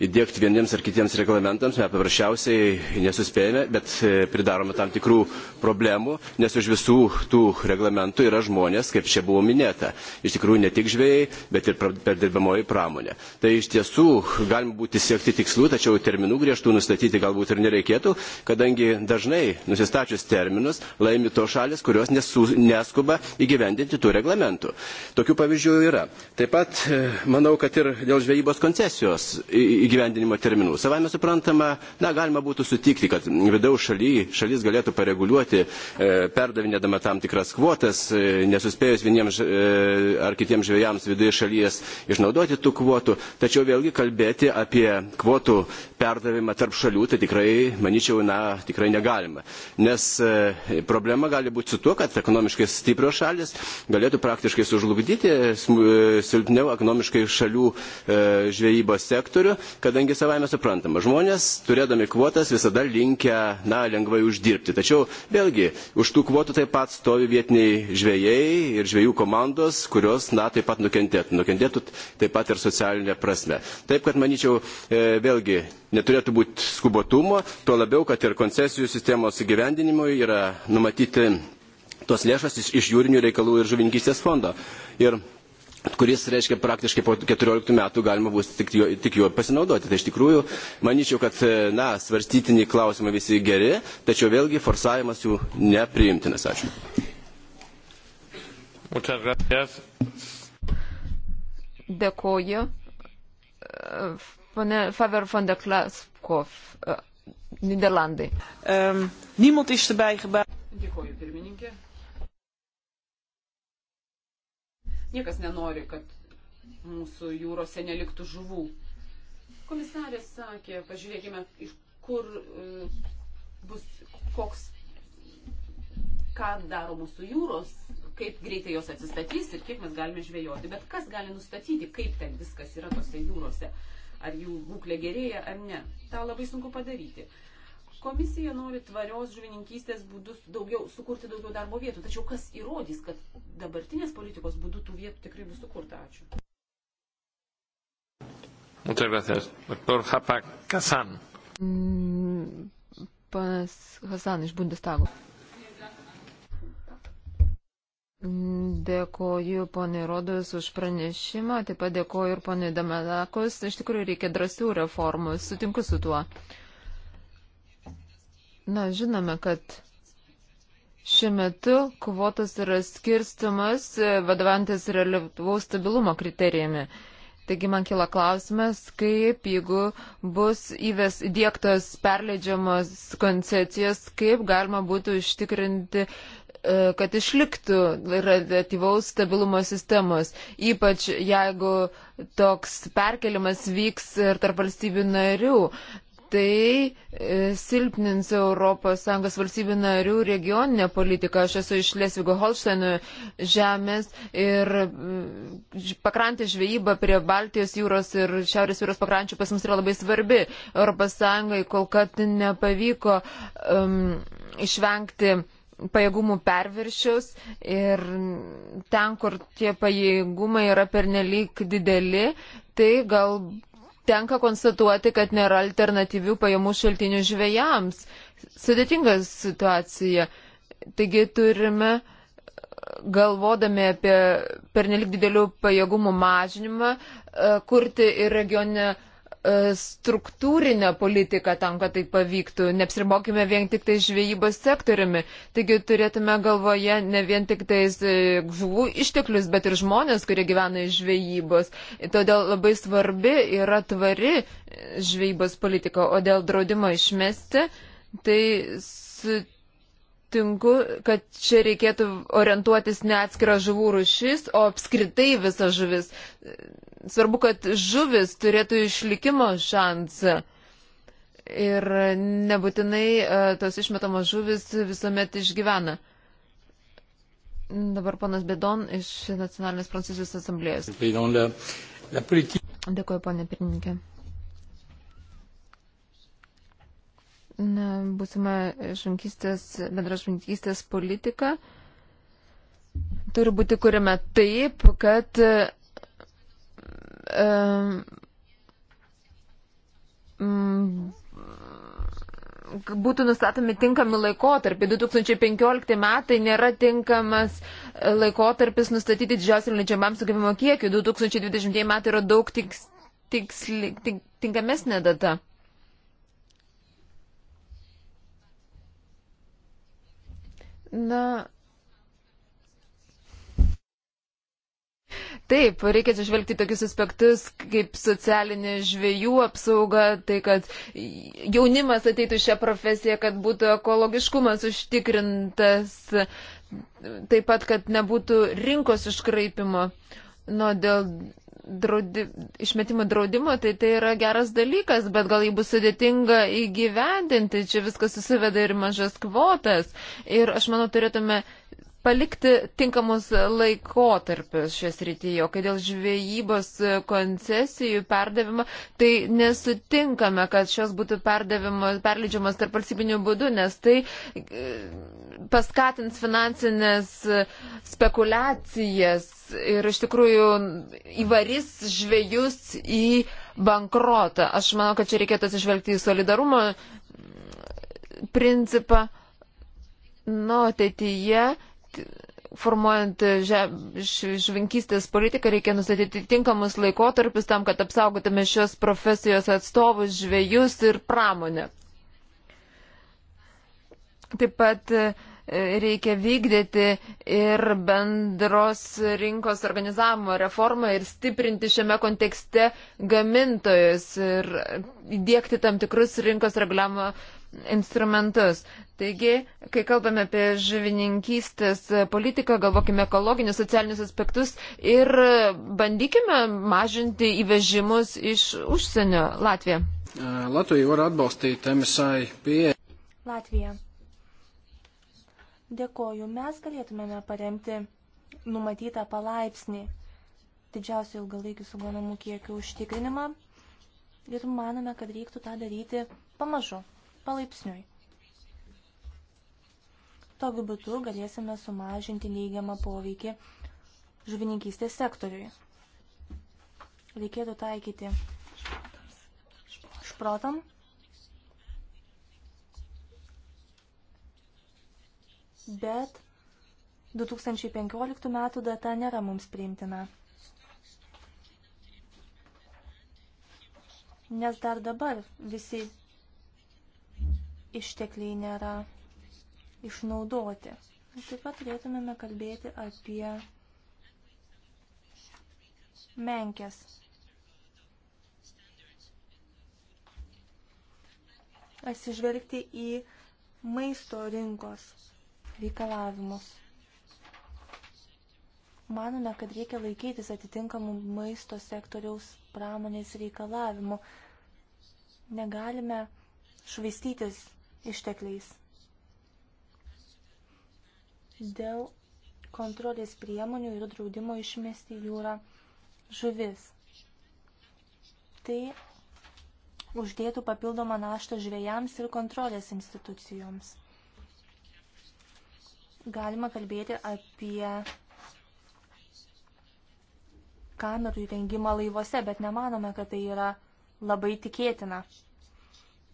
įdėkti vieniems ar kitiems reglamentams, mes paprasčiausiai nesuspėjame, bet pridarome tam tikrų problemų, nes už visų tų reglamentų yra žmonės, kaip čia buvo minėta vietą. Iš tikrųjų ne tik žvėjai, bet ir perdirbamoji pramonė. Tai iš tiesų galima būti siekti tikslų, tačiau terminų griežtų nustatyti galbūt ir nereikėtų, kadangi dažnai nusistačius terminus laimi to šalis, kurios nesu, neskuba įgyvendinti tų reglamentų. Tokių pavyzdžių yra. Taip pat e, manau, kad ir dėl žvejybos koncesijos įgyvendinimo terminų. Savame suprantama, na, galima būtų sutikti, kad vidaus šaly, šalis galėtų pareguliuoti, e, perdavinėdama tam tikras kvotas, e, nesuspėjus vieniems e, ar kitiems žvėjams viduje šalies išnaudoti tų kvotų, tačiau vėlgi kalbėti apie kvotų perdavimą tarp šalių, tai tikrai, manyčiau, na, tikrai negalima. Nes e, problema gali būti su tuo, kad ekonomiškai stiprios šalis galėtų praktiškai sužlugdyti e, e, silpniau ekonomiškai šalių žvejybos sektorių, kadangi savai mes suprantama, žmonės, turėdami kvotas, visada linkia, na, lengvai uždirbti. Tačiau vėlgi, už tų kvotų taip pat stovi vietiniai žvėjai ir žvėjų komandos, kurios, na, taip pat nukentėtų. Nukentėtų taip pat ir socialinė prasme. Taip, kad manyčiau, vėlgi, neturėtų būti skubotumo, tuo labiau, kad ir koncesijų sistemos įgyvendinimui yra numatyti tos lėšas iš, iš jūrinių reikalų ir žuvininkystės fondo. Ir kuris, reiškia, praktiškai po 14 metų galima bus tik juo, tik juo pasinaudoti. Tai iš tikrųjų, manyčiau, kad, na, svarstytini klausimai visi geri, tačiau vėlgi forsavimas jų nepriimtinas. Ačiū. Dėkoju. Pone Faber van der Klaskov, e, Niderlandai. Um, niemand iš tebeigebą. Dėkuoju, pirmininkė. Niekas nenori, kad mūsų jūrose neliktų žuvų. Komisarė sakė, pažiūrėkime, iš kur e, bus, koks, ką daro mūsų jūros, kaip greitai jos atsistatys ir kiek mes galime žvejoti. Bet kas gali nustatyti, kaip ten viskas yra tose jūrose? ar jų būklė gerėja ar ne. Ta labai sunku padaryti. Komisija nori tvarios žuvininkystės būdus daugiau, sukurti daugiau darbo vietų, tačiau kas įrodys, kad dabartinės politikos būdų tų vietų tikrai bus sukurta? Ačiū. Muchas gracias. Doctor Hapak Kazan. Mm, Panas Hasan iš Bundestago. Dėkoju poniai Rodos už pranešimą, taip pat dėkoju ir poniai Damelakos. Iš tikrųjų reikia drąsių reformų, sutinku su tuo. Na, žinome, kad šiuo metu kvotas yra skirstumas vadovantis realivaus stabilumo kriterijami. Taigi man kila klausimas, kaip jeigu bus įves įdėktos perleidžiamos koncepcijos, kaip galima būtų užtikrinti E, kad išliktų radiatyvaus stabilumo sistemos, ypač jeigu toks perkelimas vyks ir tarp valstybių narių. Tai e, silpnins ES valstybių narių regioninę politiką. Aš esu iš Lesvigo Holšteino žemės ir e, pakrantė žvejyba prie Baltijos jūros ir Šiaurės jūros pakrančių pas mus yra labai svarbi. ES kol kad nepavyko um, išvengti pajėgumų perviršius ir ten, kur tie pajėgumai yra pernelyg dideli, tai gal tenka konstatuoti, kad nėra alternatyvių pajamų šaltinių žvėjams. Sudėtinga situacija. Taigi turime, galvodami apie pernelik didelių pajėgumų mažinimą, kurti ir regionę E, struktūrinę politiką tam, kad tai pavyktų. Neapsiribokime vien tik tai žvejybos sektoriumi. Taigi turėtume galvoje ne vien tik tais e, žuvų išteklius, bet ir žmonės, kurie gyvena iš žvejybos. Todėl labai svarbi yra tvari e, žvejybos politika. O dėl draudimo išmesti, tai sutinku, kad čia reikėtų orientuotis ne atskirą žuvų rušis, o apskritai visą žuvis svarbu, kad žuvis turėtų išlikimo šansą. Ir nebūtinai e, tos išmetamos žuvis visuomet išgyvena. Dabar panas Bedon iš Nacionalinės Prancūzijos asamblėjos. Dėkuoju, ponė pirmininkė. Būsima žunkystės, bendra žunkystės politika turi būti kuriama taip, kad um, būtų nustatomi tinkami laikotarpiai. 2015 metai nėra tinkamas laikotarpis nustatyti didžiausiam leidžiamam sugebimo kiekiu. 2020 metai yra daug tiks, tiksli, tink, tinkamesnė data. Na, Taip, reikia atsižvelgti tokius aspektus kaip socialinė žvėjų apsauga, tai kad jaunimas ateitų šią profesiją, kad būtų ekologiškumas užtikrintas, taip pat, kad nebūtų rinkos iškraipimo. Nu, dėl draudi, išmetimo draudimo, tai tai yra geras dalykas, bet gal jį bus sudėtinga įgyvendinti, čia viskas susiveda ir mažas kvotas. Ir aš manau, turėtume palikti tinkamus laikotarpius šios rytyje, o kai dėl žvejybos koncesijų perdavimo, tai nesutinkame, kad šios būtų perleidžiamas tarp valstybinių būdų, nes tai e, paskatins finansinės spekulacijas ir iš tikrųjų įvaris žvėjus į bankrotą. Aš manau, kad čia reikėtų atsižvelgti į solidarumo principą. Nu, ateityje. Tai formuojant žvinkystės politiką reikia nustatyti tinkamus laikotarpius tam, kad apsaugotume šios profesijos atstovus, žvėjus ir pramonę. Taip pat e, reikia vykdyti ir bendros rinkos organizavimo reformą ir stiprinti šiame kontekste gamintojus ir įdėkti tam tikrus rinkos reguliavimo instrumentus. Taigi, kai kalbame apie žuvininkystės politiką, galvokime ekologinius, socialinius aspektus ir bandykime mažinti įvežimus iš užsienio Latviją. Latvija var atbalstīt MSI pie. Latvija. Dėkoju, mes galėtumėme paremti numatytą palaipsnį didžiausių ilgalaikių sugaunamų kiekių užtikrinimą ir manome, kad reiktų tą daryti pamažu palaipsniui. Tokiu būdu galėsime sumažinti neigiamą poveikį žuvininkystės sektoriui. Reikėtų taikyti šprotam. Bet 2015 metų data nėra mums priimtina. Nes dar dabar visi ištekliai nėra išnaudoti. Taip pat turėtumėme kalbėti apie menkės. Atsižvelgti į maisto rinkos reikalavimus. Manome, kad reikia laikytis atitinkamų maisto sektoriaus pramonės reikalavimų. Negalime švaistytis ištekliais. Dėl kontrolės priemonių ir draudimo išmesti jūrą žuvis. Tai uždėtų papildomą naštą žvėjams ir kontrolės institucijoms. Galima kalbėti apie kamerų įrengimą laivuose, bet nemanome, kad tai yra labai tikėtina.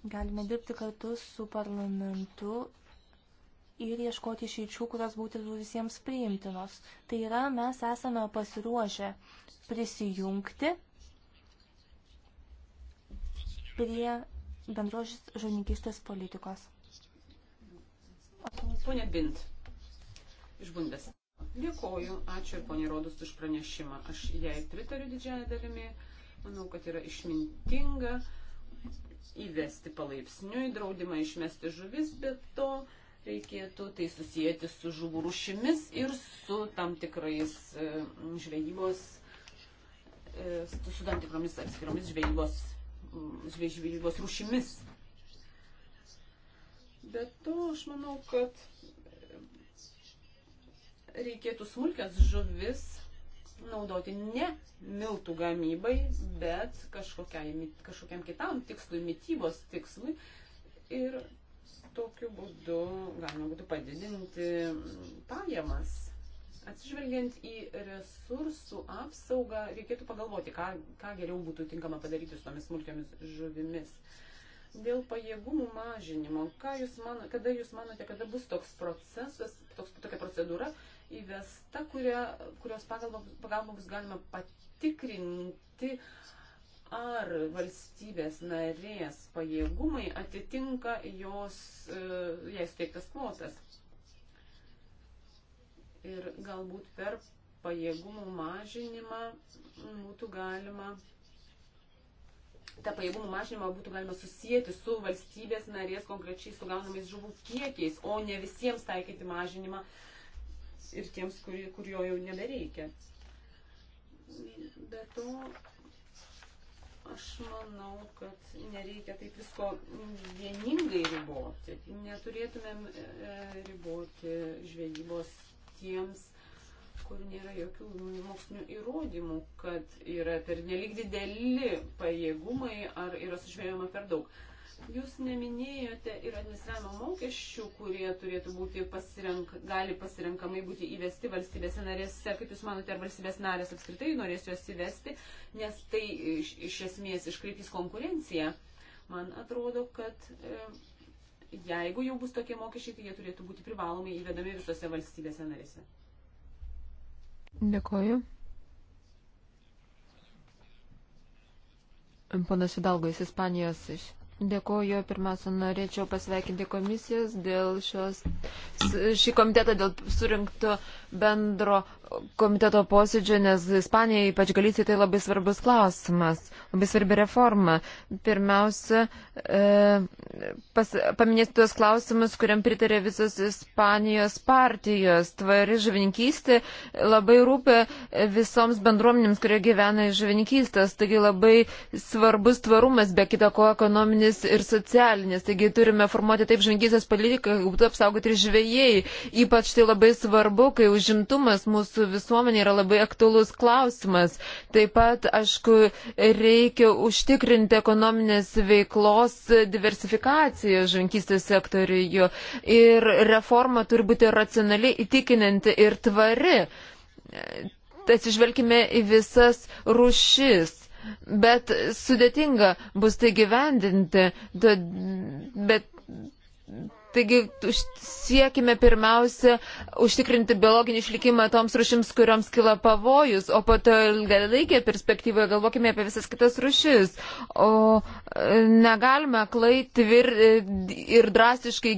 Galime dirbti kartu su parlamentu ir ieškoti išeičių, kurios būtų visiems priimtinos. Tai yra, mes esame pasiruošę prisijungti prie bendrožės žuvininkystės politikos. Pone Bint, iš Bundes. Dėkoju, ačiū ir ponė Rodus už pranešimą. Aš jai pritariu didžiąją dalimi. Manau, kad yra išmintinga įvesti palaipsniui draudimą išmesti žuvis, bet to reikėtų tai susijęti su žuvų rušimis ir su tam tikrais e, žvejybos, e, su tam tikromis atskiromis žvejybos, mm, žvejybos rušimis. Bet to aš manau, kad reikėtų smulkės žuvis naudoti ne miltų gamybai, bet kažkokiam kitam tikslui, mytybos tikslui. Ir tokiu būdu galima būtų padidinti pajamas. Atsižvelgiant į resursų apsaugą, reikėtų pagalvoti, ką, ką geriau būtų tinkama padaryti su tomis smulkiomis žuvimis. Dėl pajėgumų mažinimo, jūs mano, kada jūs manote, kada bus toks procesas, toks, tokia procedūra, įvesta, kurie, kurios pagalba bus galima patikrinti, ar valstybės narės pajėgumai atitinka jos, e, jai suteiktas kvotas. Ir galbūt per pajėgumų mažinimą būtų galima, tą pajėgumų mažinimą būtų galima susijęti su valstybės narės konkrečiai sugaunamais žuvų kiekiais, o ne visiems taikyti mažinimą uh, ir tiems, kur, kur jo jau nebereikia. Be to, aš manau, kad nereikia taip visko vieningai riboti. Neturėtumėm e, riboti žvejybos tiems, kur nėra jokių mokslinių įrodymų, kad yra per nelik dideli pajėgumai ar yra sužvėjama per daug. Jūs neminėjote ir administravimo mokesčių, kurie turėtų būti pasirenk, gali pasirenkamai būti įvesti valstybėse narėse. Kaip Jūs manote, ar valstybės narės apskritai norės juos įvesti, nes tai iš, iš esmės iškreipys konkurenciją? Man atrodo, kad e, jeigu jau bus tokie mokesčiai, tai jie turėtų būti privalomai įvedami visose valstybėse narėse. Dėkoju. Ponas Vidalgo, jis Ispanijos iš Dėkuoju, pirmiausia, norėčiau pasveikinti komisijos dėl šios, šį komitetą dėl surinkto uh, bendro komiteto posėdžio, nes Ispanija, ypač Galicija, tai labai svarbus klausimas, labai svarbi reforma. Pirmiausia, e, pas, paminėsiu tuos klausimus, kuriam pritarė visos Ispanijos partijos. Tvari žuvininkystė labai rūpia visoms bendruomenėms, kurie gyvena iš žuvininkystės. Taigi labai svarbus tvarumas, be kita ko, ekonominis ir socialinis. Taigi turime formuoti taip žuvininkystės politiką, kad būtų apsaugoti ir žvėjai. Ypač tai labai svarbu, kai už užimtumas mūsų visuomenė yra labai aktuolus klausimas. Taip pat, aišku, reikia užtikrinti ekonominės veiklos diversifikaciją žankystės sektoriuje ir reforma turi būti racionaliai įtikinanti ir tvari. Atsižvelgime į visas rušis. Bet sudėtinga bus tai gyvendinti, bet Taigi siekime pirmiausia užtikrinti biologinį išlikimą toms rušims, kurioms kila pavojus, o po to ilgalaikėje perspektyvoje galvokime apie visas kitas rušis. O e, negalime klai tvir e, ir drastiškai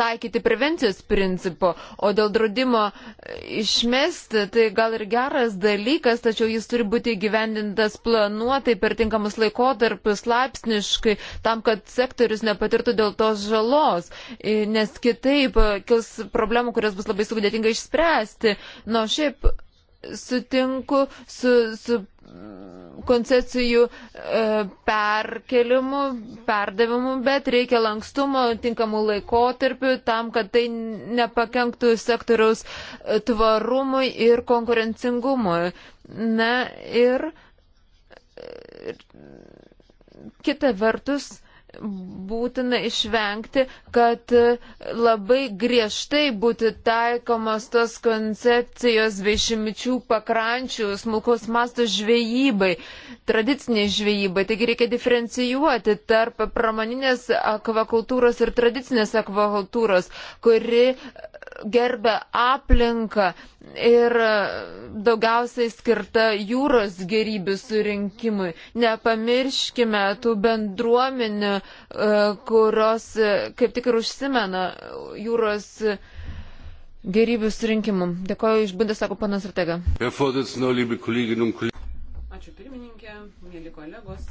taikyti prevencijos principo, o dėl draudimo e, išmesti, tai gal ir geras dalykas, tačiau jis turi būti gyvendintas planuotai per tinkamus laikotarpius laipsniškai, tam, kad sektorius nepatirtų dėl tos žalos. E, nes kitaip e, kils problemų, kurias bus labai sudėtinga išspręsti. Na, nu, šiaip sutinku su, su koncesijų e, perkelimu, perdavimu, bet reikia lankstumo tinkamų laikotarpių tam, kad tai nepakenktų sektoriaus tvarumui ir konkurencingumui. Na ir kita vertus, būtina išvengti, kad labai griežtai būtų taikomas tos koncepcijos bei šimičių pakrančių smulkos masto žvejybai, tradiciniai žvejybai. Taigi reikia diferencijuoti tarp pramoninės akvakultūros ir tradicinės akvakultūros, kuri gerbė aplinką ir daugiausiai skirta jūros gerybių surinkimui. Nepamirškime tų bendruomenių, e, kurios e, kaip tik ir užsimena jūros gerybių surinkimu. Dėkoju iš Bundes, sako panas Ratega. Ačiū pirmininkė, mėly kolegos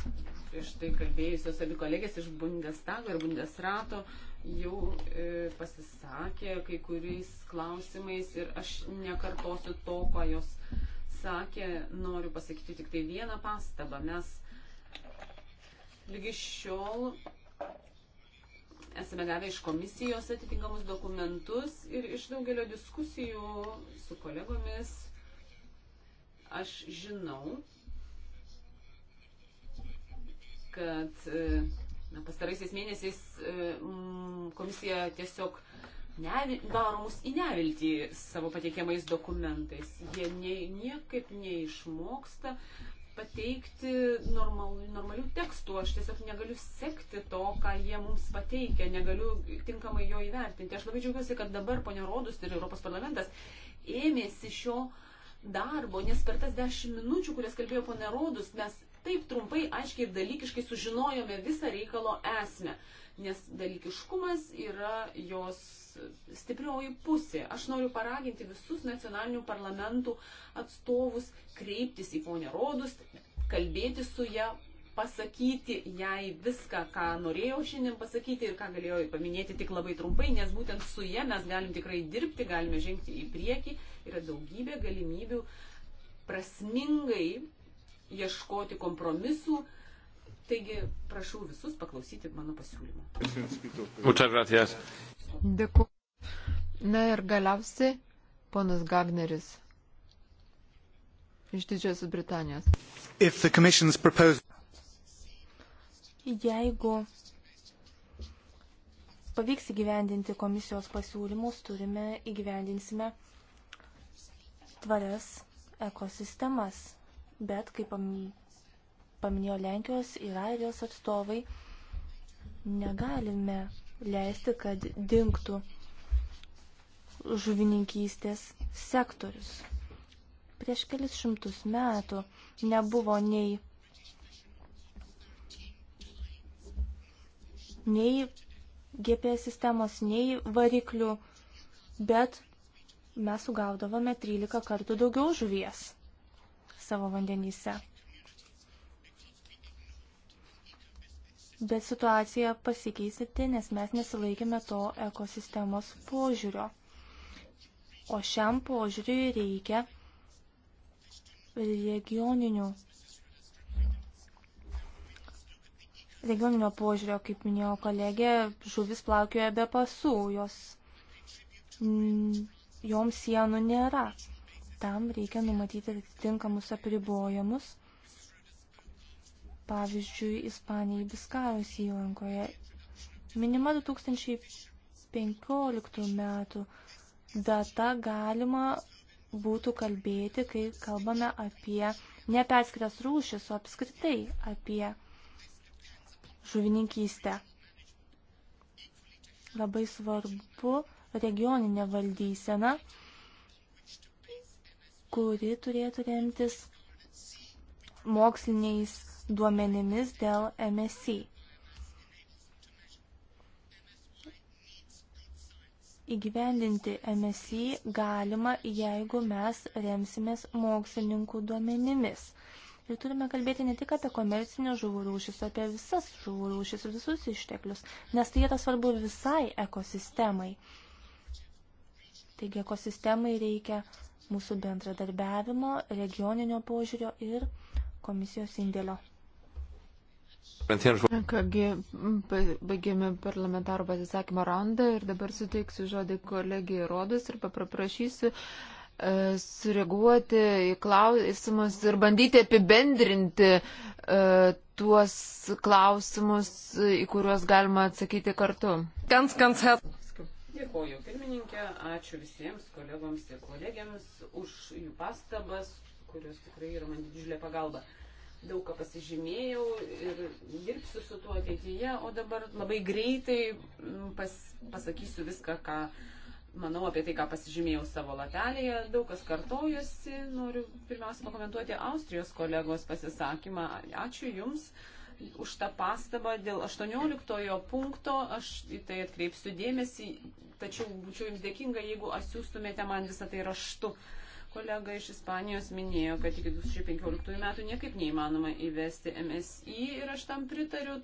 štai kalbėjusios abi kolegės iš Bundestago ir Bundesrato jau e, pasisakė kai kuriais klausimais ir aš nekartosiu to, ką jos sakė. Noriu pasakyti tik tai vieną pastabą. Mes lygi šiol esame gavę iš komisijos atitinkamus dokumentus ir iš daugelio diskusijų su kolegomis aš žinau, kad e, na, pastaraisiais mėnesiais e, komisija tiesiog nevi, daro mus į neviltį savo patiekiamais dokumentais. Jie nie, niekaip neišmoksta pateikti normal, normalių tekstų. Aš tiesiog negaliu sekti to, ką jie mums pateikia, negaliu tinkamai jo įvertinti. Aš labai džiaugiuosi, kad dabar ponia Rodus ir Europos parlamentas ėmėsi šio darbo, nes per tas dešimt minučių, kurias kalbėjo ponia Rodus, mes taip trumpai, aiškiai ir dalykiškai sužinojome visą reikalo esmę, nes dalykiškumas yra jos stiprioji pusė. Aš noriu paraginti visus nacionalinių parlamentų atstovus kreiptis į ponę Rodus, kalbėti su ją, pasakyti jai viską, ką norėjau šiandien pasakyti ir ką galėjau paminėti tik labai trumpai, nes būtent su ja mes galim tikrai dirbti, galime žengti į priekį, yra daugybė galimybių prasmingai ieškoti kompromisų. Taigi prašau visus paklausyti mano pasiūlymą. Dėkuoju. Na ir galiausiai ponas Gagneris iš Didžiosios Britanijos. Proposed... Jeigu pavyks įgyvendinti komisijos pasiūlymus, turime įgyvendinsime tvarias ekosistemas bet kaip paminėjo Lenkijos ir Airijos atstovai, negalime leisti, kad dinktų žuvininkystės sektorius. Prieš kelis šimtus metų nebuvo nei, nei GPS sistemos, nei variklių, bet mes sugaudavome 13 kartų daugiau žuvies savo vandenyse. Bet situacija pasikeisyti, nes mes nesilaikėme to ekosistemos požiūrio. O šiam požiūriui reikia regioninių regioninio požiūrio, kaip minėjo kolegė, žuvis plaukioja be pasų, jos, joms sienų nėra tam reikia numatyti atitinkamus apribojimus. Pavyzdžiui, Ispanijai Biskajos įlankoje minima 2015 metų data galima būtų kalbėti, kai kalbame apie ne apie atskiras rūšis, o apskritai apie žuvininkystę. Labai svarbu regioninė valdysena kuri turėtų remtis moksliniais duomenimis dėl MSI. Įgyvendinti MSI galima, jeigu mes remsimės mokslininkų duomenimis. Ir turime kalbėti ne tik apie komercinę žuvų rūšis, apie visas žuvų rūšis ir visus išteklius, nes tai yra svarbu visai ekosistemai. Taigi ekosistemai reikia mūsų bendradarbiavimo, regioninio požiūrio ir komisijos indėlio. Kągi, baigėme parlamentarų pasisakymą raundą ir dabar suteiksiu žodį kolegijai Rodas ir paprašysiu e, sureaguoti į klausimus ir bandyti apibendrinti e, tuos klausimus, į kuriuos galima atsakyti kartu. Ganz, ganz her. Dėkoju pirmininkė, ačiū visiems kolegoms ir kolegiams už jų pastabas, kurios tikrai yra man didžiulė pagalba. Daug ką pasižymėjau ir dirbsiu su tuo ateityje, o dabar labai greitai mm, pas, pasakysiu viską, ką manau apie tai, ką pasižymėjau savo lapelėje. Daug kas kartojosi, noriu pirmiausia pakomentuoti Austrijos kolegos pasisakymą. Ačiū Jums. Uh, už tą pastabą dėl 18 punkto, aš į tai atkreipsiu dėmesį, tačiau būčiau jums dėkinga, jeigu atsiųstumėte man visą tai raštu. Kolega iš Ispanijos minėjo, kad iki 2015 metų niekaip neįmanoma įvesti MSI ir aš tam pritariu,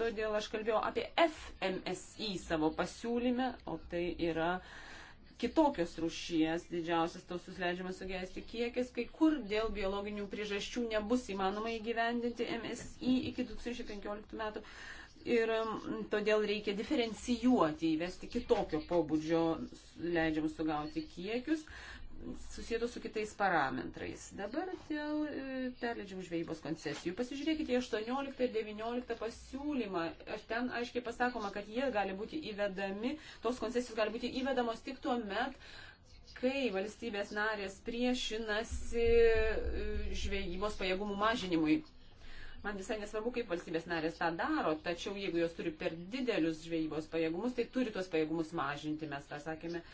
todėl aš kalbėjau apie FMSI savo pasiūlyme, o tai yra uh, kitokios rūšies, didžiausias tausus leidžiamas sugesti kiekis, kai kur dėl biologinių priežasčių nebus įmanoma įgyvendinti MSI iki 2015 metų. Ir todėl reikia diferencijuoti, įvesti kitokio pobūdžio leidžiamus sugauti kiekius susijęto su kitais parametrais. Dabar dėl e, perleidžiamų žvejybos koncesijų. Pasižiūrėkite 18 ir 19 pasiūlymą. Aš ten aiškiai pasakoma, kad jie gali būti įvedami, tos koncesijos gali būti įvedamos tik tuo met, kai valstybės narės priešinasi e, žvejybos pajėgumų mažinimui. Man visai nesvarbu, kaip valstybės narės tą daro, tačiau jeigu jos turi per didelius žvejybos pajėgumus, tai turi tuos pajėgumus mažinti, mes tą sakėme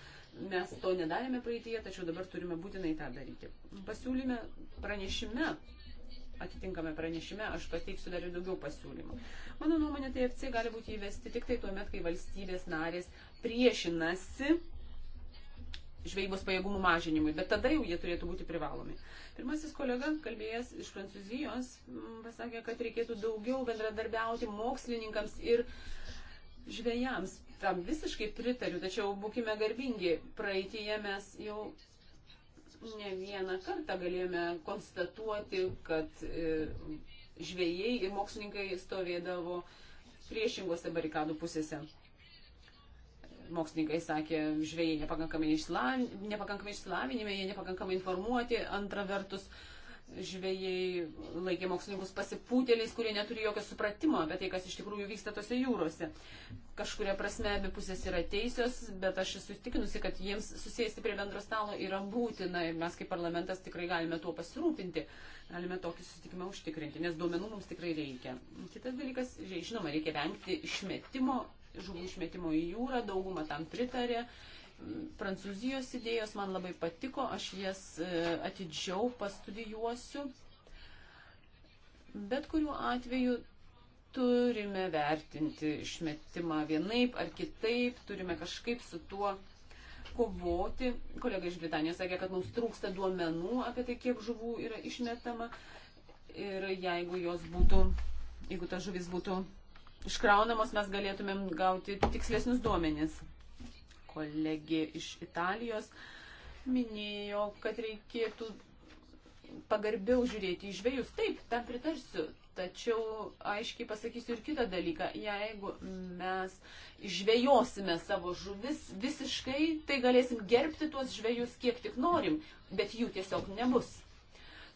Mes to nedarėme praeitie, tačiau dabar turime būtinai tą daryti. Pasiūlyme pranešime, atitinkame pranešime, aš pateiksiu dar ir daugiau pasiūlymų. Mano nuomonė, TFC tai gali būti įvesti tik tai tuo met, kai valstybės narės priešinasi žvejybos pajėgumų mažinimui, bet tada jau jie turėtų būti privalomi. Pirmasis kolega, kalbėjęs iš Prancūzijos, mm, pasakė, kad reikėtų daugiau bendradarbiauti mokslininkams ir žvėjams tam visiškai pritariu, tačiau būkime garbingi. Praeitėje mes jau ne vieną kartą galėjome konstatuoti, kad e, žvėjai ir mokslininkai stovėdavo priešingose barikadų pusėse. Mokslininkai sakė, žvėjai nepakankamai, išslav... nepakankamai išslavinime, jie nepakankamai informuoti, antra vertus, uh, žvėjai laikė mokslininkus pasipūtėliais, kurie neturi jokio supratimo apie tai, kas iš tikrųjų vyksta tose jūrose. Kažkuria prasme abi pusės yra teisios, bet aš esu įstikinusi, kad jiems susėsti prie bendro stalo yra būtina ir mes kaip parlamentas tikrai galime tuo pasirūpinti, galime tokį susitikimą užtikrinti, nes duomenų mums tikrai reikia. Kitas dalykas, žinoma, reikia vengti išmetimo, žuvų išmetimo į jūrą, dauguma tam pritarė. Uh, prancūzijos idėjos man labai patiko, aš jas e, atidžiau pastudijuosiu. Bet kuriuo atveju turime vertinti išmetimą vienaip ar kitaip, turime kažkaip su tuo kovoti. Kolega iš Britanijos sakė, kad mums trūksta duomenų apie tai, kiek žuvų yra išmetama. Ir jeigu jos būtų, jeigu ta žuvis būtų iškraunamos, mes galėtumėm gauti tikslesnius duomenis kolegė iš Italijos minėjo, kad reikėtų pagarbiau žiūrėti į žvėjus. Taip, tam pritarsiu. Tačiau aiškiai pasakysiu ir kitą dalyką. Jeigu mes žvėjosime savo žuvis visiškai, tai galėsim gerbti tuos žvėjus kiek tik norim, bet jų tiesiog nebus.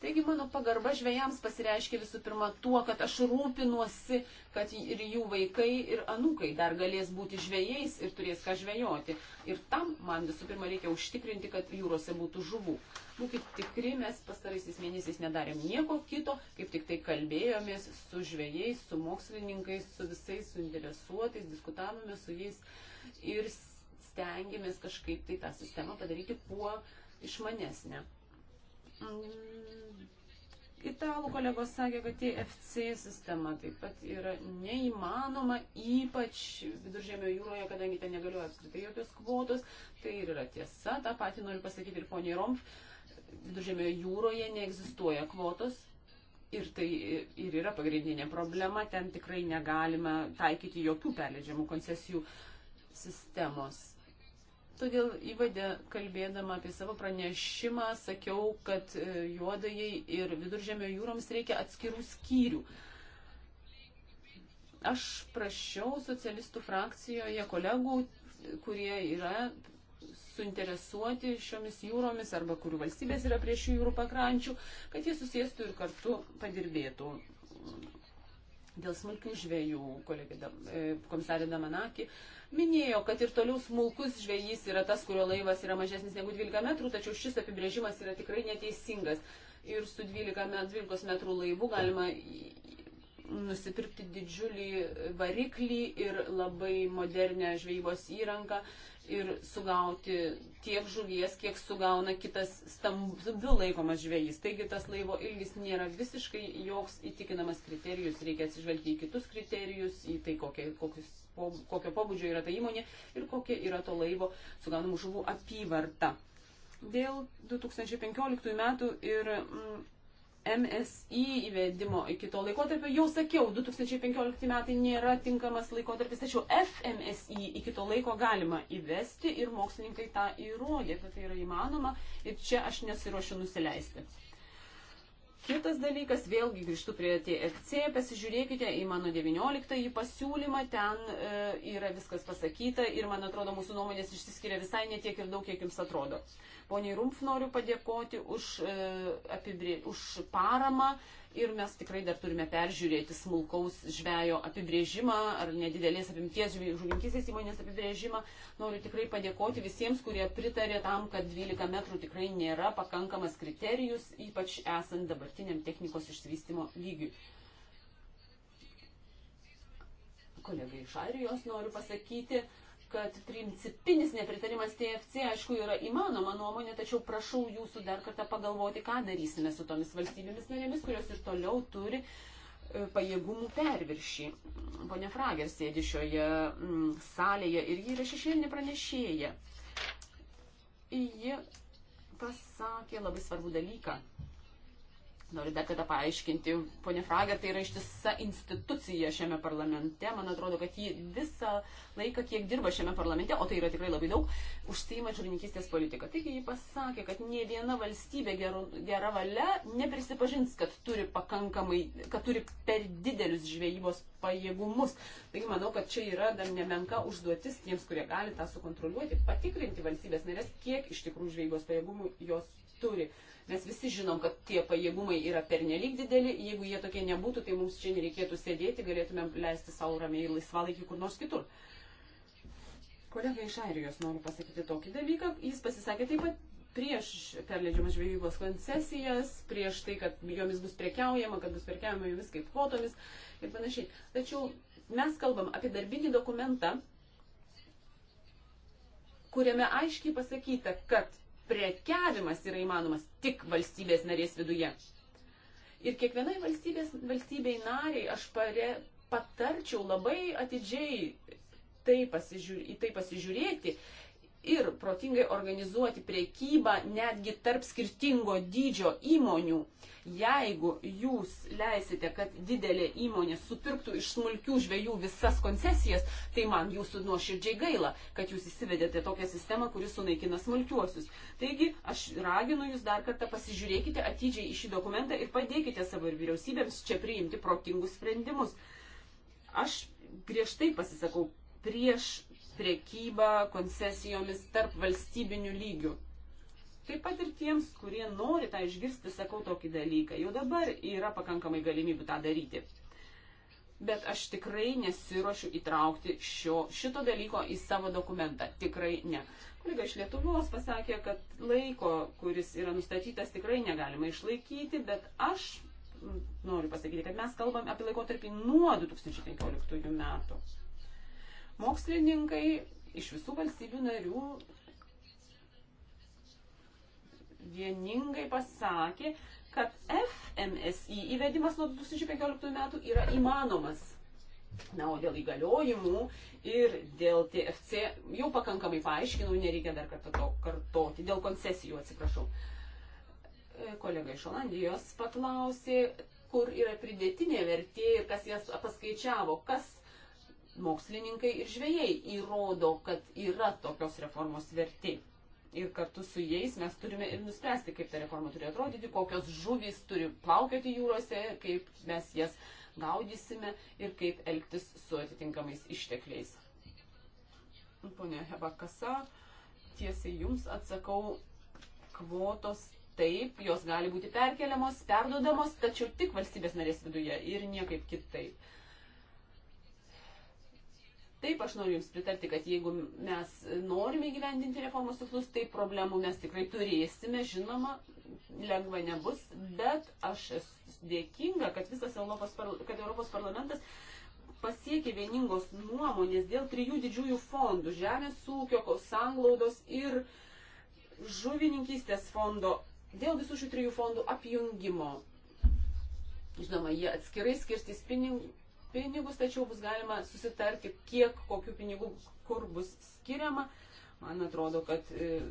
Taigi mano pagarba žvėjams pasireiškia visų pirma tuo, kad aš rūpinuosi, kad ir jų vaikai, ir anūkai dar galės būti žvėjais ir turės ką žvėjoti. Ir tam man visų pirma reikia užtikrinti, kad jūrose būtų žuvų. Būkit nu, tikri, mes pastaraisiais mėnesiais nedarėm nieko kito, kaip tik tai kalbėjomės su žvėjais, su mokslininkais, su visais suinteresuotais, diskutavome su jais ir stengiamės kažkaip tai tą sistemą padaryti kuo išmanesnę. Mm, Italų kolegos sakė, kad TFC sistema taip pat yra neįmanoma, ypač viduržėmio jūroje, kadangi ten negaliu apskritai jokios kvotos. Tai ir yra tiesa, tą patį noriu pasakyti ir poniai Romf. Viduržėmio jūroje neegzistuoja kvotos. Ir tai ir yra pagrindinė problema, ten tikrai negalima taikyti jokių perleidžiamų koncesijų sistemos. Todėl įvadė, kalbėdama apie savo pranešimą, sakiau, kad e, juodajai ir viduržėmio jūroms reikia atskirų skyrių. Aš prašiau socialistų frakcijoje kolegų, kurie yra suinteresuoti šiomis jūromis arba kurių valstybės yra prie šių jūrų pakrančių, kad jie susėstų ir kartu padirbėtų Dėl smulkių žvėjų, kolegė e, komisarė Damanaki minėjo, kad ir toliau smulkus žvėjys yra tas, kurio laivas yra mažesnis negu 12 metrų, tačiau šis apibrėžimas yra tikrai neteisingas. Ir su 12, 12 metrų laivu galima nusipirkti didžiulį variklį ir labai modernę žvejybos įrangą ir sugauti tiek žuvies, kiek sugauna kitas stambiu laikomas žvėjys. Taigi tas laivo ilgis nėra visiškai joks įtikinamas kriterijus, reikia atsižvelgti į kitus kriterijus, į tai kokie, kokius, po, kokio pobūdžio yra ta įmonė ir kokia yra to laivo sugaunamų žuvų apyvarta. Dėl 2015 metų ir mm, MSI įvedimo iki to laikotarpio jau sakiau, 2015 metai nėra tinkamas laikotarpis, tačiau FMSI iki to laiko galima įvesti ir mokslininkai tą įrodė, kad tai yra įmanoma ir čia aš nesiuošiu nusileisti. Kitas dalykas, vėlgi grįžtu prie TFC, pasižiūrėkite į mano 19 pasiūlymą, ten e, yra viskas pasakyta ir man atrodo mūsų nuomonės išsiskiria visai netiek ir daug, kiek jums atrodo. Poniai Rumf noriu padėkoti už, e, apibrė, už paramą, ir mes tikrai dar turime peržiūrėti smulkaus žvejo apibrėžimą ar nedidelės apimties žuvinkysės įmonės apibrėžimą. Noriu tikrai padėkoti visiems, kurie pritarė tam, kad 12 metrų tikrai nėra pakankamas kriterijus, ypač esant dabartiniam technikos išsivystimo lygiui. Kolegai iš Airijos noriu pasakyti, kad principinis nepritarimas TFC, aišku, yra įmanoma nuomonė, tačiau prašau jūsų dar kartą pagalvoti, ką darysime su tomis valstybėmis narėmis, kurios ir toliau turi e, pajėgumų perviršį. Pone Frager sėdi šioje mm, salėje ir ji yra šešėlinė pranešėja. Ji pasakė labai svarbų dalyką. Noriu dar kada paaiškinti, ponė Frager, tai yra ištisa institucija šiame parlamente. Man atrodo, kad ji visą laiką, kiek dirba šiame parlamente, o tai yra tikrai labai daug, užsima žuvininkystės politiką. Taigi ji pasakė, kad ne viena valstybė geru, gera valia neprisipažins, kad turi pakankamai, kad turi per didelius žvejybos pajėgumus. Taigi manau, kad čia yra dar nemenka užduotis tiems, kurie gali tą sukontroliuoti, patikrinti valstybės narės, kiek iš tikrųjų žvejybos pajėgumų jos turi. Mes visi žinom, kad tie pajėgumai yra pernelyg dideli. Jeigu jie tokie nebūtų, tai mums čia nereikėtų sėdėti, galėtumėm leisti savo ramiai laisvalaikį kur nors kitur. Kolega iš Airijos noriu pasakyti tokį dalyką. Jis pasisakė taip pat prieš perleidžiamas žvejybos koncesijas, prieš tai, kad jomis bus prekiaujama, kad bus prekiaujama jomis kaip kvotomis ir panašiai. Tačiau mes kalbam apie darbinį dokumentą, kuriame aiškiai pasakyta, kad prekiavimas yra įmanomas tik valstybės narės viduje. Ir kiekvienai valstybės, valstybei nariai aš pare, patarčiau labai atidžiai tai pasižiūr, į tai pasižiūrėti, ir protingai organizuoti priekybą netgi tarp skirtingo dydžio įmonių. Jeigu jūs leisite, kad didelė įmonė supirktų iš smulkių žvėjų visas koncesijas, tai man jūsų nuoširdžiai gaila, kad jūs įsivedėte tokią sistemą, kuri sunaikina smulkiuosius. Taigi aš raginu jūs dar kartą pasižiūrėkite atidžiai į šį dokumentą ir padėkite savo ir vyriausybėms čia priimti protingus sprendimus. Aš griežtai pasisakau prieš priekybą koncesijomis tarp valstybinių lygių. Taip pat ir tiems, kurie nori tą išgirsti, sakau tokį dalyką. Jau dabar yra pakankamai galimybių tą daryti. Bet aš tikrai nesiuošiu įtraukti šio, šito dalyko į savo dokumentą. Tikrai ne. Kolega iš Lietuvos pasakė, kad laiko, kuris yra nustatytas, tikrai negalima išlaikyti, bet aš noriu pasakyti, kad mes kalbam apie laikotarpį nuo 2015 metų. Mokslininkai iš visų valstybių narių vieningai pasakė, kad FMSI įvedimas nuo 2015 metų yra įmanomas. Na, o dėl įgaliojimų ir dėl TFC jau pakankamai paaiškinau, nereikia dar kartą to kartoti, dėl koncesijų atsiprašau. E, kolega iš Olandijos paklausė, kur yra pridėtinė vertė ir kas jas paskaičiavo, kas mokslininkai ir žvėjai įrodo, kad yra tokios reformos verti. Ir kartu su jais mes turime ir nuspręsti, kaip ta reforma turi atrodyti, kokios žuvys turi plaukioti jūrose, kaip mes jas gaudysime ir kaip elgtis su atitinkamais ištekliais. Pone Hebakasa, tiesiai jums atsakau, kvotos taip, jos gali būti perkeliamos, perdodamos, tačiau tik valstybės narės viduje ir niekaip kitaip Taip, aš noriu Jums pritarti, kad jeigu mes norime gyvendinti reformos tikslus, tai problemų mes tikrai turėsime, žinoma, lengva nebus, bet aš esu dėkinga, kad visas Europos, kad Europos parlamentas pasiekė vieningos nuomonės dėl trijų didžiųjų fondų - žemės ūkio, sanglaudos ir žuvininkystės fondo, dėl visų šių trijų fondų apjungimo. Žinoma, jie atskirai skirstys pinigus pinigus, tačiau bus galima susitarti, kiek kokių pinigų kur bus skiriama. Man atrodo, kad e,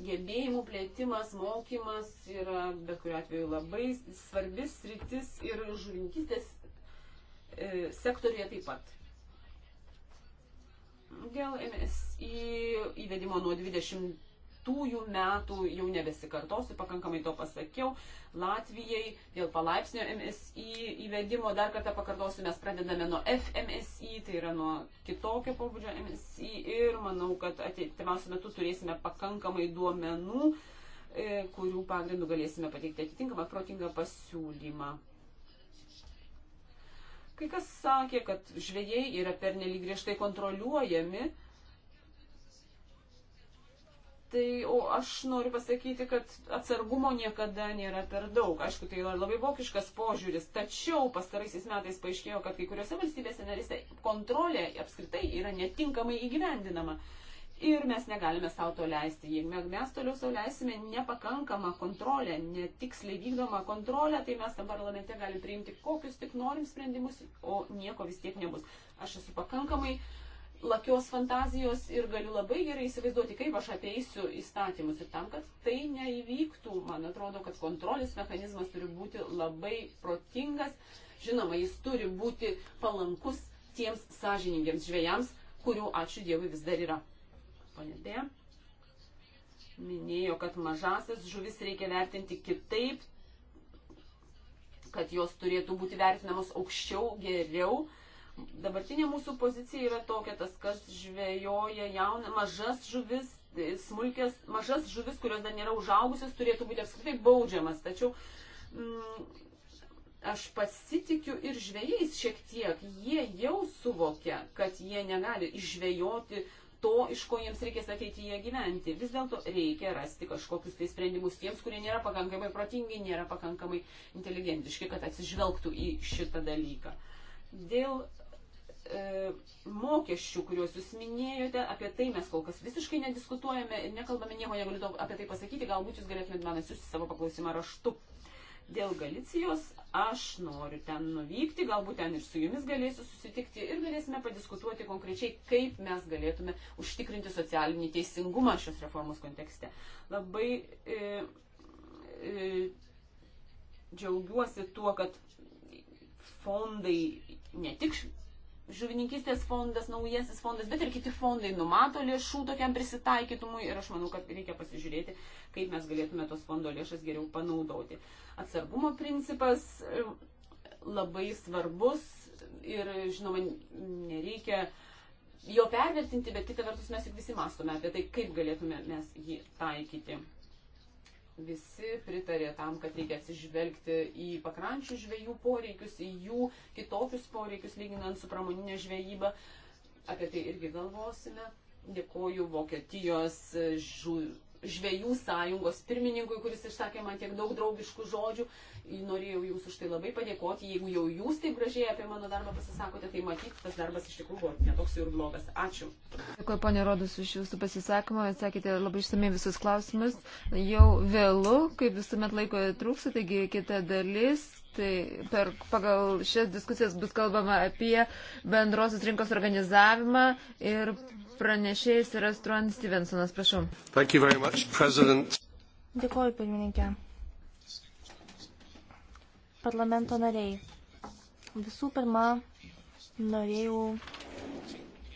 gebėjimų plėtimas, mokymas yra bet kuriu atveju labai svarbis rytis ir žuvininkystės e, sektorija taip pat. Dėl MSI įvedimo nuo 20 2012 metų, jau nebesikartosiu, pakankamai to pasakiau, Latvijai dėl palaipsnio MSI įvedimo, dar kartą pakartosiu, mes pradedame nuo FMSI, tai yra nuo kitokio pobūdžio MSI ir manau, kad ateitimiausiu metu turėsime pakankamai duomenų, e, kurių pagrindų galėsime pateikti atitinkamą protingą pasiūlymą. Kai kas sakė, kad žvėjai yra pernelyg griežtai kontroliuojami, Tai o aš noriu pasakyti, kad atsargumo niekada nėra per daug. Aišku, tai yra labai vokiškas požiūris, tačiau pastaraisiais metais paaiškėjo, kad kai kuriuose valstybėse narystė kontrolė apskritai yra netinkamai įgyvendinama. Ir mes negalime savo to leisti. Jeigu mes toliau savo leisime nepakankamą kontrolę, netiksliai vykdomą kontrolę, tai mes tam parlamente galim priimti kokius tik norim sprendimus, o nieko vis tiek nebus. Aš esu pakankamai uh, lakios fantazijos ir galiu labai gerai įsivaizduoti, kaip aš ateisiu įstatymus. Ir tam, kad tai neįvyktų, man atrodo, kad kontrolės mechanizmas turi būti labai protingas. Žinoma, jis turi būti palankus tiems sąžiningiems žvėjams, kurių, ačiū Dievui, vis dar yra. Pane Dėja minėjo, kad mažasis žuvis reikia vertinti kitaip, kad jos turėtų būti vertinamos aukščiau, geriau Dabartinė mūsų pozicija yra tokia, tas, kas žvejoja jauną, mažas žuvis, smulkės, mažas žuvis, kurios dar nėra užaugusios, turėtų būti apskritai baudžiamas. Tačiau mm, aš pasitikiu ir žvėjais šiek tiek. Jie jau suvokia, kad jie negali išžvejoti to, iš ko jiems reikės ateityje gyventi. Vis dėlto reikia rasti kažkokius tai sprendimus tiems, kurie nėra pakankamai protingi, nėra pakankamai inteligentiški, kad atsižvelgtų į šitą dalyką. Dėl e, mokesčių, kuriuos jūs minėjote, apie tai mes kol kas visiškai nediskutuojame ir nekalbame nieko, negaliu to, apie tai pasakyti, galbūt jūs galėtumėte man atsiųsti savo paklausimą raštu. Dėl Galicijos aš noriu ten nuvykti, galbūt ten ir su jumis galėsiu susitikti ir galėsime padiskutuoti konkrečiai, kaip mes galėtume užtikrinti socialinį teisingumą šios reformos kontekste. Labai e, e, džiaugiuosi tuo, kad fondai ne tik žuvininkystės fondas, naujasis fondas, bet ir kiti fondai numato lėšų tokiam prisitaikytumui ir aš manau, kad reikia pasižiūrėti, kaip mes galėtume tos fondo lėšas geriau panaudoti. Atsargumo principas e, labai svarbus ir, žinoma, nereikia jo pervertinti, bet kitą vertus mes juk visi mastome apie tai, kaip galėtume mes jį taikyti. Visi pritarė tam, kad reikia atsižvelgti į pakrančių žvėjų poreikius, į jų kitokius poreikius, lyginant su pramoninė žvėjyba. Apie tai irgi galvosime. Dėkoju Vokietijos žu, žvėjų sąjungos pirmininkui, kuris išsakė man tiek daug draugiškų žodžių. Uh, norėjau jūs už tai labai padėkoti. Jeigu jau jūs taip gražiai apie mano darbą pasisakote, tai matyt, tas darbas iš tikrųjų buvo netoks jau ir blogas. Ačiū. Dėkuoju, ponė Rodus, už jūsų pasisakymą. Atsakėte labai išsamei visus klausimus. Jau vėlu, kaip visuomet laiko trūksta, taigi kita dalis. Tai per, pagal šias diskusijas bus kalbama apie bendrosios rinkos organizavimą ir pranešėjas yra Struan Stevensonas. Prašau. Much, President. Dėkuoju, pirmininkė parlamento nariai. Visų pirma, norėjau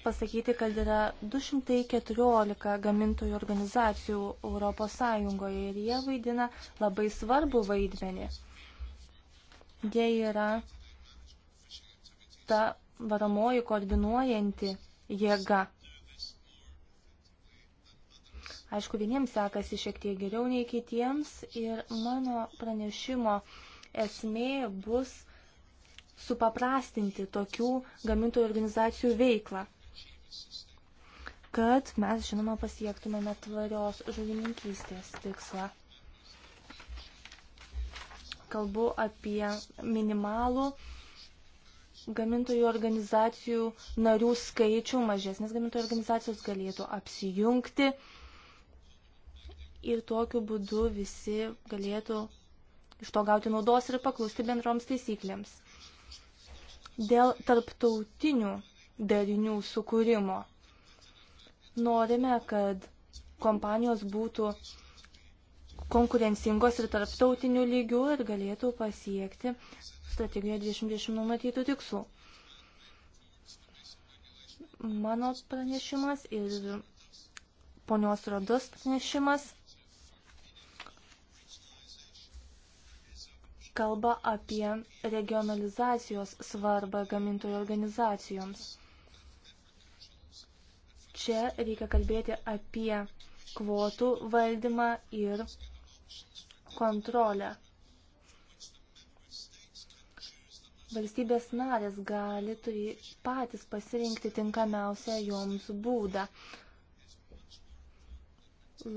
pasakyti, kad yra 214 gamintojų organizacijų Europos Sąjungoje ir jie vaidina labai svarbų vaidmenį. Jie yra ta varomoji koordinuojanti jėga. Aišku, vieniems sekasi šiek tiek geriau nei kitiems ir mano pranešimo uh, esmė bus supaprastinti tokių gamintojų organizacijų veiklą, kad mes, žinoma, pasiektumėme tvarios žuvininkystės tikslą. Kalbu apie minimalų gamintojų organizacijų narių skaičių, mažesnės gamintojų organizacijos galėtų apsijungti ir tokiu būdu visi galėtų iš to gauti naudos ir paklusti bendroms taisyklėms. Dėl tarptautinių darinių sukūrimo norime, kad kompanijos būtų konkurencingos ir tarptautinių lygių ir galėtų pasiekti strategijoje 2020 numatytų tikslų. Mano pranešimas ir ponios Rodos pranešimas kalba apie regionalizacijos svarbą gamintojų organizacijoms. Čia reikia kalbėti apie kvotų valdymą ir kontrolę. Valstybės narės gali turi patys pasirinkti tinkamiausią joms būdą.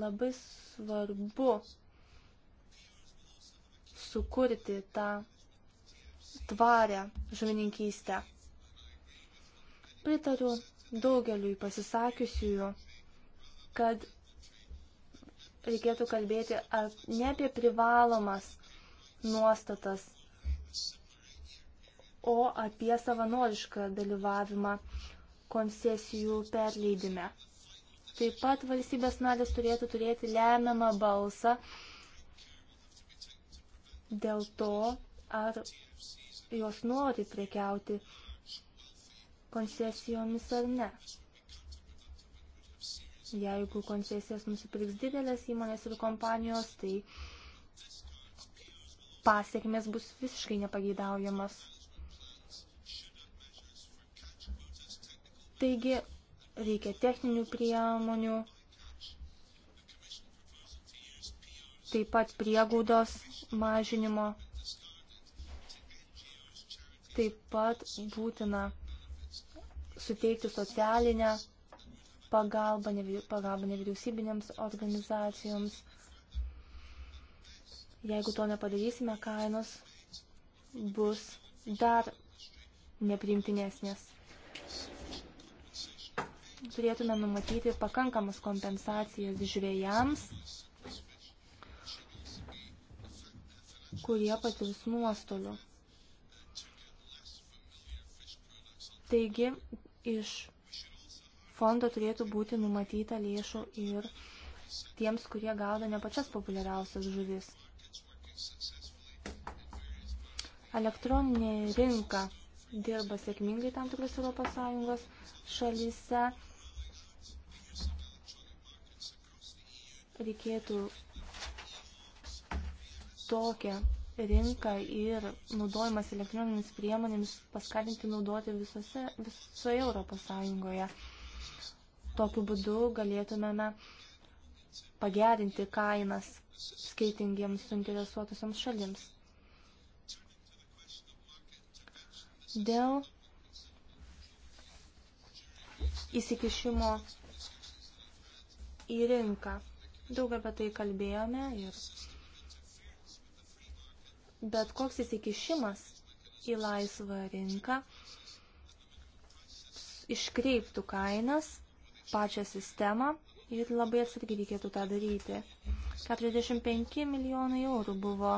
Labai svarbu sukurti tą tvarę žuvininkystę. Pritariu daugeliui pasisakiusiųjų, kad reikėtų kalbėti ar, ne apie privalomas nuostatas, o apie savanorišką dalyvavimą koncesijų perleidime. Taip pat valstybės narės turėtų turėti lemiamą balsą dėl to, ar jos nori prekiauti koncesijomis ar ne. Jeigu koncesijas nusipirks didelės įmonės ir kompanijos, tai pasiekmes bus visiškai nepageidaujamas. Taigi reikia techninių priemonių, taip pat priegaudos mažinimo, taip pat būtina suteikti socialinę pagalbą, pagalbą nevyriausybinėms organizacijoms. Jeigu to nepadarysime, kainos bus dar nepriimtinesnės. Turėtume numatyti pakankamas kompensacijas žvėjams kurie patirs nuostolių. Taigi, iš fondo turėtų būti numatyta lėšų ir tiems, kurie gaudo ne pačias populiariausias žuvis. Elektroninė rinka dirba sėkmingai tam tikras ES šalyse. Reikėtų tokią rinką ir naudojimas elektroninėmis priemonėmis paskatinti naudoti visose, visoje Europos Sąjungoje. Tokiu būdu galėtumėme pagerinti kainas skaitingiems suinteresuotusiams šalims. Dėl įsikišimo į rinką. Daug apie tai kalbėjome ir bet koks įsikišimas į laisvą rinką iškreiptų kainas, pačią sistemą ir labai atsargiai reikėtų tą daryti. 45 milijonai eurų buvo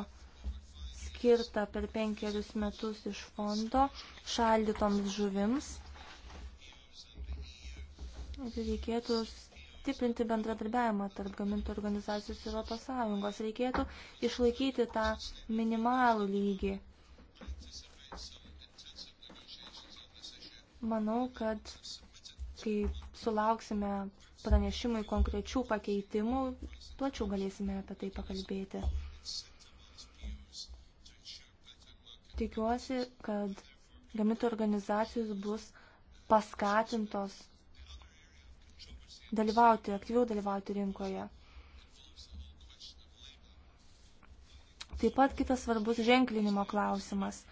skirta per penkerius metus iš fondo šaldytoms žuvims. Ir reikėtų stiprinti bendradarbiavimą tarp gamintų organizacijos ir Europos Sąjungos. Reikėtų išlaikyti tą minimalų lygį. Manau, kad kai sulauksime pranešimui konkrečių pakeitimų, plačiau galėsime apie tai pakalbėti. Tikiuosi, kad gamintų organizacijos bus paskatintos dalyvauti, aktyviau dalyvauti rinkoje. Taip pat kitas svarbus ženklinimo klausimas.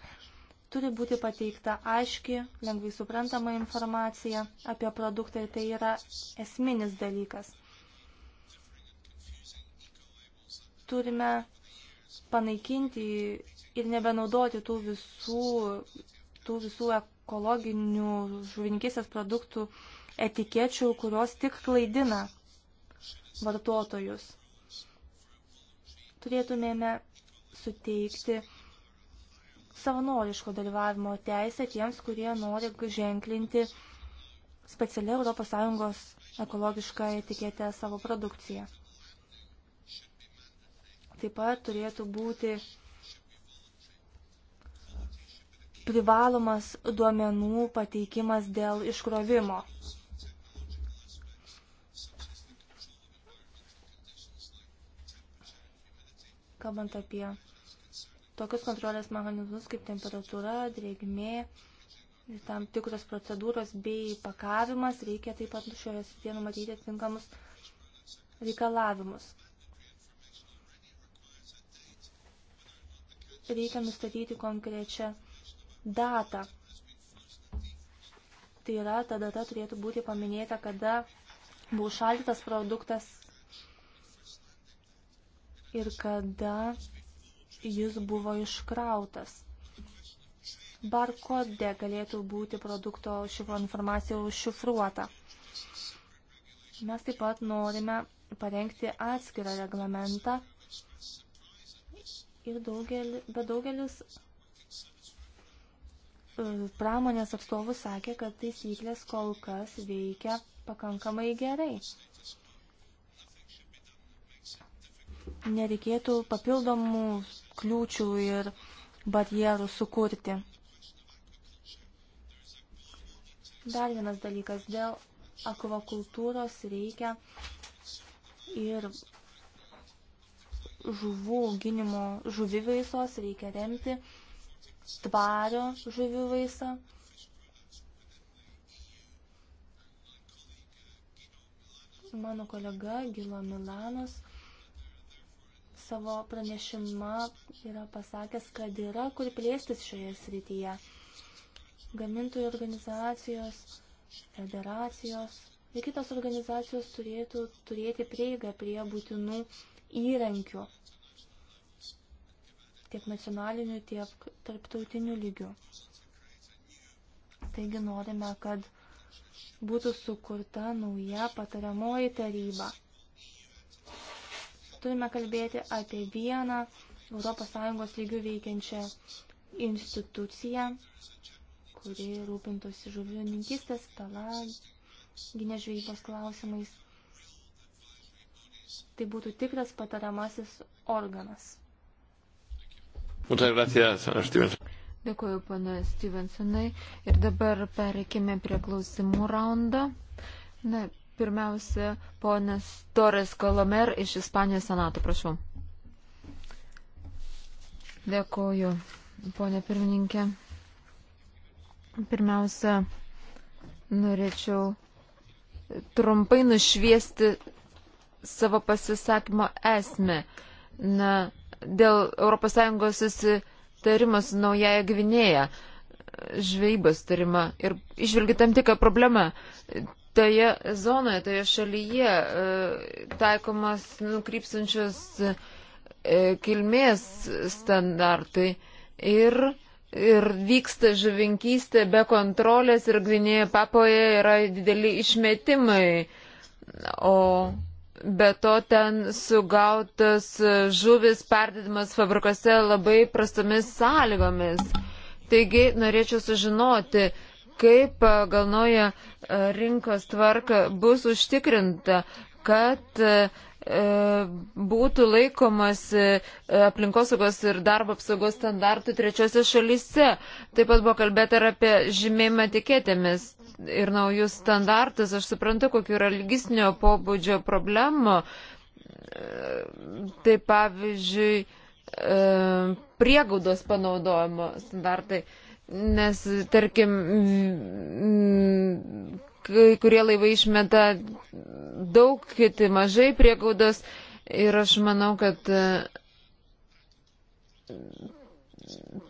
Turi būti pateikta aiški, lengvai suprantama informacija apie produktą ir tai yra esminis dalykas. Turime panaikinti ir nebenaudoti tų visų, tų visų ekologinių žuvininkysės produktų etikečių, kurios tik klaidina vartotojus. Turėtumėme suteikti savanoriško dalyvavimo teisę tiems, kurie nori ženklinti specialiai ES ekologišką etiketę savo produkciją. Taip pat turėtų būti privalomas duomenų pateikimas dėl iškrovimo. kalbant apie tokius kontrolės mechanizmus kaip temperatūra, drėgmė, tam tikros procedūros bei pakavimas, reikia taip pat šioje srityje numatyti atitinkamus reikalavimus. Reikia nustatyti konkrečią datą. Tai yra, ta data turėtų būti paminėta, kada buvo šaldytas produktas ir kada jis buvo iškrautas. Barkodė galėtų būti produkto šifro informacija užšifruota. Mes taip pat norime parengti atskirą reglamentą ir daugelį, bet daugelis e, pramonės atstovų sakė, kad taisyklės kol kas veikia pakankamai gerai. nereikėtų papildomų kliūčių ir barjerų sukurti. Dar vienas dalykas, dėl akvakultūros reikia ir žuvų auginimo žuvivaisos, reikia remti tvario žuvivaisą. Mano kolega Gilo Milanas savo pranešimą yra pasakęs, kad yra kur plėstis šioje srityje. Gamintojų organizacijos, federacijos ir kitos organizacijos turėtų turėti prieigą prie būtinų įrankių tiek nacionaliniu, tiek tarptautiniu lygiu. Taigi norime, kad būtų sukurta nauja patariamoji taryba – turime kalbėti apie vieną ES lygių veikiančią instituciją, kuri rūpintųsi žuvininkistės, pelaginės žvejybos klausimais. Tai būtų tikras patariamasis organas. Muchas gracias, Steven. Dėkuoju, pana Stevensonai. Ir dabar pereikime prie klausimų raundo. Na, Pirmiausia, ponas Torres Kolomer iš Ispanijos senato, prašau. Dėkuoju, ponė pirmininkė. Pirmiausia, norėčiau trumpai nušviesti savo pasisakymo esmę. Na, dėl ES susitarimo su Naujaja Gvinėja žvejybos tarimą ir išvelgi tam tikrą problemą toje zonoje, toje šalyje e, taikomas nukrypsančios e, kilmės standartai ir, ir vyksta žuvinkystė be kontrolės ir Gvinėje papoje yra dideli išmetimai. O be to ten sugautas žuvis perdidimas fabrikose labai prastomis sąlygomis. Taigi norėčiau sužinoti, kaip pagal e, naują e, rinkos tvarką bus užtikrinta, kad e, būtų laikomas aplinkosaugos ir darbo apsaugos standartų trečiose šalyse. Taip pat buvo kalbėta ir apie žymėjimą tikėtėmis ir naujus standartus. Aš suprantu, kokiu yra lygisnio pobūdžio problemo. Tai pavyzdžiui, priegaudos panaudojimo standartai. Nes, tarkim, kai kurie laivai išmeta daug, kiti mažai priegaudos ir aš manau, kad e,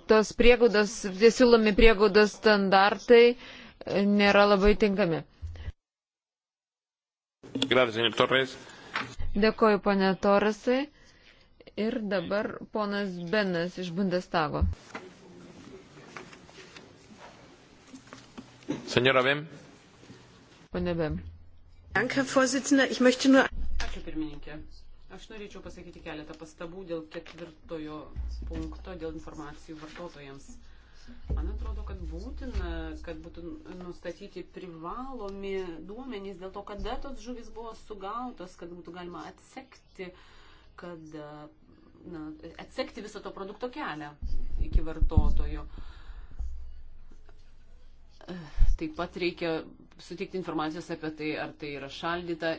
tos priegaudos, tie siūlomi priegaudos standartai nėra labai tinkami. Gracias, Dėkoju, pane Torasai. Ir dabar ponas Benas iš Bundestago. Senjora Vim. Pane Vim. Ačiū pirmininkė. Aš norėčiau pasakyti keletą pastabų dėl ketvirtojo punkto, dėl informacijų vartotojams. Man atrodo, kad būtina, kad būtų nustatyti privalomi duomenys dėl to, kada tos žuvis buvo sugautos, kad būtų galima atsekti, kad, na, atsekti viso to produkto kelią iki vartotojo. Uh, Taip pat reikia suteikti informacijos apie tai, ar tai yra šaldyta,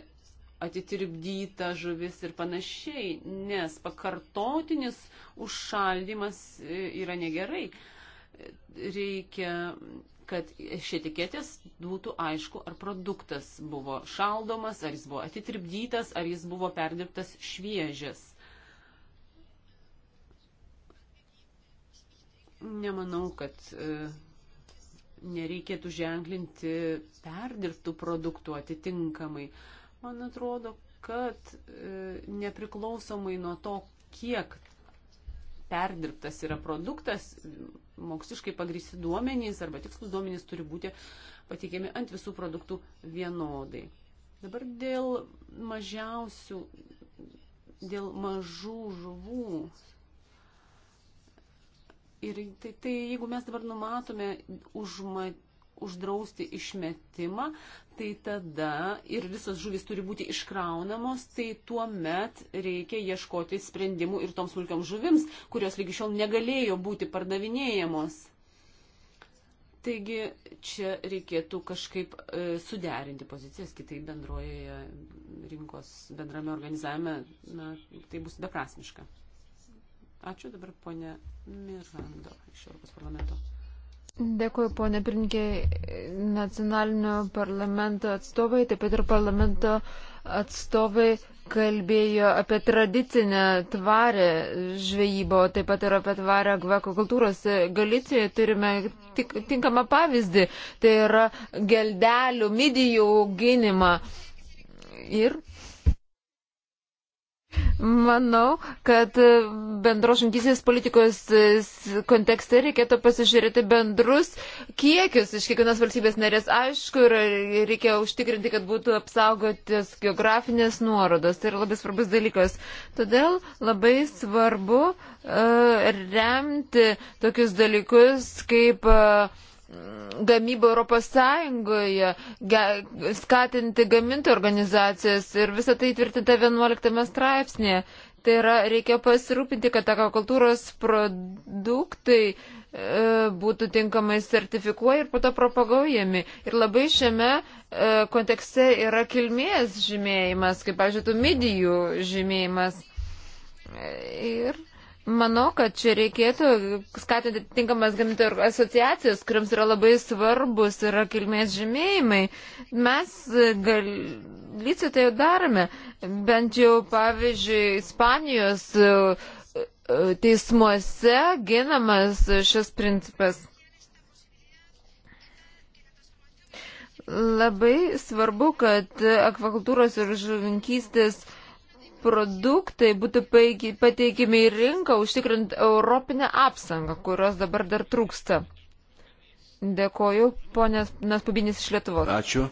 atitirpdyta žuvis ir panašiai, nes pakartotinis užšaldymas e, yra negerai. Reikia, kad iš etiketės būtų aišku, ar produktas buvo šaldomas, ar jis buvo atitirpdytas, ar jis buvo perdirbtas šviežias. Nemanau, kad e, nereikėtų ženklinti perdirbtų produktų atitinkamai. Man atrodo, kad e, nepriklausomai nuo to, kiek perdirbtas yra produktas, moksliškai pagrysti duomenys arba tikslus duomenys turi būti pateikiami ant visų produktų vienodai. Dabar dėl mažiausių, dėl mažų žuvų Ir tai, tai jeigu mes dabar numatome užma, uždrausti išmetimą, tai tada ir visos žuvis turi būti iškraunamos, tai tuo met reikia ieškoti sprendimų ir toms smulkiam žuvims, kurios lygi šiol negalėjo būti pardavinėjamos. Taigi čia reikėtų kažkaip e, suderinti pozicijas, kitaip bendroje rinkos bendrame organizavime na, tai bus beprasmiška. Ačiū dabar ponė Mirando iš Europos parlamento. Dėkuoju, ponė Pirinkė, nacionalinio parlamento atstovai, taip pat ir parlamento atstovai kalbėjo apie tradicinę tvarę žvejybą, taip pat ir apie tvarę gveko kultūros. Galicijoje turime tik, tinkamą pavyzdį, tai yra geldelių, midijų auginimą. Ir Manau, kad bendros žungysės politikos kontekste reikėtų pasižiūrėti bendrus kiekius iš kiekvienos valstybės narės. Aišku, ir reikia užtikrinti, kad būtų apsaugotis geografinės nuorodos. Tai yra labai svarbus dalykas. Todėl labai svarbu uh, remti tokius dalykus kaip uh, gamybą Europos Sąjungoje, skatinti gamintojų organizacijas ir visą tai tvirtinta 11 straipsnėje. Tai yra, reikia pasirūpinti, kad akakultūros produktai e, būtų tinkamai sertifikuojami ir po to propagaujami. Ir labai šiame e, kontekste yra kilmės žymėjimas, kaip, pažiūrėjau, midijų žymėjimas. E, ir Manau, kad čia reikėtų skatinti tinkamas gamintojų asociacijas, kuriams yra labai svarbus yra kilmės žymėjimai. Mes e, Galicijoje tai jau darome, bent jau pavyzdžiui, Ispanijos e, e, teismuose ginamas šis principas. Labai svarbu, kad akvakultūros ir žuvinkystės uh, produktai būtų pateikiami į rinką, užtikrint europinę apsangą, kurios dabar dar trūksta. Dėkoju, ponės Naspubinis iš Lietuvos. Ačiū.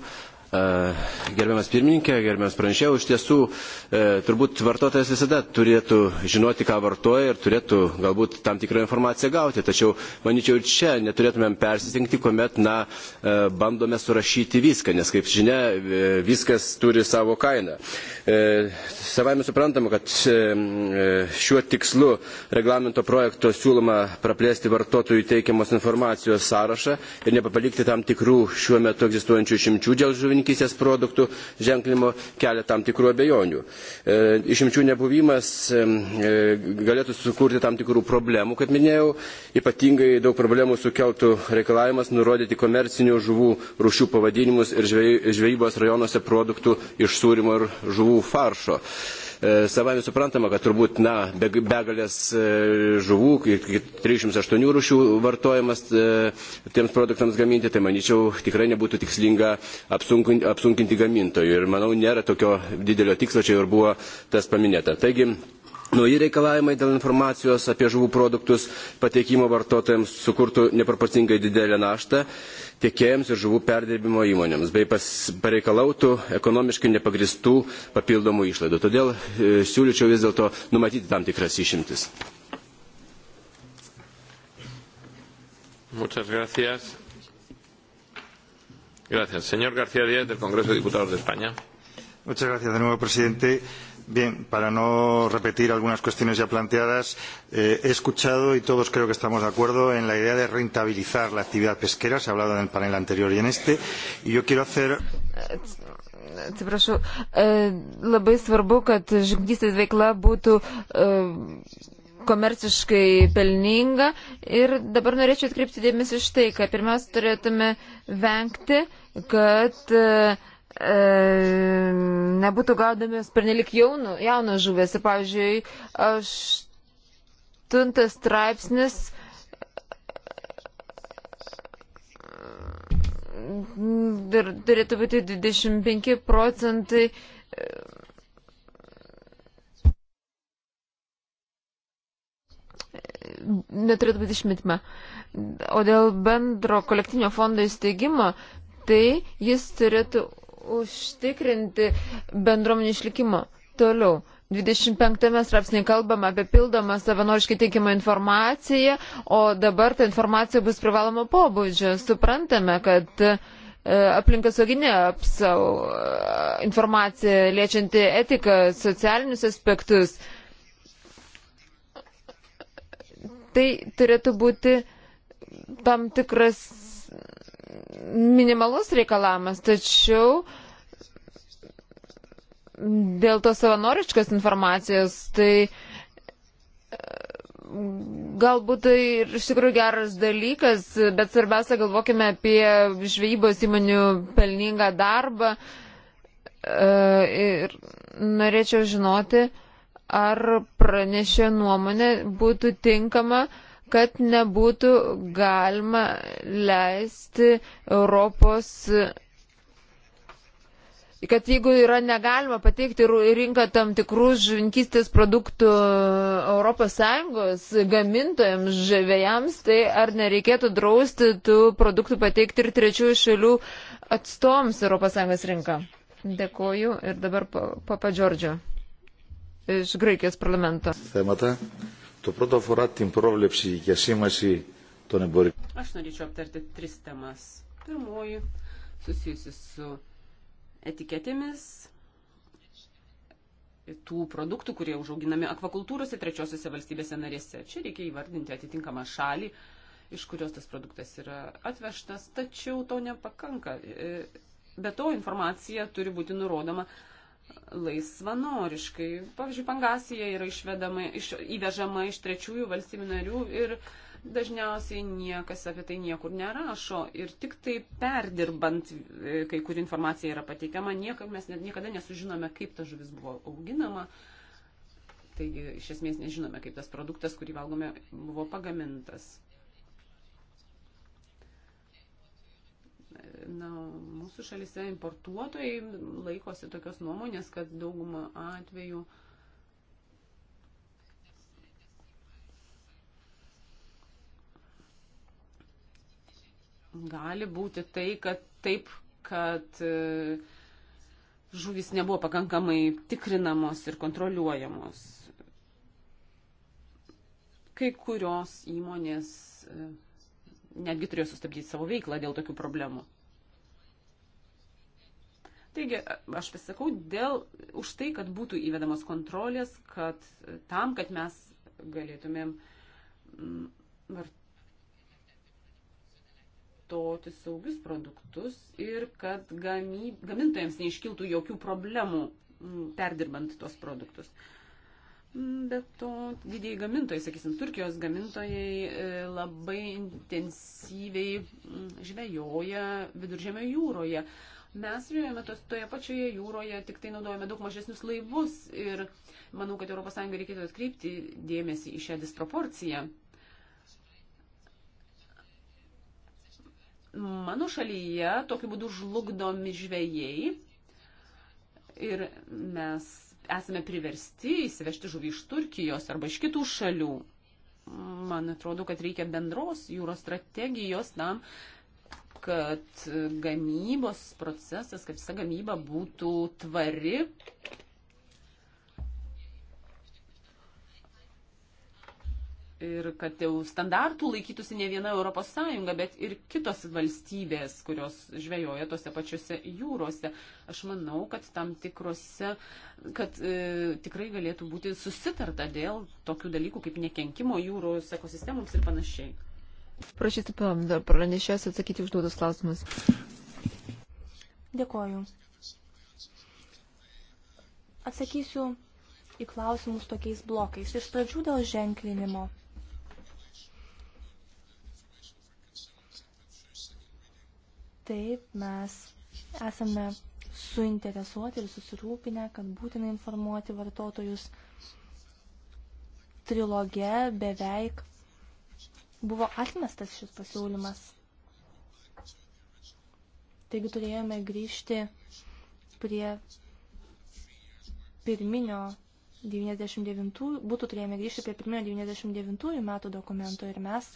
Gerbiamas pirmininkė, gerbiamas pranešėjau, iš tiesų e, turbūt vartotojas visada turėtų žinoti, ką vartoja ir turėtų galbūt tam tikrą informaciją gauti. Tačiau, manyčiau, ir čia neturėtumėm persistengti, kuomet, na, e, bandome surašyti viską, nes, kaip žinia, e, viskas turi savo kainą. E, Savai mes suprantame, kad e, e, šiuo tikslu reglamento projekto siūloma praplėsti vartotojų teikiamos informacijos sąrašą ir nepapalikti tam tikrų šiuo metu egzistuojančių išimčių dėl žuvininkų gyvulininkysės produktų ženklimo kelia tam tikrų abejonių. E, išimčių nebuvimas e, e, galėtų sukurti tam tikrų problemų, kaip minėjau, ypatingai daug problemų sukeltų reikalavimas nurodyti komercinių žuvų rūšių pavadinimus ir žvejybos rajonuose produktų iš sūrimo ir žuvų faršo. E, savai suprantama, kad turbūt na, begalės e, žuvų, 308 rūšių vartojimas e, tiems produktams gaminti, tai manyčiau tikrai nebūtų tikslinga apsunkinti, apsunkinti gamintojų. Ir manau, nėra tokio didelio tikslo, čia ir buvo tas paminėta. Taigi, Nauji reikalavimai dėl informacijos apie žuvų produktus pateikimo vartotojams sukurtų neproporcingai didelę naštą tiekėjams ir žuvų perdirbimo įmonėms bei pas, pareikalautų ekonomiškai nepagristų papildomų išlaidų. Todėl e, siūlyčiau vis dėlto numatyti tam tikras išimtis. Muchas gracias. Gracias. Señor García Díaz, del Congreso de Diputados de España. Muchas gracias de nuevo, presidente. Eh, Bien, para no repetir algunas cuestiones ya planteadas, eh, he escuchado y todos creo que estamos de acuerdo en la idea de rentabilizar la actividad pesquera, se ha hablado en el panel anterior y en este, y yo quiero hacer. Atsiprašau, e, labai svarbu, kad žemdystės veikla būtų e, komerciškai pelninga ir dabar norėčiau atkreipti dėmesį iš tai, kad pirmiausia turėtume vengti, kad e, E, nebūtų gaudomis pernelik jaunų, jaunos žuvės. Ir, pavyzdžiui, aštuntas straipsnis dar turėtų būti 25 procentai. E, neturėtų būti išmetima. O dėl bendro kolektinio fondo įsteigimo, tai jis turėtų užtikrinti bendruomenį išlikimą. Toliau. 25 straipsnėje kalbama apie pildomą savanoriškai teikimą informaciją, o dabar ta informacija bus privaloma pobūdžio. Suprantame, kad e, aplinkosauginė apsau, informacija liečianti etiką, socialinius aspektus. Tai turėtų būti tam tikras minimalus reikalavimas, tačiau dėl tos savanoriškos informacijos, tai e, galbūt tai ir iš tikrųjų geras dalykas, bet svarbiausia galvokime apie žvejybos įmonių pelningą darbą. E, ir norėčiau žinoti, ar pranešė nuomonė būtų tinkama uh, kad nebūtų galima leisti Europos kad jeigu yra negalima pateikti rinką tam tikrus žuvinkystės produktų ES gamintojams, žvėjams, tai ar nereikėtų drausti tų produktų pateikti ir trečiųjų šalių atstoms ES rinką? Dėkuoju ir dabar papa Džordžio iš Graikijos parlamento. Sėmata. Το πρώτο αφορά την πρόβλεψη για σήμαση των εμπορικών. Aš norėčiau aptarti tris temas. Pirmoji susijusi su etiketėmis tų produktų, kurie užauginami akvakultūrose trečiosiuose valstybėse narėse. Čia reikia įvardinti atitinkamą šalį, iš kurios tas produktas yra atvežtas, tačiau to nepakanka. E, be to informacija turi būti nurodoma laisvanoriškai. Pavyzdžiui, pangasija yra išvedama, iš, įvežama iš trečiųjų valstybių narių ir dažniausiai niekas apie tai niekur nerašo. Ir tik tai perdirbant, e, kai kur informacija yra pateikiama, niekam mes net niekada nesužinome, kaip ta žuvis buvo auginama. Taigi, iš esmės nežinome, kaip tas produktas, kurį valgome, buvo pagamintas. na, mūsų šalise importuotojai laikosi tokios nuomonės, kad daugumą atvejų gali būti tai, kad taip, kad e, žuvis nebuvo pakankamai tikrinamos ir kontroliuojamos. Kai kurios įmonės e, netgi turėjo sustabdyti savo veiklą dėl tokių problemų. Taigi, aš pasisakau dėl už tai, kad būtų įvedamos kontrolės, kad tam, kad mes galėtumėm mm, vartoti saugius produktus ir kad gamy, gamintojams neiškiltų jokių problemų mm, perdirbant tuos produktus. Uh, Bet to didieji gamintojai, sakysim, Turkijos gamintojai e, labai intensyviai mm, žvejoja viduržėmio jūroje. Mes žvejojame tos, toje pačioje jūroje, tik tai naudojame daug mažesnius laivus ir manau, kad ES reikėtų atkreipti dėmesį į šią disproporciją. Mano šalyje tokiu būdu žlugdomi žvėjai ir mes esame priversti įsivežti žuvį iš Turkijos arba iš kitų šalių. Man atrodo, kad reikia bendros jūros strategijos tam, kad gamybos procesas, kad visa gamyba būtų tvari, ir kad jau standartų laikytųsi ne viena Europos Sąjunga, bet ir kitos valstybės, kurios žvejoja tose pačiose jūrose. Aš manau, kad tam tikrose, kad e, tikrai galėtų būti susitarta dėl tokių dalykų kaip nekenkimo jūros ekosistemoms ir panašiai. Prašysiu pranešęs atsakyti užduotus klausimus. Dėkoju. Atsakysiu į klausimus tokiais blokais. Iš pradžių dėl ženklinimo. Taip, mes esame suinteresuoti ir susirūpinę, kad būtina informuoti vartotojus. Trilogė beveik buvo atmestas šis pasiūlymas. Taigi turėjome grįžti prie pirminio 99, būtų turėjome grįžti prie pirminio 99 metų dokumento ir mes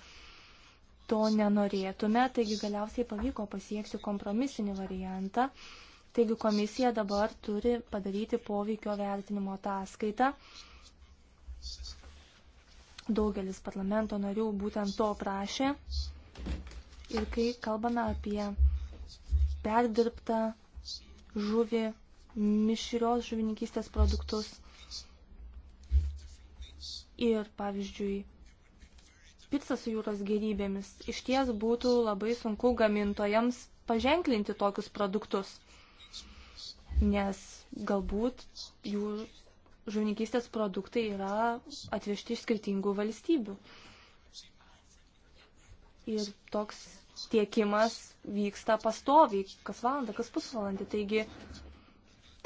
to nenorėtume, taigi galiausiai pavyko pasiekti kompromisinį variantą. Taigi komisija dabar turi padaryti poveikio vertinimo ataskaitą. Daugelis parlamento narių būtent to prašė. Ir kai kalbame apie perdirbtą žuvį, mišrios žuvininkystės produktus ir, pavyzdžiui, picą su jūros gerybėmis. Iš ties būtų labai sunku gamintojams paženklinti tokius produktus, nes galbūt jų žuvininkystės produktai yra atvežti iš skirtingų valstybių. Ir toks tiekimas vyksta pastoviai, kas valandą, kas pusvalandį. Taigi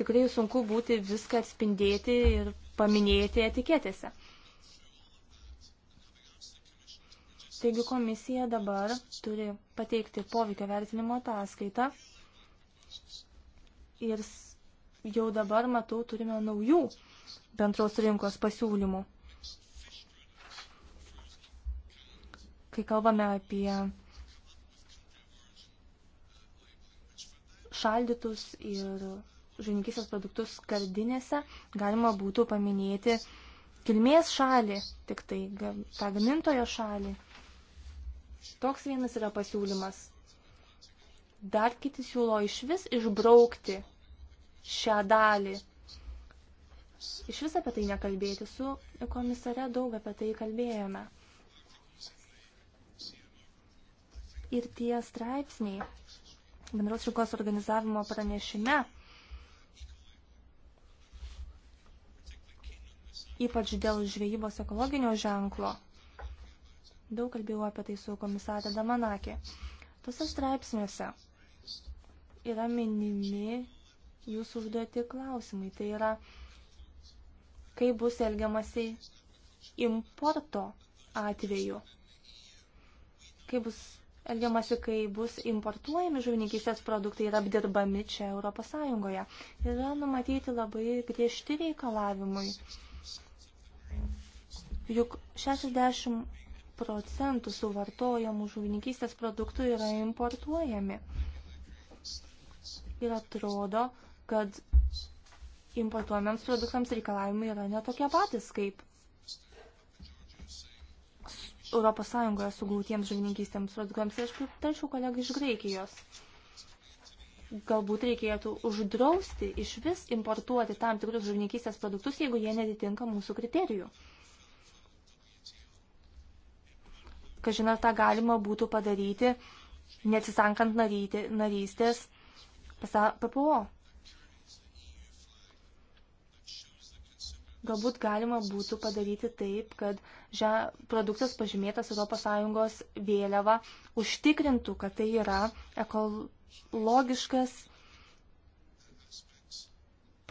tikrai sunku būti viską atspindėti ir paminėti etiketėse. Taigi komisija dabar turi pateikti poveikio vertinimo ataskaitą ir jau dabar, matau, turime naujų bendros rinkos pasiūlymų. Kai kalbame apie šaldytus ir žuvininkystės produktus skardinėse, galima būtų paminėti kilmės šalį, tik tai tą gamintojo šalį. Toks vienas yra pasiūlymas. Dar kiti siūlo iš vis išbraukti šią dalį. Iš vis apie tai nekalbėti. Su komisare daug apie tai kalbėjome. Ir tie straipsniai bendros rinkos organizavimo pranešime ypač dėl žvejybos ekologinio ženklo – Daug kalbėjau apie tai su komisarė Damanakė. Tose straipsniuose yra minimi jūsų užduoti klausimai. Tai yra, kaip bus elgiamasi importo atveju. Kaip bus elgiamasi, kai bus importuojami žuvininkystės produktai ir apdirbami čia Europos Sąjungoje. Yra numatyti labai griežti reikalavimai. Juk 60 procentų suvartojamų žuvininkystės produktų yra importuojami. Ir atrodo, kad importuojamiams produktams reikalavimai yra netokie patys kaip Europos Sąjungoje sugautiems žuvininkystėms produktams. Ir aš pritarčiau kolegai iš Graikijos galbūt reikėtų uždrausti iš vis importuoti tam tikrus žuvininkystės produktus, jeigu jie netitinka mūsų kriterijų. Kažin ar tą galima būtų padaryti, neatsisankant naryti, narystės PPO. Galbūt galima būtų padaryti taip, kad že, produktas pažymėtas ES vėliava užtikrintų, kad tai yra ekologiškas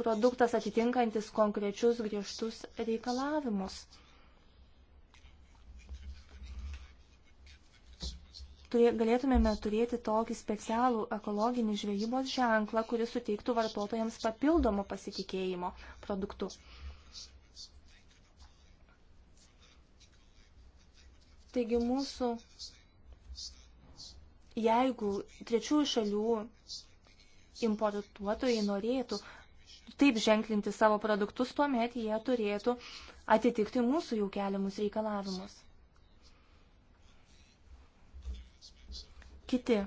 produktas atitinkantis konkrečius griežtus reikalavimus. turė, galėtumėme turėti tokį specialų ekologinį žvejybos ženklą, kuris suteiktų vartotojams papildomo pasitikėjimo produktu. Taigi mūsų, jeigu trečiųjų šalių importuotojai norėtų taip ženklinti savo produktus, tuomet jie turėtų atitikti mūsų jau keliamus reikalavimus. kiti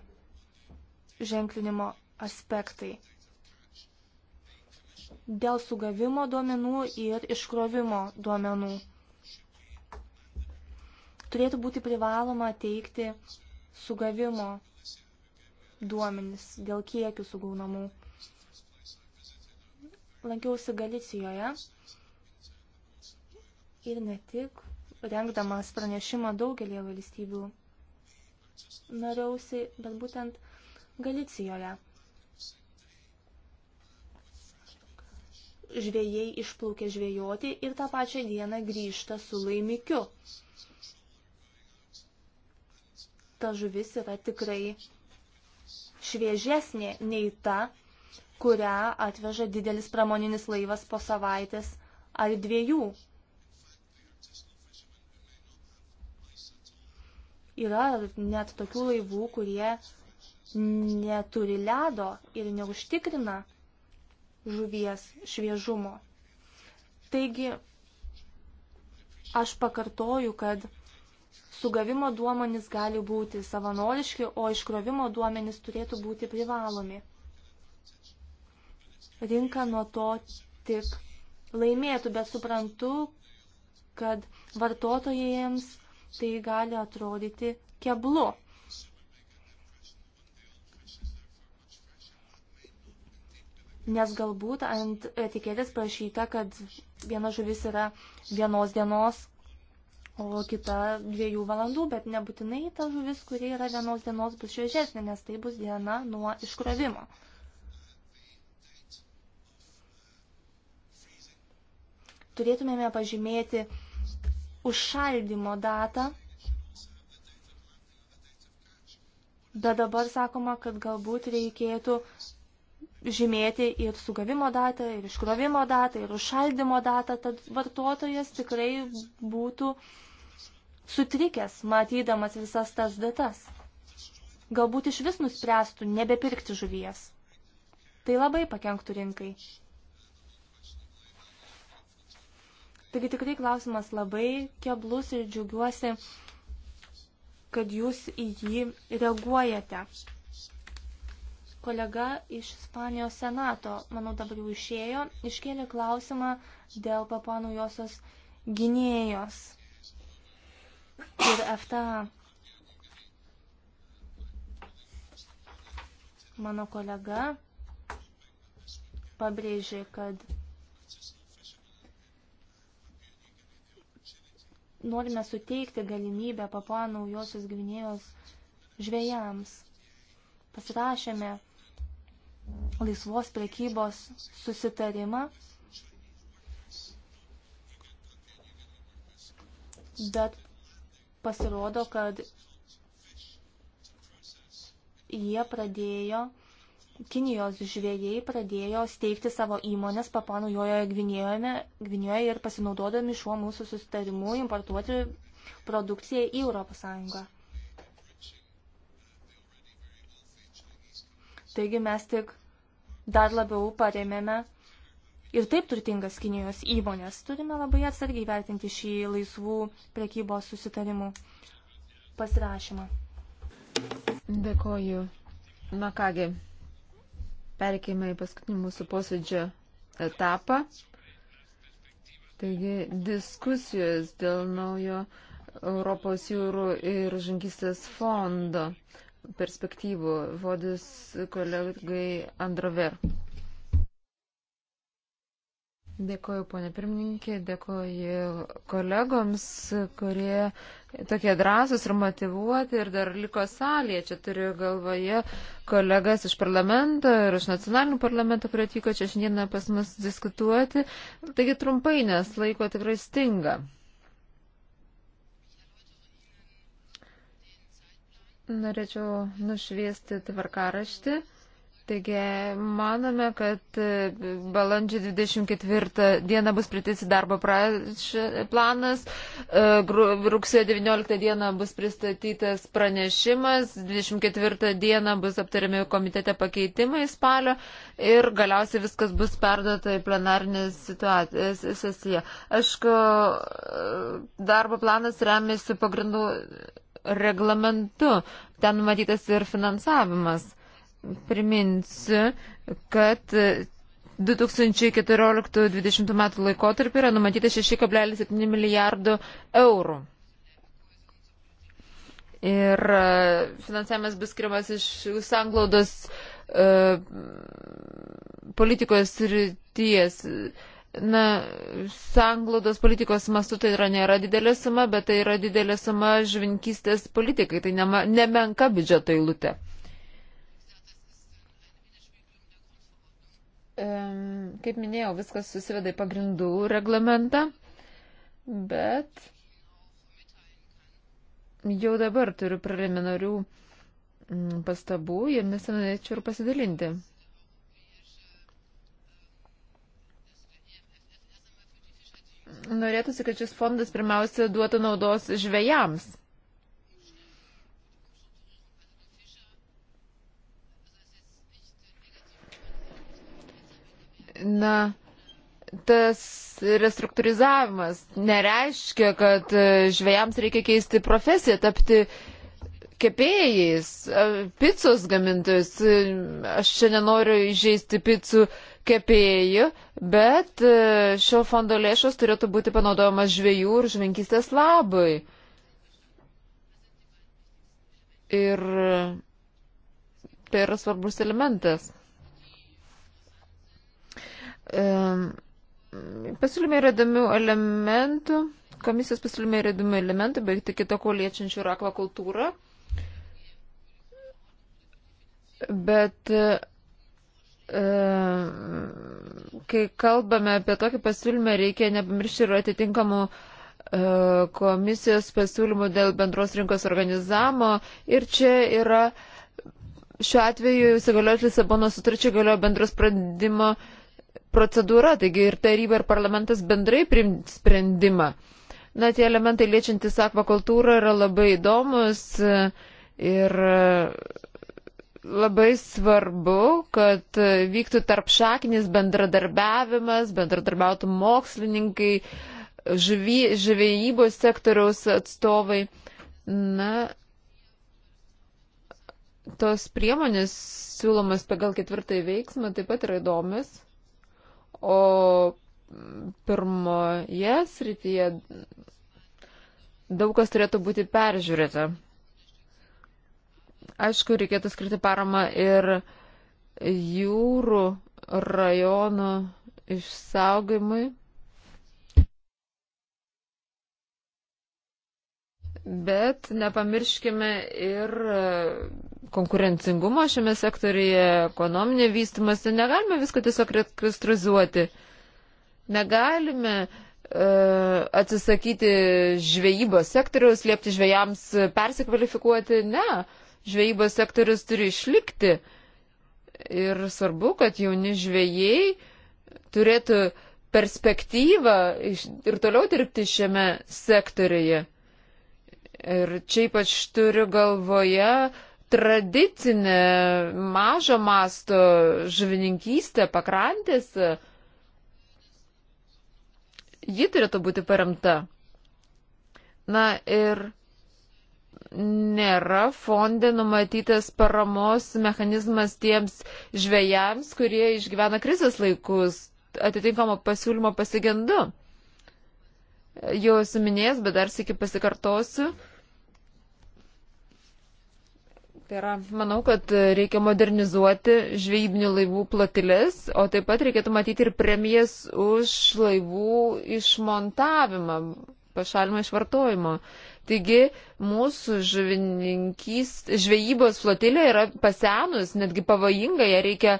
ženklinimo aspektai. Dėl sugavimo duomenų ir iškrovimo duomenų turėtų būti privaloma teikti sugavimo duomenis dėl kiekių sugaunamų. Lankiausi Galicijoje ir ne tik, rengdamas pranešimą daugelį valstybių nariausi, bet būtent Galicijoje. Žvėjai išplaukė žvėjoti ir tą pačią dieną grįžta su laimikiu. Ta žuvis yra tikrai šviežesnė nei ta, kurią atveža didelis pramoninis laivas po savaitės ar dviejų Yra net tokių laivų, kurie neturi ledo ir neužtikrina žuvies šviežumo. Taigi, aš pakartoju, kad sugavimo duomenys gali būti savanoriški, o iškrovimo duomenys turėtų būti privalomi. Rinka nuo to tik laimėtų, bet suprantu, kad vartotojams tai gali atrodyti keblu. Nes galbūt ant etiketės prašyta, kad viena žuvis yra vienos dienos, o kita dviejų valandų, bet nebūtinai ta žuvis, kuri yra vienos dienos, bus šviežesnė, nes tai bus diena nuo iškrovimo. Turėtumėme pažymėti užšaldimo datą, bet dabar sakoma, kad galbūt reikėtų žymėti ir sugavimo datą, ir iškrovimo datą, ir užšaldimo datą, tad vartotojas tikrai būtų sutrikęs, matydamas visas tas datas. Galbūt iš vis nuspręstų nebepirkti žuvies. Tai labai pakenktų rinkai. Taigi tikrai klausimas labai keblus ir džiaugiuosi, kad jūs į jį reaguojate. Kolega iš Ispanijos senato, manau dabar jau išėjo, iškėlė klausimą dėl papanujosios gynėjos ir FTA. Mano kolega pabrėžė, kad norime suteikti galimybę Papua Naujosios Gvinėjos žvėjams. Pasirašėme laisvos prekybos susitarimą, bet pasirodo, kad jie pradėjo Kinijos žvėjai pradėjo steigti savo įmonės Papanaujoje Gvinėjoje ir pasinaudodami šiuo mūsų susitarimu importuoti produkciją į ES. Taigi mes tik dar labiau paremėme ir taip turtingas Kinijos įmonės. Turime labai atsargiai vertinti šį laisvų prekybos susitarimų pasirašymą. Dėkoju. Na kągi, Pereikime į paskutinį mūsų posėdžio etapą. Taigi diskusijos dėl naujo Europos jūrų ir žangystės fondo perspektyvų. Vodis kolegai Androver. Dėkoju, ponė pirmininkė, dėkoju kolegoms, kurie tokie drąsūs ir motivuoti ir dar liko salėje. Čia turiu galvoje kolegas iš parlamento ir iš nacionalinių parlamento, kurie atvyko čia šiandieną pas mus diskutuoti. Taigi trumpai, nes laiko tikrai stinga. Norėčiau nušviesti tvarkaraštį. Tai Taigi, manome, kad e, balandžio 24 dieną bus pritisi darbo planas, e, rugsėjo 19 dieną bus pristatytas pranešimas, 24 dieną bus aptariami komitete pakeitimai spalio ir galiausiai viskas bus perduota į plenarinę e, sesiją. Aišku, darbo planas remiasi pagrindų reglamentu, ten numatytas ir finansavimas priminsiu, kad 2014-2020 metų laikotarpį yra numatyta 6,7 milijardų eurų. Ir e, finansavimas bus skiriamas iš sanglaudos e, politikos ryties. Na, sanglaudos politikos mastu tai yra nėra didelė suma, bet tai yra didelė suma žvinkystės politikai. Tai nema, nemenka biudžeto eilutė. Tai kaip minėjau, viskas susiveda į pagrindų reglamentą, bet jau dabar turiu preliminarių mm, pastabų ir nesinorėčiau ir pasidalinti. Norėtųsi, kad šis fondas pirmiausia duotų naudos žvėjams. na, tas restruktūrizavimas nereiškia, kad e, žvėjams reikia keisti profesiją, tapti kepėjais, e, picos gamintojais. E, aš čia nenoriu įžeisti picų kepėjų, bet šio fondo lėšos turėtų būti panaudojamas žvėjų ir žvinkistės labai. Ir tai yra svarbus elementas. Pasiūlyme yra įdomių elementų, komisijos pasiūlyme yra įdomių elementų, bet tik kito ko liečiančių ir akvakultūrą. Bet kai kalbame apie tokį pasiūlymą, reikia nepamiršti ir atitinkamų e, komisijos pasiūlymų dėl bendros rinkos organizavimo. Ir čia yra šiuo atveju įsigaliojant Lisabono sutarčiai galioja bendros pradimo uh, procedūra, taigi ir taryba ir parlamentas bendrai priimt sprendimą. Na, tie elementai liečiantis akvakultūrą yra labai įdomus e, ir e, labai svarbu, kad e, vyktų tarp šaknis bendradarbiavimas, bendradarbiautų mokslininkai, žvy, žvėjybos sektoriaus atstovai. Na, tos priemonės siūlomas pagal ketvirtąjį veiksmą taip pat yra įdomis o pirmoje srityje daug kas turėtų būti peržiūrėta. Aišku, reikėtų skirti paramą ir jūrų rajonų išsaugimui. Bet nepamirškime ir konkurencingumo šiame sektorije, ekonominė vystimas, negalime visko tiesiog rekristrizuoti. Negalime e, atsisakyti žvejybos sektoriaus, liepti žvejams persikvalifikuoti. Ne, žvejybos sektorius turi išlikti. Ir svarbu, kad jauni žvėjai turėtų perspektyvą ir toliau dirbti šiame sektoriuje. Ir čia ypač turiu galvoje tradicinė mažo masto žuvininkystė pakrantėse, ji turėtų būti paremta. Na ir nėra fondė numatytas paramos mechanizmas tiems žvėjams, kurie išgyvena krizės laikus. Atitinkamo pasiūlymo pasigendu. Jau esu minėjęs, bet dar sėki pasikartosiu. Tai yra, manau, kad reikia modernizuoti žvejybinių laivų plotilės, o taip pat reikėtų matyti ir premijas už laivų išmontavimą, pašalimą iš vartojimo. Taigi mūsų žvejybos flotilė yra pasenus, netgi pavojinga, ją reikia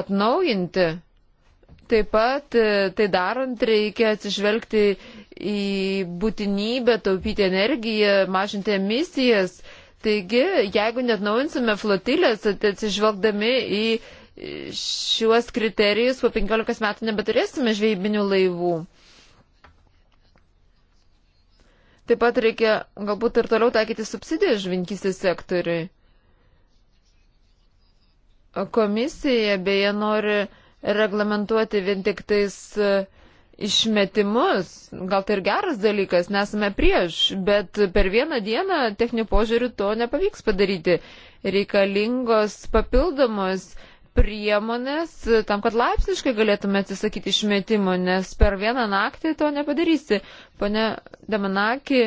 atnaujinti. Taip pat e, tai darant reikia atsižvelgti į būtinybę taupyti energiją, mažinti emisijas Taigi, jeigu net naujinsime flotilės, tai atsižvelgdami į šiuos kriterijus, po 15 metų nebeturėsime žvejybinių laivų. Taip pat reikia galbūt ir toliau taikyti subsidiją žvinkysės sektoriui. Komisija beje nori reglamentuoti vien tik tais uh, išmetimus, gal tai ir geras dalykas, nesame prieš, bet per vieną dieną techninių požiūrių to nepavyks padaryti. Reikalingos papildomos priemonės tam, kad laipsniškai galėtume atsisakyti išmetimo, nes per vieną naktį to nepadarysi. Pane Damanaki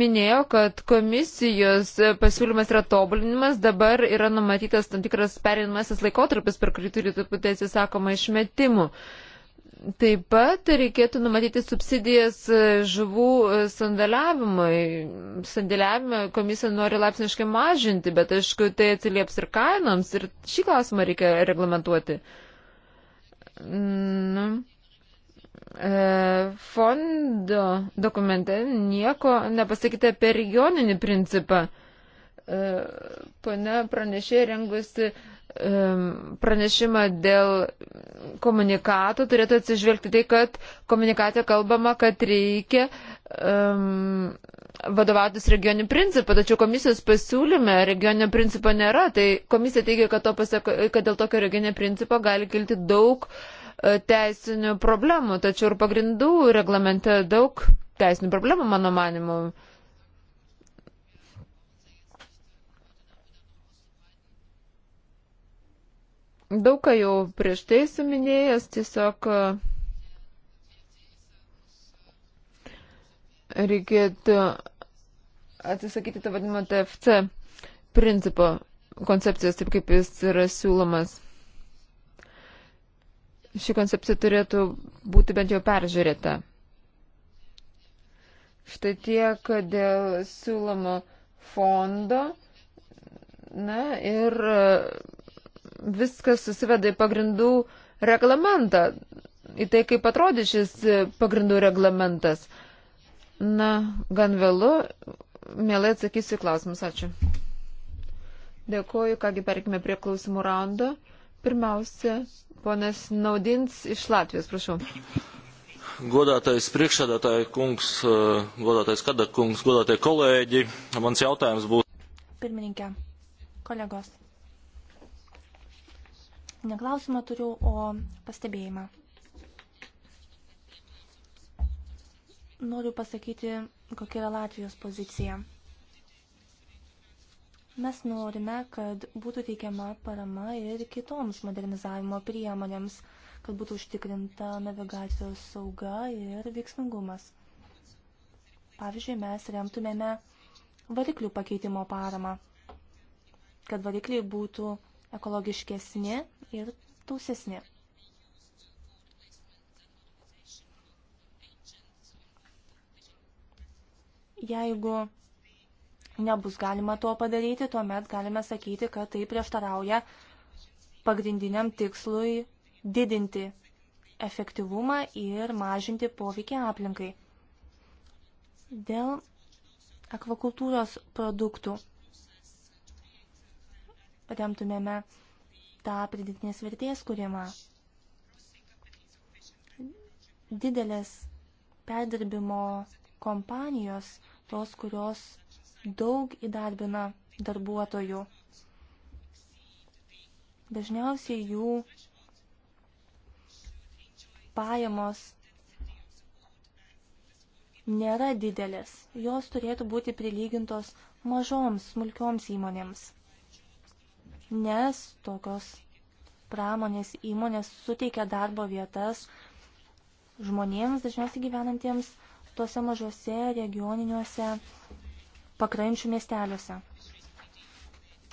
minėjo, kad komisijos pasiūlymas yra tobulinimas, dabar yra numatytas tam tikras perinimasis laikotarpis, per kurį turi būti atsisakoma išmetimų. Uh, Taip pat reikėtų numatyti subsidijas e, žuvų e, sandėliavimui. Sandėliavimą komisija nori laipsniškai mažinti, bet aišku, tai atsilieps ir kainoms ir šį klausimą reikia reglamentuoti. Nu. E, fondo dokumente nieko nepasakyti apie regioninį principą. Pone pranešė rengusi uh, pranešimą dėl komunikato turėtų atsižvelgti tai, kad komunikate kalbama, kad reikia um, vadovautis regionių principą, tačiau komisijos pasiūlyme regioninio principo nėra. Tai komisija teigia, kad, to pasako, kad dėl tokio regioninio principo gali kilti daug e, teisinių problemų, tačiau ir pagrindų reglamente daug teisinių problemų, mano manimu. Uh, daug ką jau prieš tai suminėjęs, tiesiog e, reikėtų atsisakyti tą vadinamą TFC principo koncepcijos, taip kaip jis yra siūlomas. Ši koncepcija turėtų būti bent jau peržiūrėta. Štai tiek dėl siūlomo fondo. Na ir viskas susiveda į pagrindų reglamentą, į tai, kaip atrodys šis pagrindų reglamentas. Na, gan vėlu, mielai atsakysiu klausimus, ačiū. Dėkuoju, kągi perkime prie klausimų raundo. Pirmiausia, ponas Naudins iš Latvijos, prašau. Godātais priekšsēdētāji kungs, godātais kada kungs, godātie kolēģi, mans jautājums būs. Pirmininkė, kolegos. Ne klausimą turiu, o pastebėjimą. Noriu pasakyti, kokia yra Latvijos pozicija. Mes norime, kad būtų teikiama parama ir kitoms modernizavimo priemonėms, kad būtų užtikrinta navigacijos sauga ir veiksmingumas. Pavyzdžiui, mes remtumėme variklių pakeitimo paramą, kad varikliai būtų ekologiškesni ir tausesnė. Jeigu nebus galima to padaryti, tuomet galime sakyti, kad tai prieštarauja pagrindiniam tikslui didinti efektyvumą ir mažinti poveikį aplinkai. Dėl akvakultūros produktų remtumėme tą pridėtinės vertės kūrimą. Didelės perdirbimo kompanijos, tos, kurios daug įdarbina darbuotojų. Dažniausiai jų pajamos nėra didelės. Jos turėtų būti prilygintos mažoms, smulkioms įmonėms nes tokios pramonės įmonės suteikia darbo vietas žmonėms, dažniausiai gyvenantiems tuose mažose regioniniuose pakrančių miesteliuose.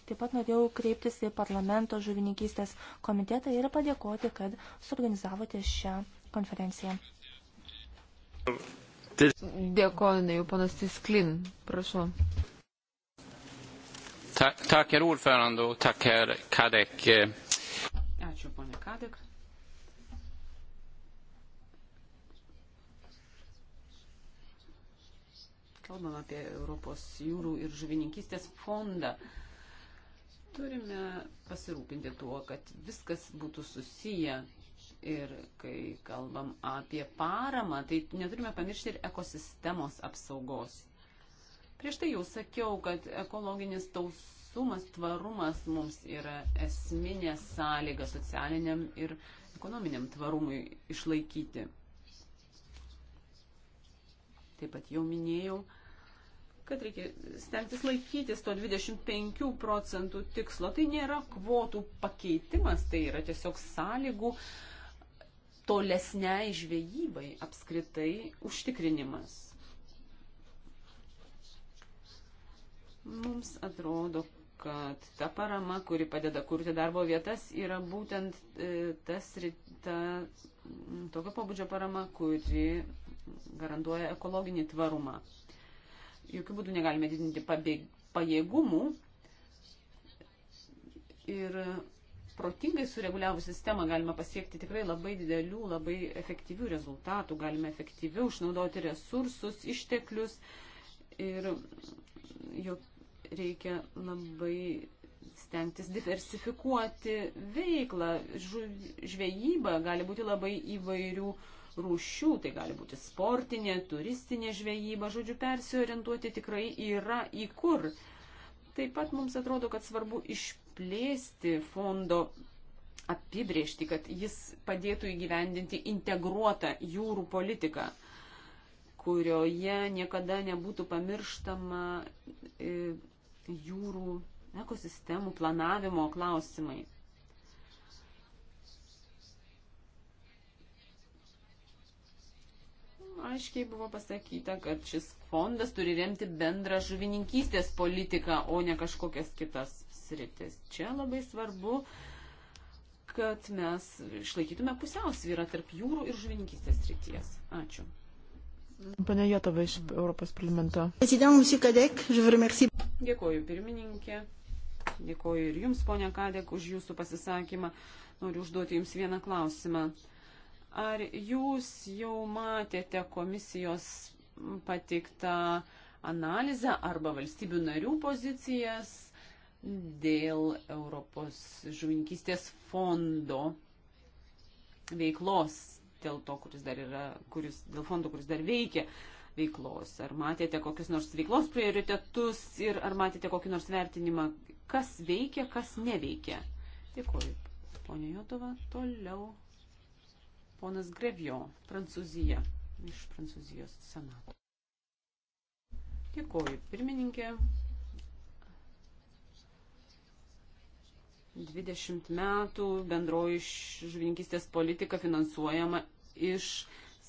Taip pat norėjau kreiptis į parlamento žuvininkystės komitetą ir padėkoti, kad suorganizavote šią konferenciją. Dėkoju, jau panas Tisklin, prašau. Tack, tack herr ordförande och tack herr Kadek. Ačiū, ponė Kadek. Kalbam apie Europos jūrų ir žuvininkystės fondą. Turime pasirūpinti tuo, kad viskas būtų susiję ir kai kalbam apie paramą, tai neturime pamiršti ir ekosistemos apsaugos Prieš tai jau sakiau, kad ekologinis tausumas, tvarumas mums yra esminė sąlyga socialiniam ir ekonominiam tvarumui išlaikyti. Taip pat jau minėjau, kad reikia stengtis laikytis to 25 procentų tikslo. Tai nėra kvotų pakeitimas, tai yra tiesiog sąlygų tolesniai žvejybai apskritai užtikrinimas. Mums atrodo, kad ta parama, kuri padeda kurti darbo vietas, yra būtent tas e, ta, tokio pobūdžio parama, kuri garantuoja ekologinį tvarumą. Jokių būdų negalime didinti pabėg, pajėgumų ir protingai sureguliavus sistemą galima pasiekti tikrai labai didelių, labai efektyvių rezultatų, galime efektyviau išnaudoti resursus, išteklius ir jokių reikia labai stengtis diversifikuoti veiklą. Žvejyba gali būti labai įvairių rūšių, tai gali būti sportinė, turistinė žvejyba, žodžiu, persiorientuoti tikrai yra į kur. Taip pat mums atrodo, kad svarbu išplėsti fondo apibriežti, kad jis padėtų įgyvendinti integruotą jūrų politiką, kurioje niekada nebūtų pamirštama e, jūrų ekosistemų planavimo klausimai. Aiškiai buvo pasakyta, kad šis fondas turi remti bendrą žuvininkystės politiką, o ne kažkokias kitas sritis. Čia labai svarbu, kad mes išlaikytume pusiausvyrą tarp jūrų ir žuvininkystės srities. Ačiū. Pane Jotova iš Europos parlamento. Dėkoju pirmininkė, dėkoju ir jums, ponia Kadek, už jūsų pasisakymą. Noriu užduoti jums vieną klausimą. Ar jūs jau matėte komisijos patiktą analizę arba valstybių narių pozicijas dėl Europos žuvinkystės fondo veiklos dėl to, kuris dar yra, kuris, dėl fondo, kuris dar veikia veiklos. Ar matėte kokius nors veiklos prioritetus ir ar matėte kokį nors vertinimą, kas veikia, kas neveikia. Dėkuoju. Pone Jotova, toliau. Ponas Grevio, Prancūzija, iš Prancūzijos senato. Dėkuoju, pirmininkė. 20 metų bendroji žuvininkistės politika finansuojama iš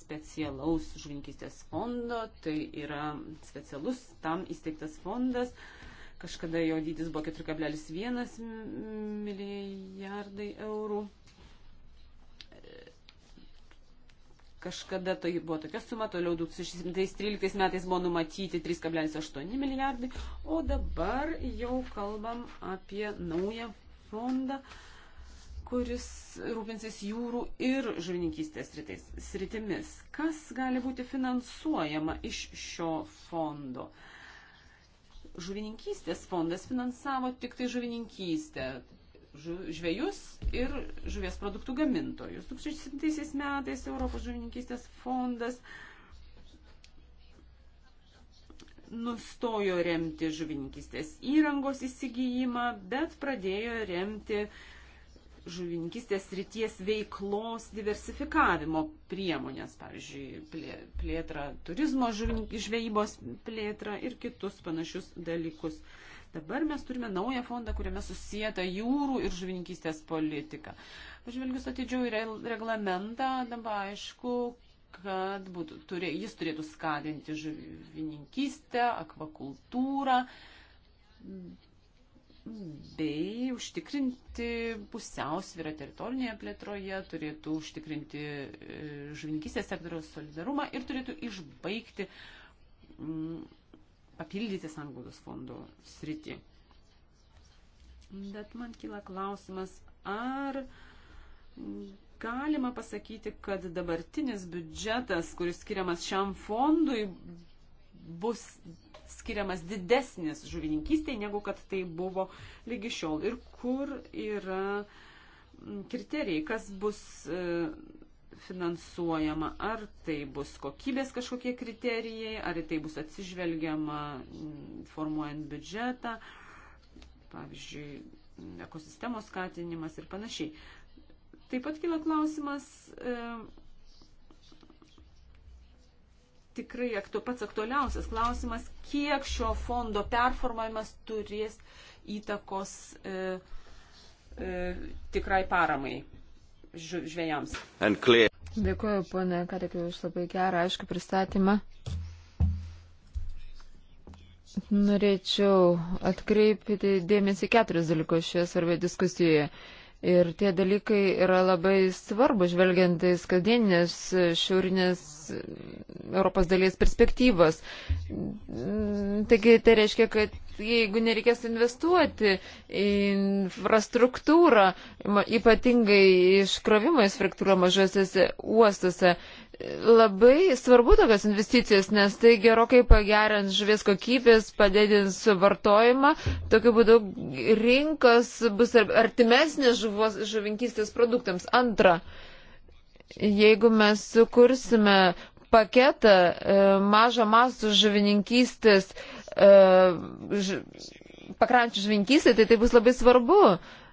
specialaus žuvininkystės fondo, tai yra specialus tam įsteigtas fondas. Kažkada jo dydis buvo 4,1 milijardai eurų. Kažkada tai buvo tokia suma, toliau 2013 metais buvo numatyti 3,8 milijardai, o dabar jau kalbam apie naują fondą. Uh, kuris rūpinsis jūrų ir žuvininkystės sritimis. Kas gali būti finansuojama iš šio fondo? Žuvininkystės fondas finansavo tik tai žuvininkystę, žvėjus ir žuvies produktų gamintojus. 2007 metais Europos žuvininkystės fondas nustojo remti žuvininkystės įrangos įsigijimą, bet pradėjo remti uh, žuvininkystės ryties veiklos diversifikavimo priemonės, pavyzdžiui, plėtra turizmo žvejybos plėtra ir kitus panašius dalykus. Dabar mes turime naują fondą, kuriame susijęta jūrų ir žuvininkystės politika. Pažvelgius atidžiau į reglamentą, dabar aišku, kad būtų, turė, jis turėtų skatinti žuvininkystę, akvakultūrą, bei užtikrinti pusiausvyrą teritorinėje plėtroje, turėtų užtikrinti e, žuvininkystės sektoriaus solidarumą ir turėtų išbaigti, m, mm, papildyti sanglaudos fondo sritį. Bet man kyla klausimas, ar galima pasakyti, kad dabartinis biudžetas, kuris skiriamas šiam fondui, bus skiriamas didesnis žuvininkystėje, negu kad tai buvo lygi šiol. Ir kur yra mm, kriterijai, kas bus e, finansuojama, ar tai bus kokybės kažkokie kriterijai, ar tai bus atsižvelgiama mm, formuojant biudžetą, pavyzdžiui, ekosistemos skatinimas ir panašiai. Taip pat kyla klausimas, e, tikrai aktu, pats aktualiausias klausimas, kiek šio fondo performavimas turės įtakos e, e, tikrai paramai žvėjams. Dėkuoju, ponė Karekiu, už labai gerą, aišku, pristatymą. Norėčiau atkreipti dėmesį keturis dalykus šioje svarbioje diskusijoje. Ir tie dalykai yra labai svarbu, žvelgiantais kasdieninės šiaurinės Europos dalies perspektyvos. Taigi tai reiškia, kad jeigu nereikės investuoti į infrastruktūrą, ypatingai iškrovimo infrastruktūrą mažosiuose uostuose, labai svarbu tokios investicijos, nes tai gerokai pagerins žuvies kokybės, padėdins vartojimą, tokiu būdu rinkos bus artimesnė žuvos, žuvinkystės produktams. Antra, jeigu mes sukursime paketą e, mažo mastų žuvininkystės, e, ž, pakrančių žuvininkystė, tai tai bus labai svarbu. E,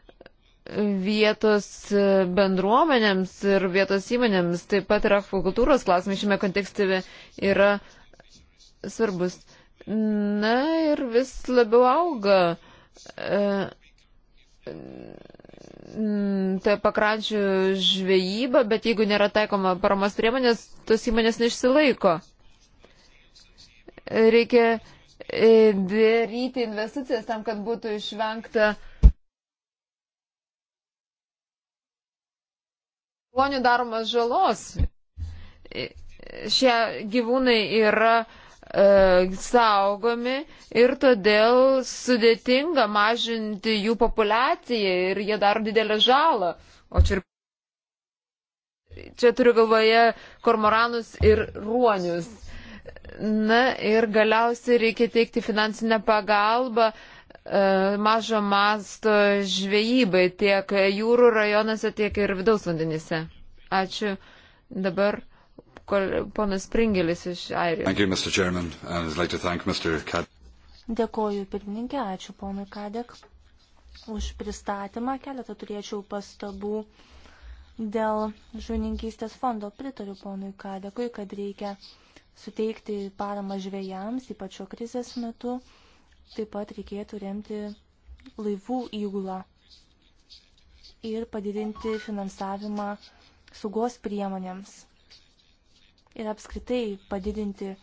vietos bendruomenėms ir vietos įmonėms. Taip pat ir akvakultūros klausimai šiame kontekste yra svarbus. Na ir vis labiau auga e, ta pakrančių žvejyba, bet jeigu nėra taikoma paramos priemonės, tos įmonės neišsilaiko. Reikia e, daryti investicijas tam, kad būtų išvengta uh, Klonių daromas žalos. Šie gyvūnai yra e, saugomi ir todėl sudėtinga mažinti jų populiaciją ir jie daro didelę žalą. O čia, čia turiu galvoje kormoranus ir ruonius. Na ir galiausiai reikia teikti finansinę pagalbą E, mažo masto žvejybai tiek jūrų rajonuose, tiek ir vidaus vandenyse. Ačiū. Dabar ponas Pringelis iš Airijos. Like Dėkoju pirmininkė, ačiū ponui Kadek už pristatymą. Keletą turėčiau pastabų dėl žuvininkystės fondo. Pritariu ponui Kadekui, kad reikia suteikti paramą žvėjams, ypač šio krizės metu. Taip pat reikėtų remti laivų įgulą ir padidinti finansavimą saugos priemonėms ir apskritai padidinti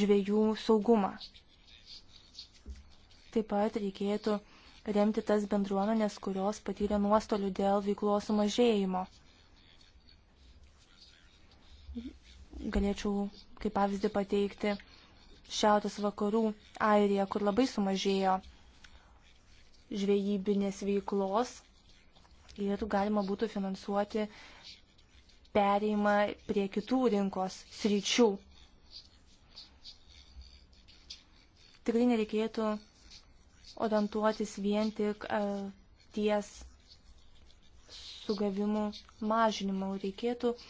žvėjų saugumą. Taip pat reikėtų remti tas bendruomenės, kurios patyrė nuostolių dėl veiklos sumažėjimo. Galėčiau kaip pavyzdį pateikti šiaurės vakarų Airiją, kur labai sumažėjo žvejybinės veiklos ir galima būtų finansuoti perėjimą prie kitų rinkos sričių. Tikrai nereikėtų orientuotis vien tik e, ties sugavimų mažinimu. Reikėtų uh,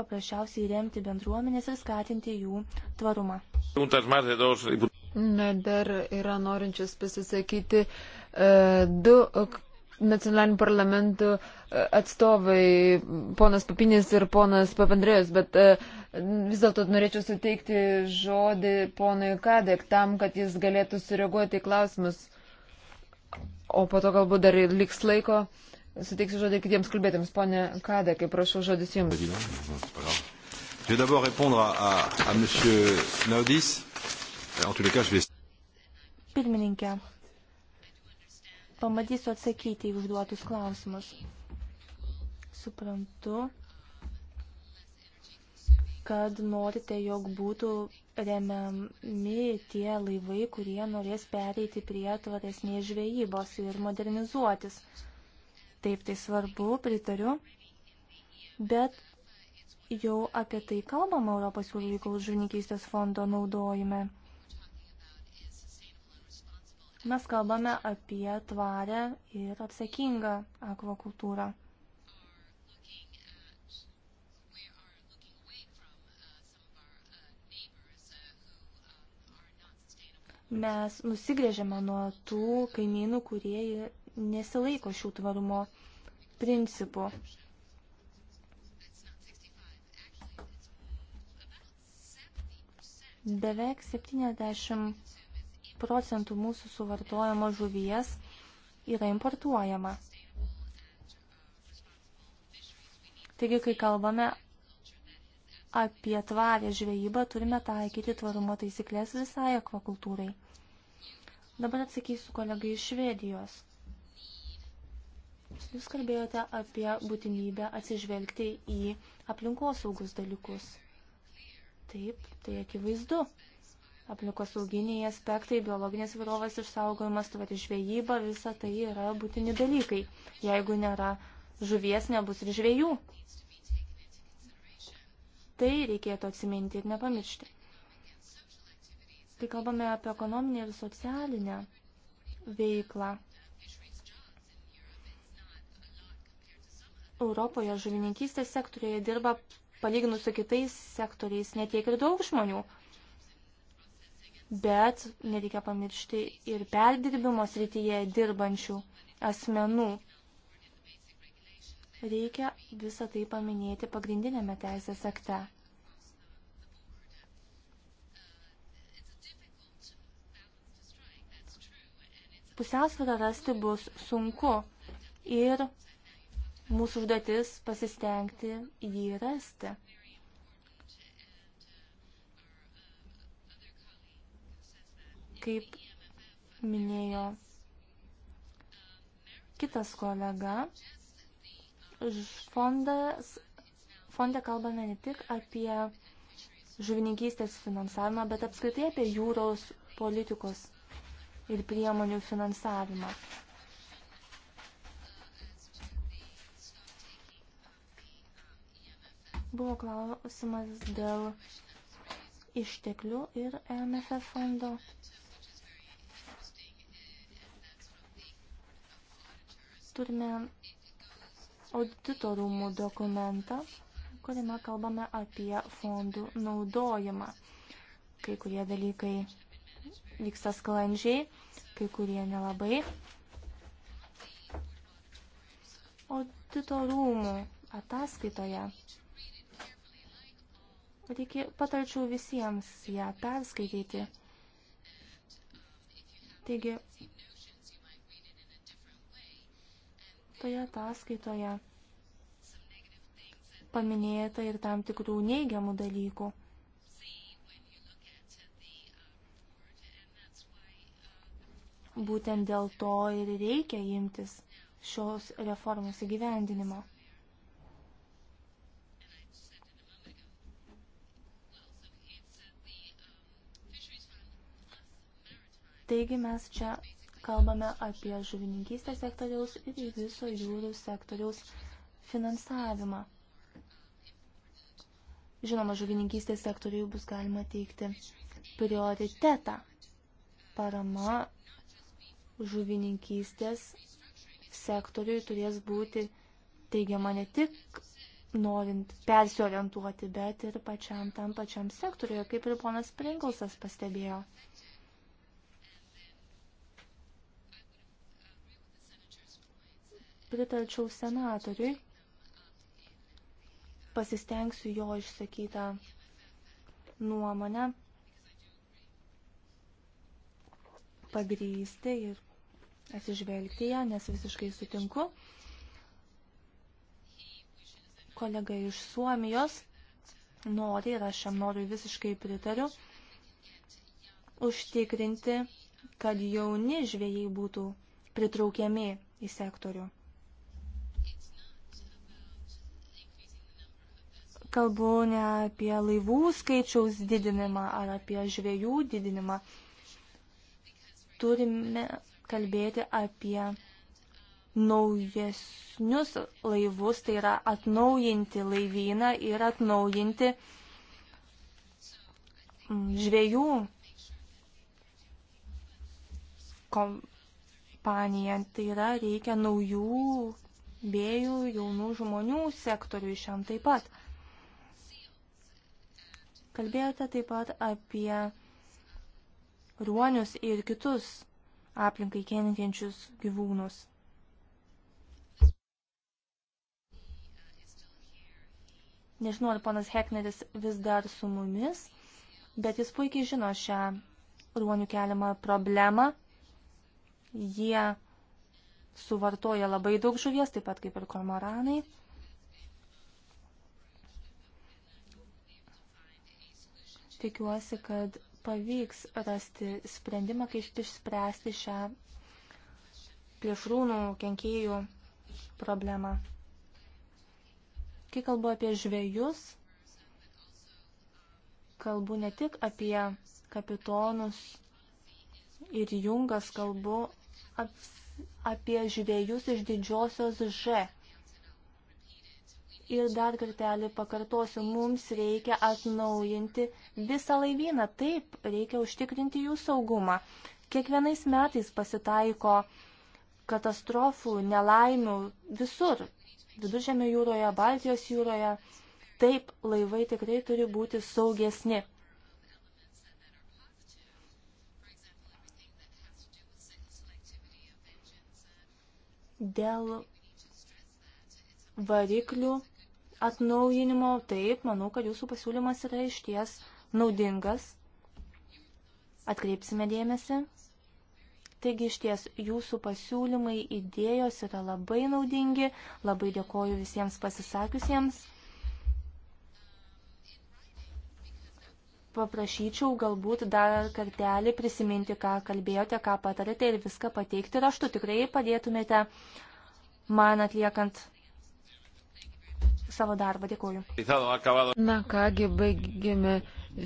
paprasčiausiai remti bendruomenės ir skatinti jų tvarumą. Na, dar yra norinčios pasisakyti uh, du nacionalinių parlamentų e, atstovai, ponas Papinis ir ponas Papandrėjus, bet e, vis dėlto norėčiau suteikti žodį ponui Kadek tam, kad jis galėtų sureaguoti į klausimus, o po to galbūt dar liks laiko suteiksiu žodį kitiems kalbėtėms. Pone Kadek, prašau žodis jums. Je vais d'abord répondre à, à, à M. Naudis. En tous les cas, je vais. Pirmininkė, pamatysiu atsakyti į užduotus klausimus. Suprantu, kad norite, jog būtų remiami tie laivai, kurie norės pereiti prie tvaresnės žvejybos ir modernizuotis. Taip, tai svarbu, pritariu. Bet jau apie tai kalbama Europos jūrų žuvininkystės fondo naudojime. Mes kalbame apie tvarę ir atsakingą akvakultūrą. Mes nusigrėžėme nuo tų kaimynų, kurie nesilaiko šių tvarumo principų. Beveik 70 procentų mūsų suvartojamo žuvies yra importuojama. Taigi, kai kalbame apie tvarę žvejybą, turime taikyti tvarumo taisyklės visai akvakultūrai. Dabar atsakysiu kolegai iš Švedijos. Jūs kalbėjote apie būtinybę atsižvelgti į aplinkosaugus dalykus. Taip, tai akivaizdu. Aplinkosauginiai aspektai, biologinės vyrovas išsaugojimas, tvari žvejyba, visa tai yra būtini dalykai. Jeigu nėra žuvies, nebus ir žvejų. Tai reikėtų atsiminti ir nepamiršti. Kai kalbame apie ekonominę ir socialinę veiklą, Europoje žuvininkystės sektorijoje dirba palyginus su kitais sektoriais netiek ir daug žmonių. Bet nereikia pamiršti ir perdirbimo srityje dirbančių asmenų. Reikia visą tai paminėti pagrindinėme teisės akte. Pusiausvyrą rasti bus sunku ir mūsų užduotis pasistengti jį rasti. Kaip minėjo kitas kolega, fondas, fonde kalbame ne tik apie žuvininkystės finansavimą, bet apskritai apie jūros politikos ir priemonių finansavimą. Buvo klausimas dėl išteklių ir MFF fondo. Turime auditorumų dokumentą, kuriame kalbame apie fondų naudojimą. Kai kurie dalykai vyksta sklandžiai, kai kurie nelabai. Auditorumų ataskaitoje Pateikė, patarčiau visiems ją perskaityti. Taigi, toje ataskaitoje paminėta ir tam tikrų neigiamų dalykų. Būtent dėl to ir reikia imtis šios reformos įgyvendinimo. Taigi mes čia kalbame apie žuvininkystės sektoriaus ir viso jūrų sektoriaus finansavimą. Žinoma, žuvininkystės sektoriui bus galima teikti prioritetą. Parama žuvininkystės sektoriui turės būti teigiama ne tik norint persiorientuoti, bet ir pačiam tam pačiam sektoriuje, kaip ir ponas Pringlsas pastebėjo. pritarčiau senatoriui, pasistengsiu jo išsakytą nuomonę pagrysti ir atsižvelgti ją, nes visiškai sutinku. Kolega iš Suomijos nori, ir aš šiam noriu visiškai pritariu, užtikrinti, kad jauni žvėjai būtų pritraukiami į sektorių. Kalbu ne apie laivų skaičiaus didinimą ar apie žvėjų didinimą. Turime kalbėti apie naujesnius laivus, tai yra atnaujinti laivyną ir atnaujinti mm, žvėjų kompaniją. Tai yra reikia naujų vėjų jaunų žmonių sektoriui šiam taip pat. Kalbėjote taip pat apie ruonius ir kitus aplinkai kenkiančius gyvūnus. Nežinau, ar ponas Hekneris vis dar su mumis, bet jis puikiai žino šią ruonių keliamą problemą. Jie suvartoja labai daug žuvies, taip pat kaip ir kormoranai. tikiuosi, kad pavyks rasti sprendimą, kaip išspręsti šią plėšrūnų kenkėjų problemą. Kai kalbu apie žvėjus, kalbu ne tik apie kapitonus ir jungas, kalbu apie žvėjus iš didžiosios Ž Ir dar kartelį pakartosiu, mums reikia atnaujinti visą laivyną. Taip, reikia užtikrinti jų saugumą. Kiekvienais metais pasitaiko katastrofų, nelaimių visur. Viduržėmio jūroje, Baltijos jūroje. Taip, laivai tikrai turi būti saugesni. Dėl variklių atnaujinimo. Taip, manau, kad jūsų pasiūlymas yra išties naudingas. Atkreipsime dėmesį. Taigi iš ties jūsų pasiūlymai, idėjos yra labai naudingi. Labai dėkoju visiems pasisakiusiems. Paprašyčiau galbūt dar kartelį prisiminti, ką kalbėjote, ką patarėte ir viską pateikti raštu. Tikrai padėtumėte man atliekant savo darbą. Dėkuoju. Na kągi, baigėme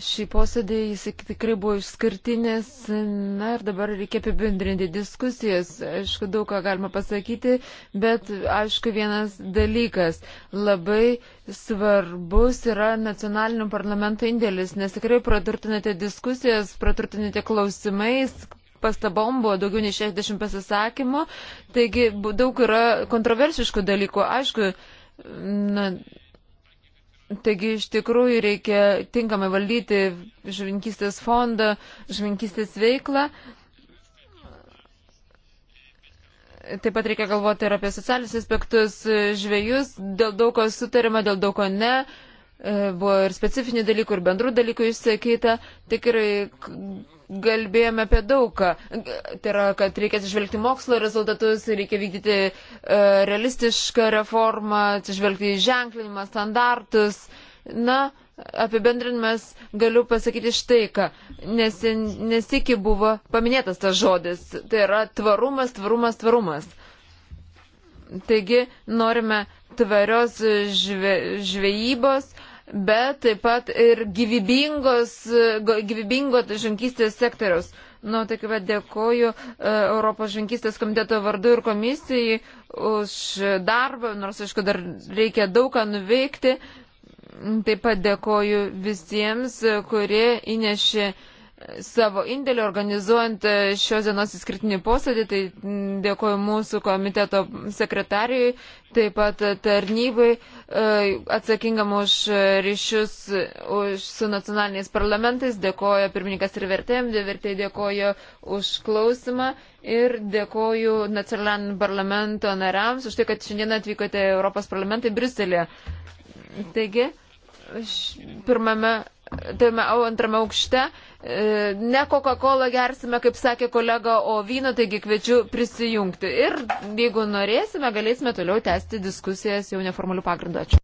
šį posėdį, jis tikrai buvo išskirtinis. Na ir dabar reikia apibendrinti diskusijas. Aišku, daug ką galima pasakyti, bet aišku, vienas dalykas labai svarbus yra nacionalinių parlamentų indėlis, nes tikrai praturtinate diskusijas, praturtinate klausimais, pastabom buvo daugiau nei 60 pasisakymų, taigi daug yra kontroversiškų dalykų. Aišku, Na, taigi iš tikrųjų reikia tinkamai valdyti žvinkistės fondą, žvinkistės veiklą. Taip pat reikia galvoti ir apie socialinius aspektus žvėjus. Dėl daug ko sutarima, dėl daug ko ne. E, Buvo ir specifinių dalykų, ir bendrų dalykų išsakyta. Tikrai galbėjome apie daugą. Tai yra, kad reikia atsižvelgti mokslo rezultatus, reikia vykdyti e, realistišką reformą, atsižvelgti į ženklinimą, standartus. Na, apibendrinimas galiu pasakyti štai ką. Nes, nesiki buvo paminėtas tas žodis. Tai yra tvarumas, tvarumas, tvarumas. Taigi norime tvarios žve, žvejybos, bet taip pat ir gyvybingo žankystės sektoriaus. Na, nu, tai kaip dėkoju e, Europos žankystės komiteto vardu ir komisijai už darbą, nors, aišku, dar reikia daug ką nuveikti. Taip pat dėkoju visiems, kurie įnešė uh, savo indėlį organizuojant e, šios dienos įskirtinį posėdį. Tai dėkoju mūsų komiteto sekretariui, taip pat tarnybai e, atsakingam už ryšius už, su nacionaliniais parlamentais. Dėkoju pirmininkas ir vertėjim, vertėjai dėkoju už klausimą ir dėkoju nacionalinio parlamento nariams už tai, kad šiandien atvykote Europos parlamentai Briuselėje. Taigi, pirmame tame antrame aukšte. E, ne Coca-Cola gersime, kaip sakė kolega, o vyną, taigi kviečiu prisijungti. Ir jeigu norėsime, galėsime toliau tęsti diskusijas jau neformalių pagrindų. Ačiū.